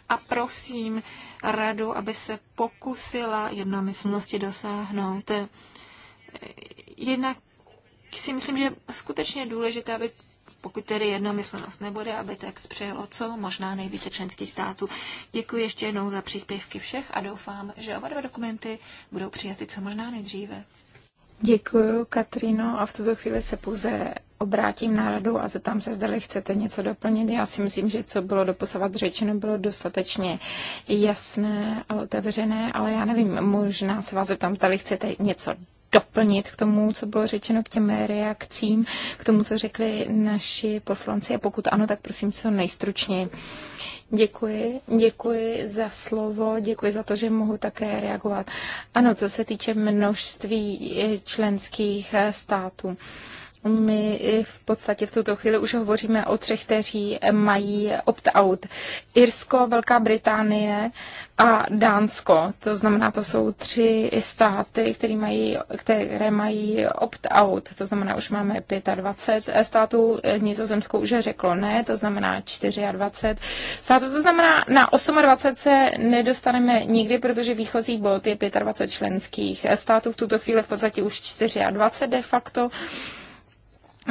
a prosím radu, aby se pokusila jednomyslnosti dosáhnout jednak si myslím, že je skutečně důležité, aby pokud tedy jednomyslnost nebude, aby text přejelo co možná nejvíce členských států. Děkuji ještě jednou za příspěvky všech a doufám, že oba dva dokumenty budou přijaty co možná nejdříve. Děkuji, Katrino, a v tuto chvíli se pouze obrátím na radu a zeptám se, zda chcete něco doplnit. Já si myslím, že co bylo doposavat řečeno, bylo dostatečně jasné a otevřené, ale já nevím, možná se vás zeptám, zda chcete něco doplnit k tomu, co bylo řečeno k těm reakcím, k tomu, co řekli naši poslanci. A pokud ano, tak prosím co nejstručněji. Děkuji, děkuji za slovo, děkuji za to, že mohu také reagovat. Ano, co se týče množství eh, členských eh, států. My eh, v podstatě v tuto chvíli už hovoříme o třech, kteří mají opt-out. Irsko, Velká Británie, a Dánsko. To znamená, to jsou tři státy, které mají, které mají opt-out. To znamená, už máme 25 států. Nizozemsko už řeklo ne, to znamená 24 států. To znamená, na 28 se nedostaneme nikdy, protože výchozí bod je 25 členských států. V tuto chvíli v podstatě už 24 de facto.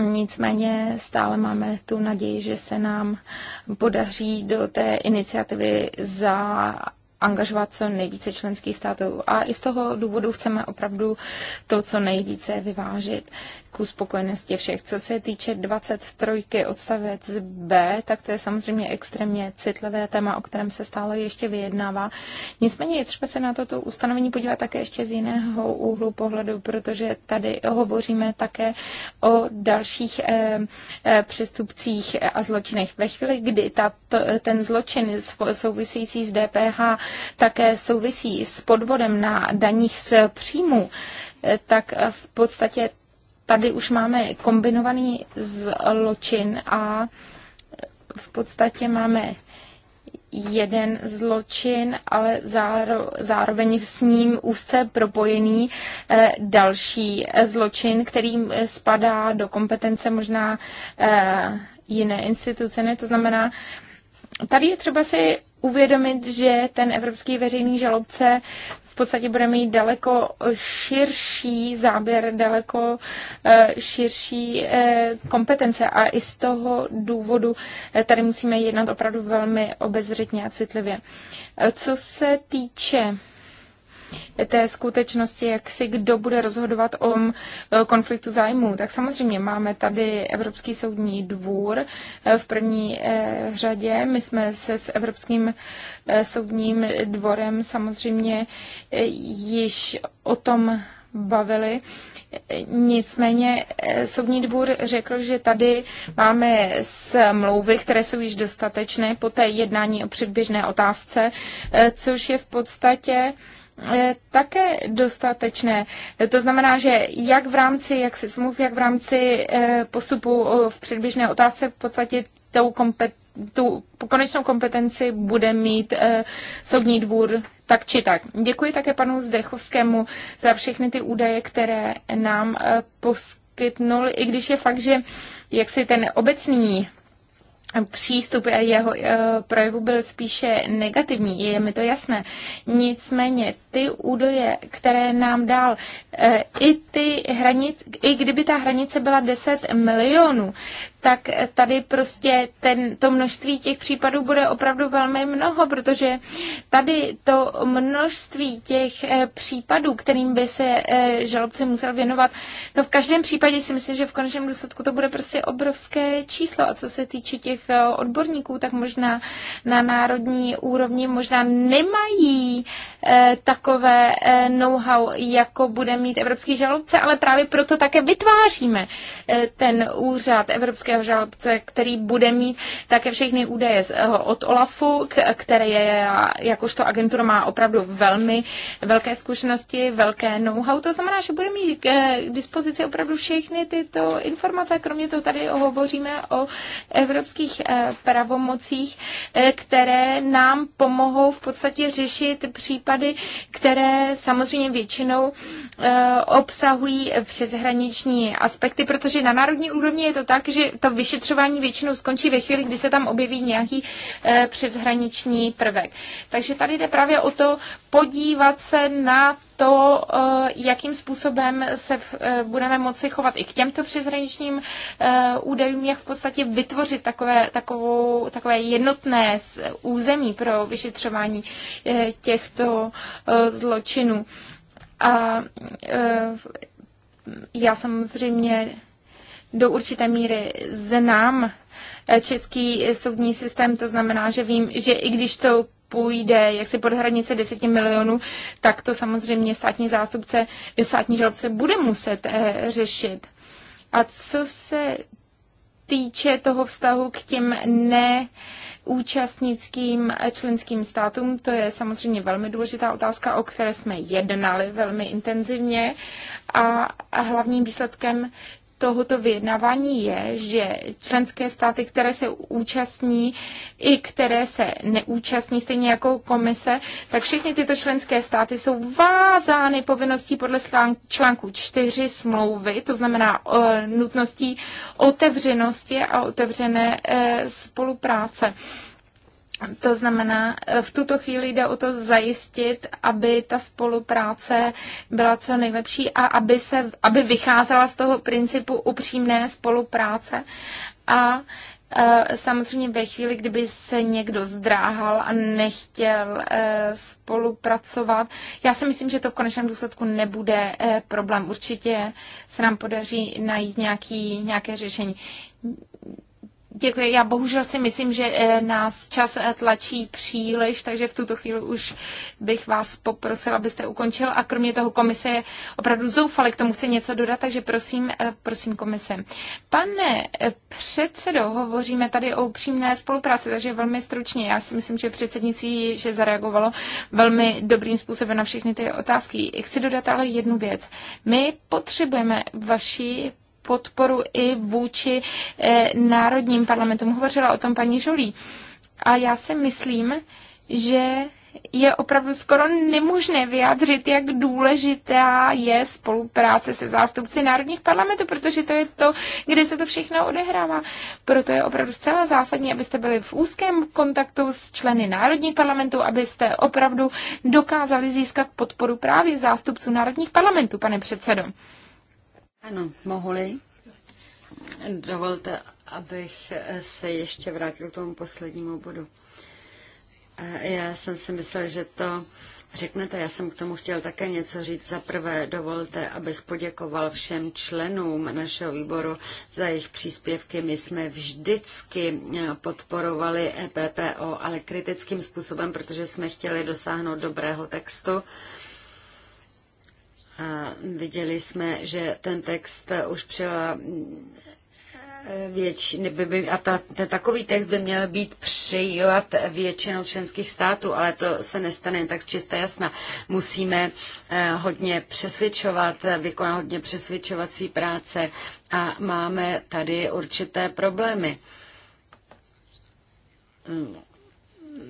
Nicméně stále máme tu naději, že se nám podaří do té iniciativy za angažovat co nejvíce členských států. A i z toho důvodu chceme opravdu to, co nejvíce vyvážit ku spokojenosti všech. Co se týče 23 odstavec B, tak to je samozřejmě extrémně citlivé téma, o kterém se stále ještě vyjednává. Nicméně je třeba se na toto ustanovení podívat také ještě z jiného úhlu pohledu, protože tady hovoříme také o dalších eh, eh přestupcích a zločinech. Ve chvíli, kdy ta, ten zločin související s DPH také souvisí s podvodem na daních z příjmu, eh, tak v podstatě tady už máme kombinovaný zločin a v podstatě máme jeden zločin, ale zároveň s ním úzce propojený eh, další eh, zločin, kterým eh, spadá do kompetence možná jiné instituce. Ne? To znamená, tady je třeba si uvědomit, že ten evropský veřejný žalobce v podstatě bude mít daleko eh, širší záběr, daleko eh, širší eh, kompetence a i z toho důvodu tady musíme jednat opravdu velmi obezřetně a citlivě. Co se týče té skutečnosti, jak si kdo bude rozhodovat o e, konfliktu zájmů. Tak samozřejmě máme tady Evropský soudní dvůr e, v první e, řadě. My jsme se s Evropským soudním dvorem samozřejmě již o tom bavili. Nicméně soudní dvůr řekl, že tady máme smlouvy, které jsou již dostatečné po té jednání o předběžné otázce, což je v podstatě také dostatečné. To znamená, že jak v rámci, jak se smluv, jak v rámci eh, postupu eh, v předběžné otázce v podstatě tou kompet, tu konečnou kompetenci bude mít e, soudní dvůr tak či tak. Děkuji také panu Zdechovskému za všechny ty údaje, které nám e, poskytnul, i když je fakt, že jak si ten obecný přístup jeho eh, projevu byl spíše negativní, je mi to jasné. Nicméně ty údaje, které nám dal, eh, i, ty hranic, i kdyby ta hranice byla 10 milionů, tak tady prostě ten, to množství těch případů bude opravdu velmi mnoho, protože tady to množství těch eh, případů, kterým by se eh, žalobce musel věnovat, no v každém případě si myslím, že v konečném důsledku to bude prostě obrovské číslo. A co se týče těch eh, odborníků, tak možná na národní úrovni možná nemají takové know-how, jako bude mít evropský žalobce, ale právě proto také vytváříme ten úřad Evropské v žalobce, který bude mít také všechny údaje eh, od OLAFu, které je, jakožto agentura má opravdu velmi velké zkušenosti, velké know-how. To znamená, že bude mít k eh, dispozici opravdu všechny tyto informace. Kromě toho tady hovoříme o evropských eh, pravomocích, které nám pomohou v podstatě řešit případy, které samozřejmě většinou obsahují přeshraniční aspekty, protože na národní úrovni je to tak, že to vyšetřování většinou skončí ve chvíli, kdy se tam objeví nějaký eh, přeshraniční prvek. Takže tady jde právě o to podívat se na to, eh, jakým způsobem se eh, budeme moci chovat i k těmto přeshraničním údajům, jak v podstatě vytvořit takové, takovou, takové jednotné území pro vyšetřování těchto zločinů. A já samozřejmě do určité míry znám eh, český soudní systém, to znamená, že vím, že i když to půjde jaksi pod hranice 10 milionů, tak to samozřejmě státní zástupce, státní žalobce bude muset eh, řešit. A co se týče toho vztahu k těm ne účastnickým eh, členským státům. To je samozřejmě velmi důležitá otázka, o které jsme jednali velmi intenzivně a, a hlavním výsledkem tohoto vyjednávání je, že členské státy, které se účastní i které se neúčastní, stejně jako komise, tak všechny tyto členské státy jsou vázány povinností podle článku 4 smlouvy, to znamená eh, nutností otevřenosti a otevřené eh, spolupráce. To znamená, eh, v tuto chvíli jde o to zajistit, aby ta spolupráce byla co nejlepší a aby, se, aby vycházela z toho principu upřímné spolupráce. A eh, samozřejmě ve chvíli, kdyby se někdo zdráhal a nechtěl eh, spolupracovat, já si myslím, že to v konečném důsledku nebude problém. Určitě se nám podaří najít nějaký, nějaké řešení. Děkuji. Já bohužel si myslím, že eh, nás čas eh, tlačí příliš, takže v tuto chvíli už bych vás poprosila, abyste ukončil. A kromě toho komise je opravdu zoufale, k tomu chce něco dodat, takže prosím, eh, prosím komise. Pane předsedo, hovoříme tady o upřímné spolupráci, takže velmi stručně. Já si myslím, že předsednictví že zareagovalo velmi dobrým způsobem na všechny ty otázky. Chci dodat ale jednu věc. My potřebujeme vaši podporu i vůči eh, národním parlamentům. Hovořila o tom paní Žolí. A já si myslím, že je opravdu skoro nemožné vyjádřit, jak důležitá je spolupráce se zástupci národních parlamentů, protože to je to, kde se to všechno odehrává. Proto je opravdu zcela zásadní, abyste byli v úzkém kontaktu s členy národních parlamentů, abyste opravdu dokázali získat podporu právě zástupců národních parlamentů, pane předsedo. Ano, mohu-li? Dovolte, abych se ještě vrátil k tomu poslednímu bodu. Eh, já jsem si myslel, že to řeknete. Já jsem k tomu chtěl také něco říct. Za prvé dovolte, abych poděkoval všem členům našeho výboru za jejich příspěvky. My jsme vždycky eh, podporovali EPPO, ale kritickým způsobem, protože jsme chtěli dosáhnout dobrého textu a viděli jsme, že ten text už přijela eh, větší, by, by, a ta, ten takový text by měl být přijat většinou členských států, ale to se nestane tak čisté jasná. Musíme eh, hodně přesvědčovat, vykonat hodně přesvědčovací práce a máme tady určité problémy.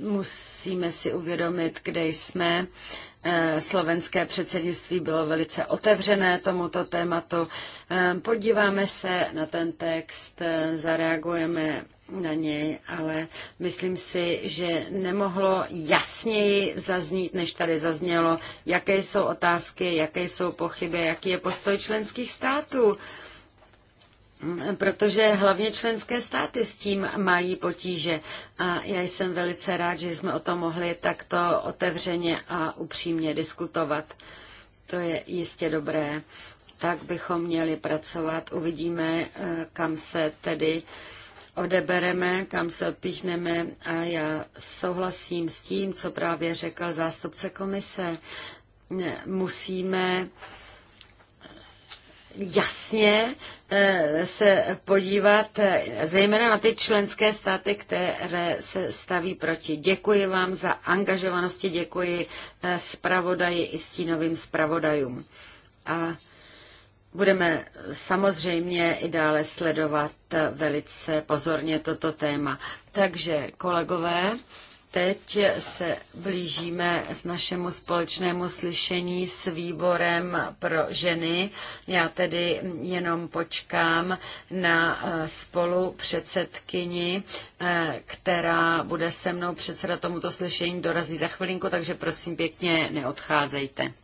Musíme si uvědomit, kde jsme. Eh, Eh, slovenské předsednictví bylo velice otevřené tomuto tématu. Eh, podíváme se na ten text, eh, zareagujeme na něj, ale myslím si, že nemohlo jasněji zaznít, než tady zaznělo, jaké jsou otázky, jaké jsou pochyby, jaký je postoj členských států protože hlavně členské státy s tím mají potíže. A já jsem velice rád, že jsme o tom mohli takto otevřeně a upřímně diskutovat. To je jistě dobré. Tak bychom měli pracovat. Uvidíme, eh, kam se tedy odebereme, kam se odpíchneme. A já souhlasím s tím, co právě řekl zástupce komise. Musíme jasně eh, se podívat eh, zejména na ty členské státy, které se staví proti. Děkuji vám za angažovanosti, děkuji eh, zpravodaji i stínovým zpravodajům. A budeme samozřejmě i dále sledovat velice pozorně toto téma. Takže, kolegové, Teď se blížíme s našemu společnému slyšení s výborem pro ženy. Já tedy jenom počkám na eh, spolu předsedkyni, eh, která bude se mnou předseda tomuto slyšení dorazí za chvilinku, takže prosím pěkně neodcházejte.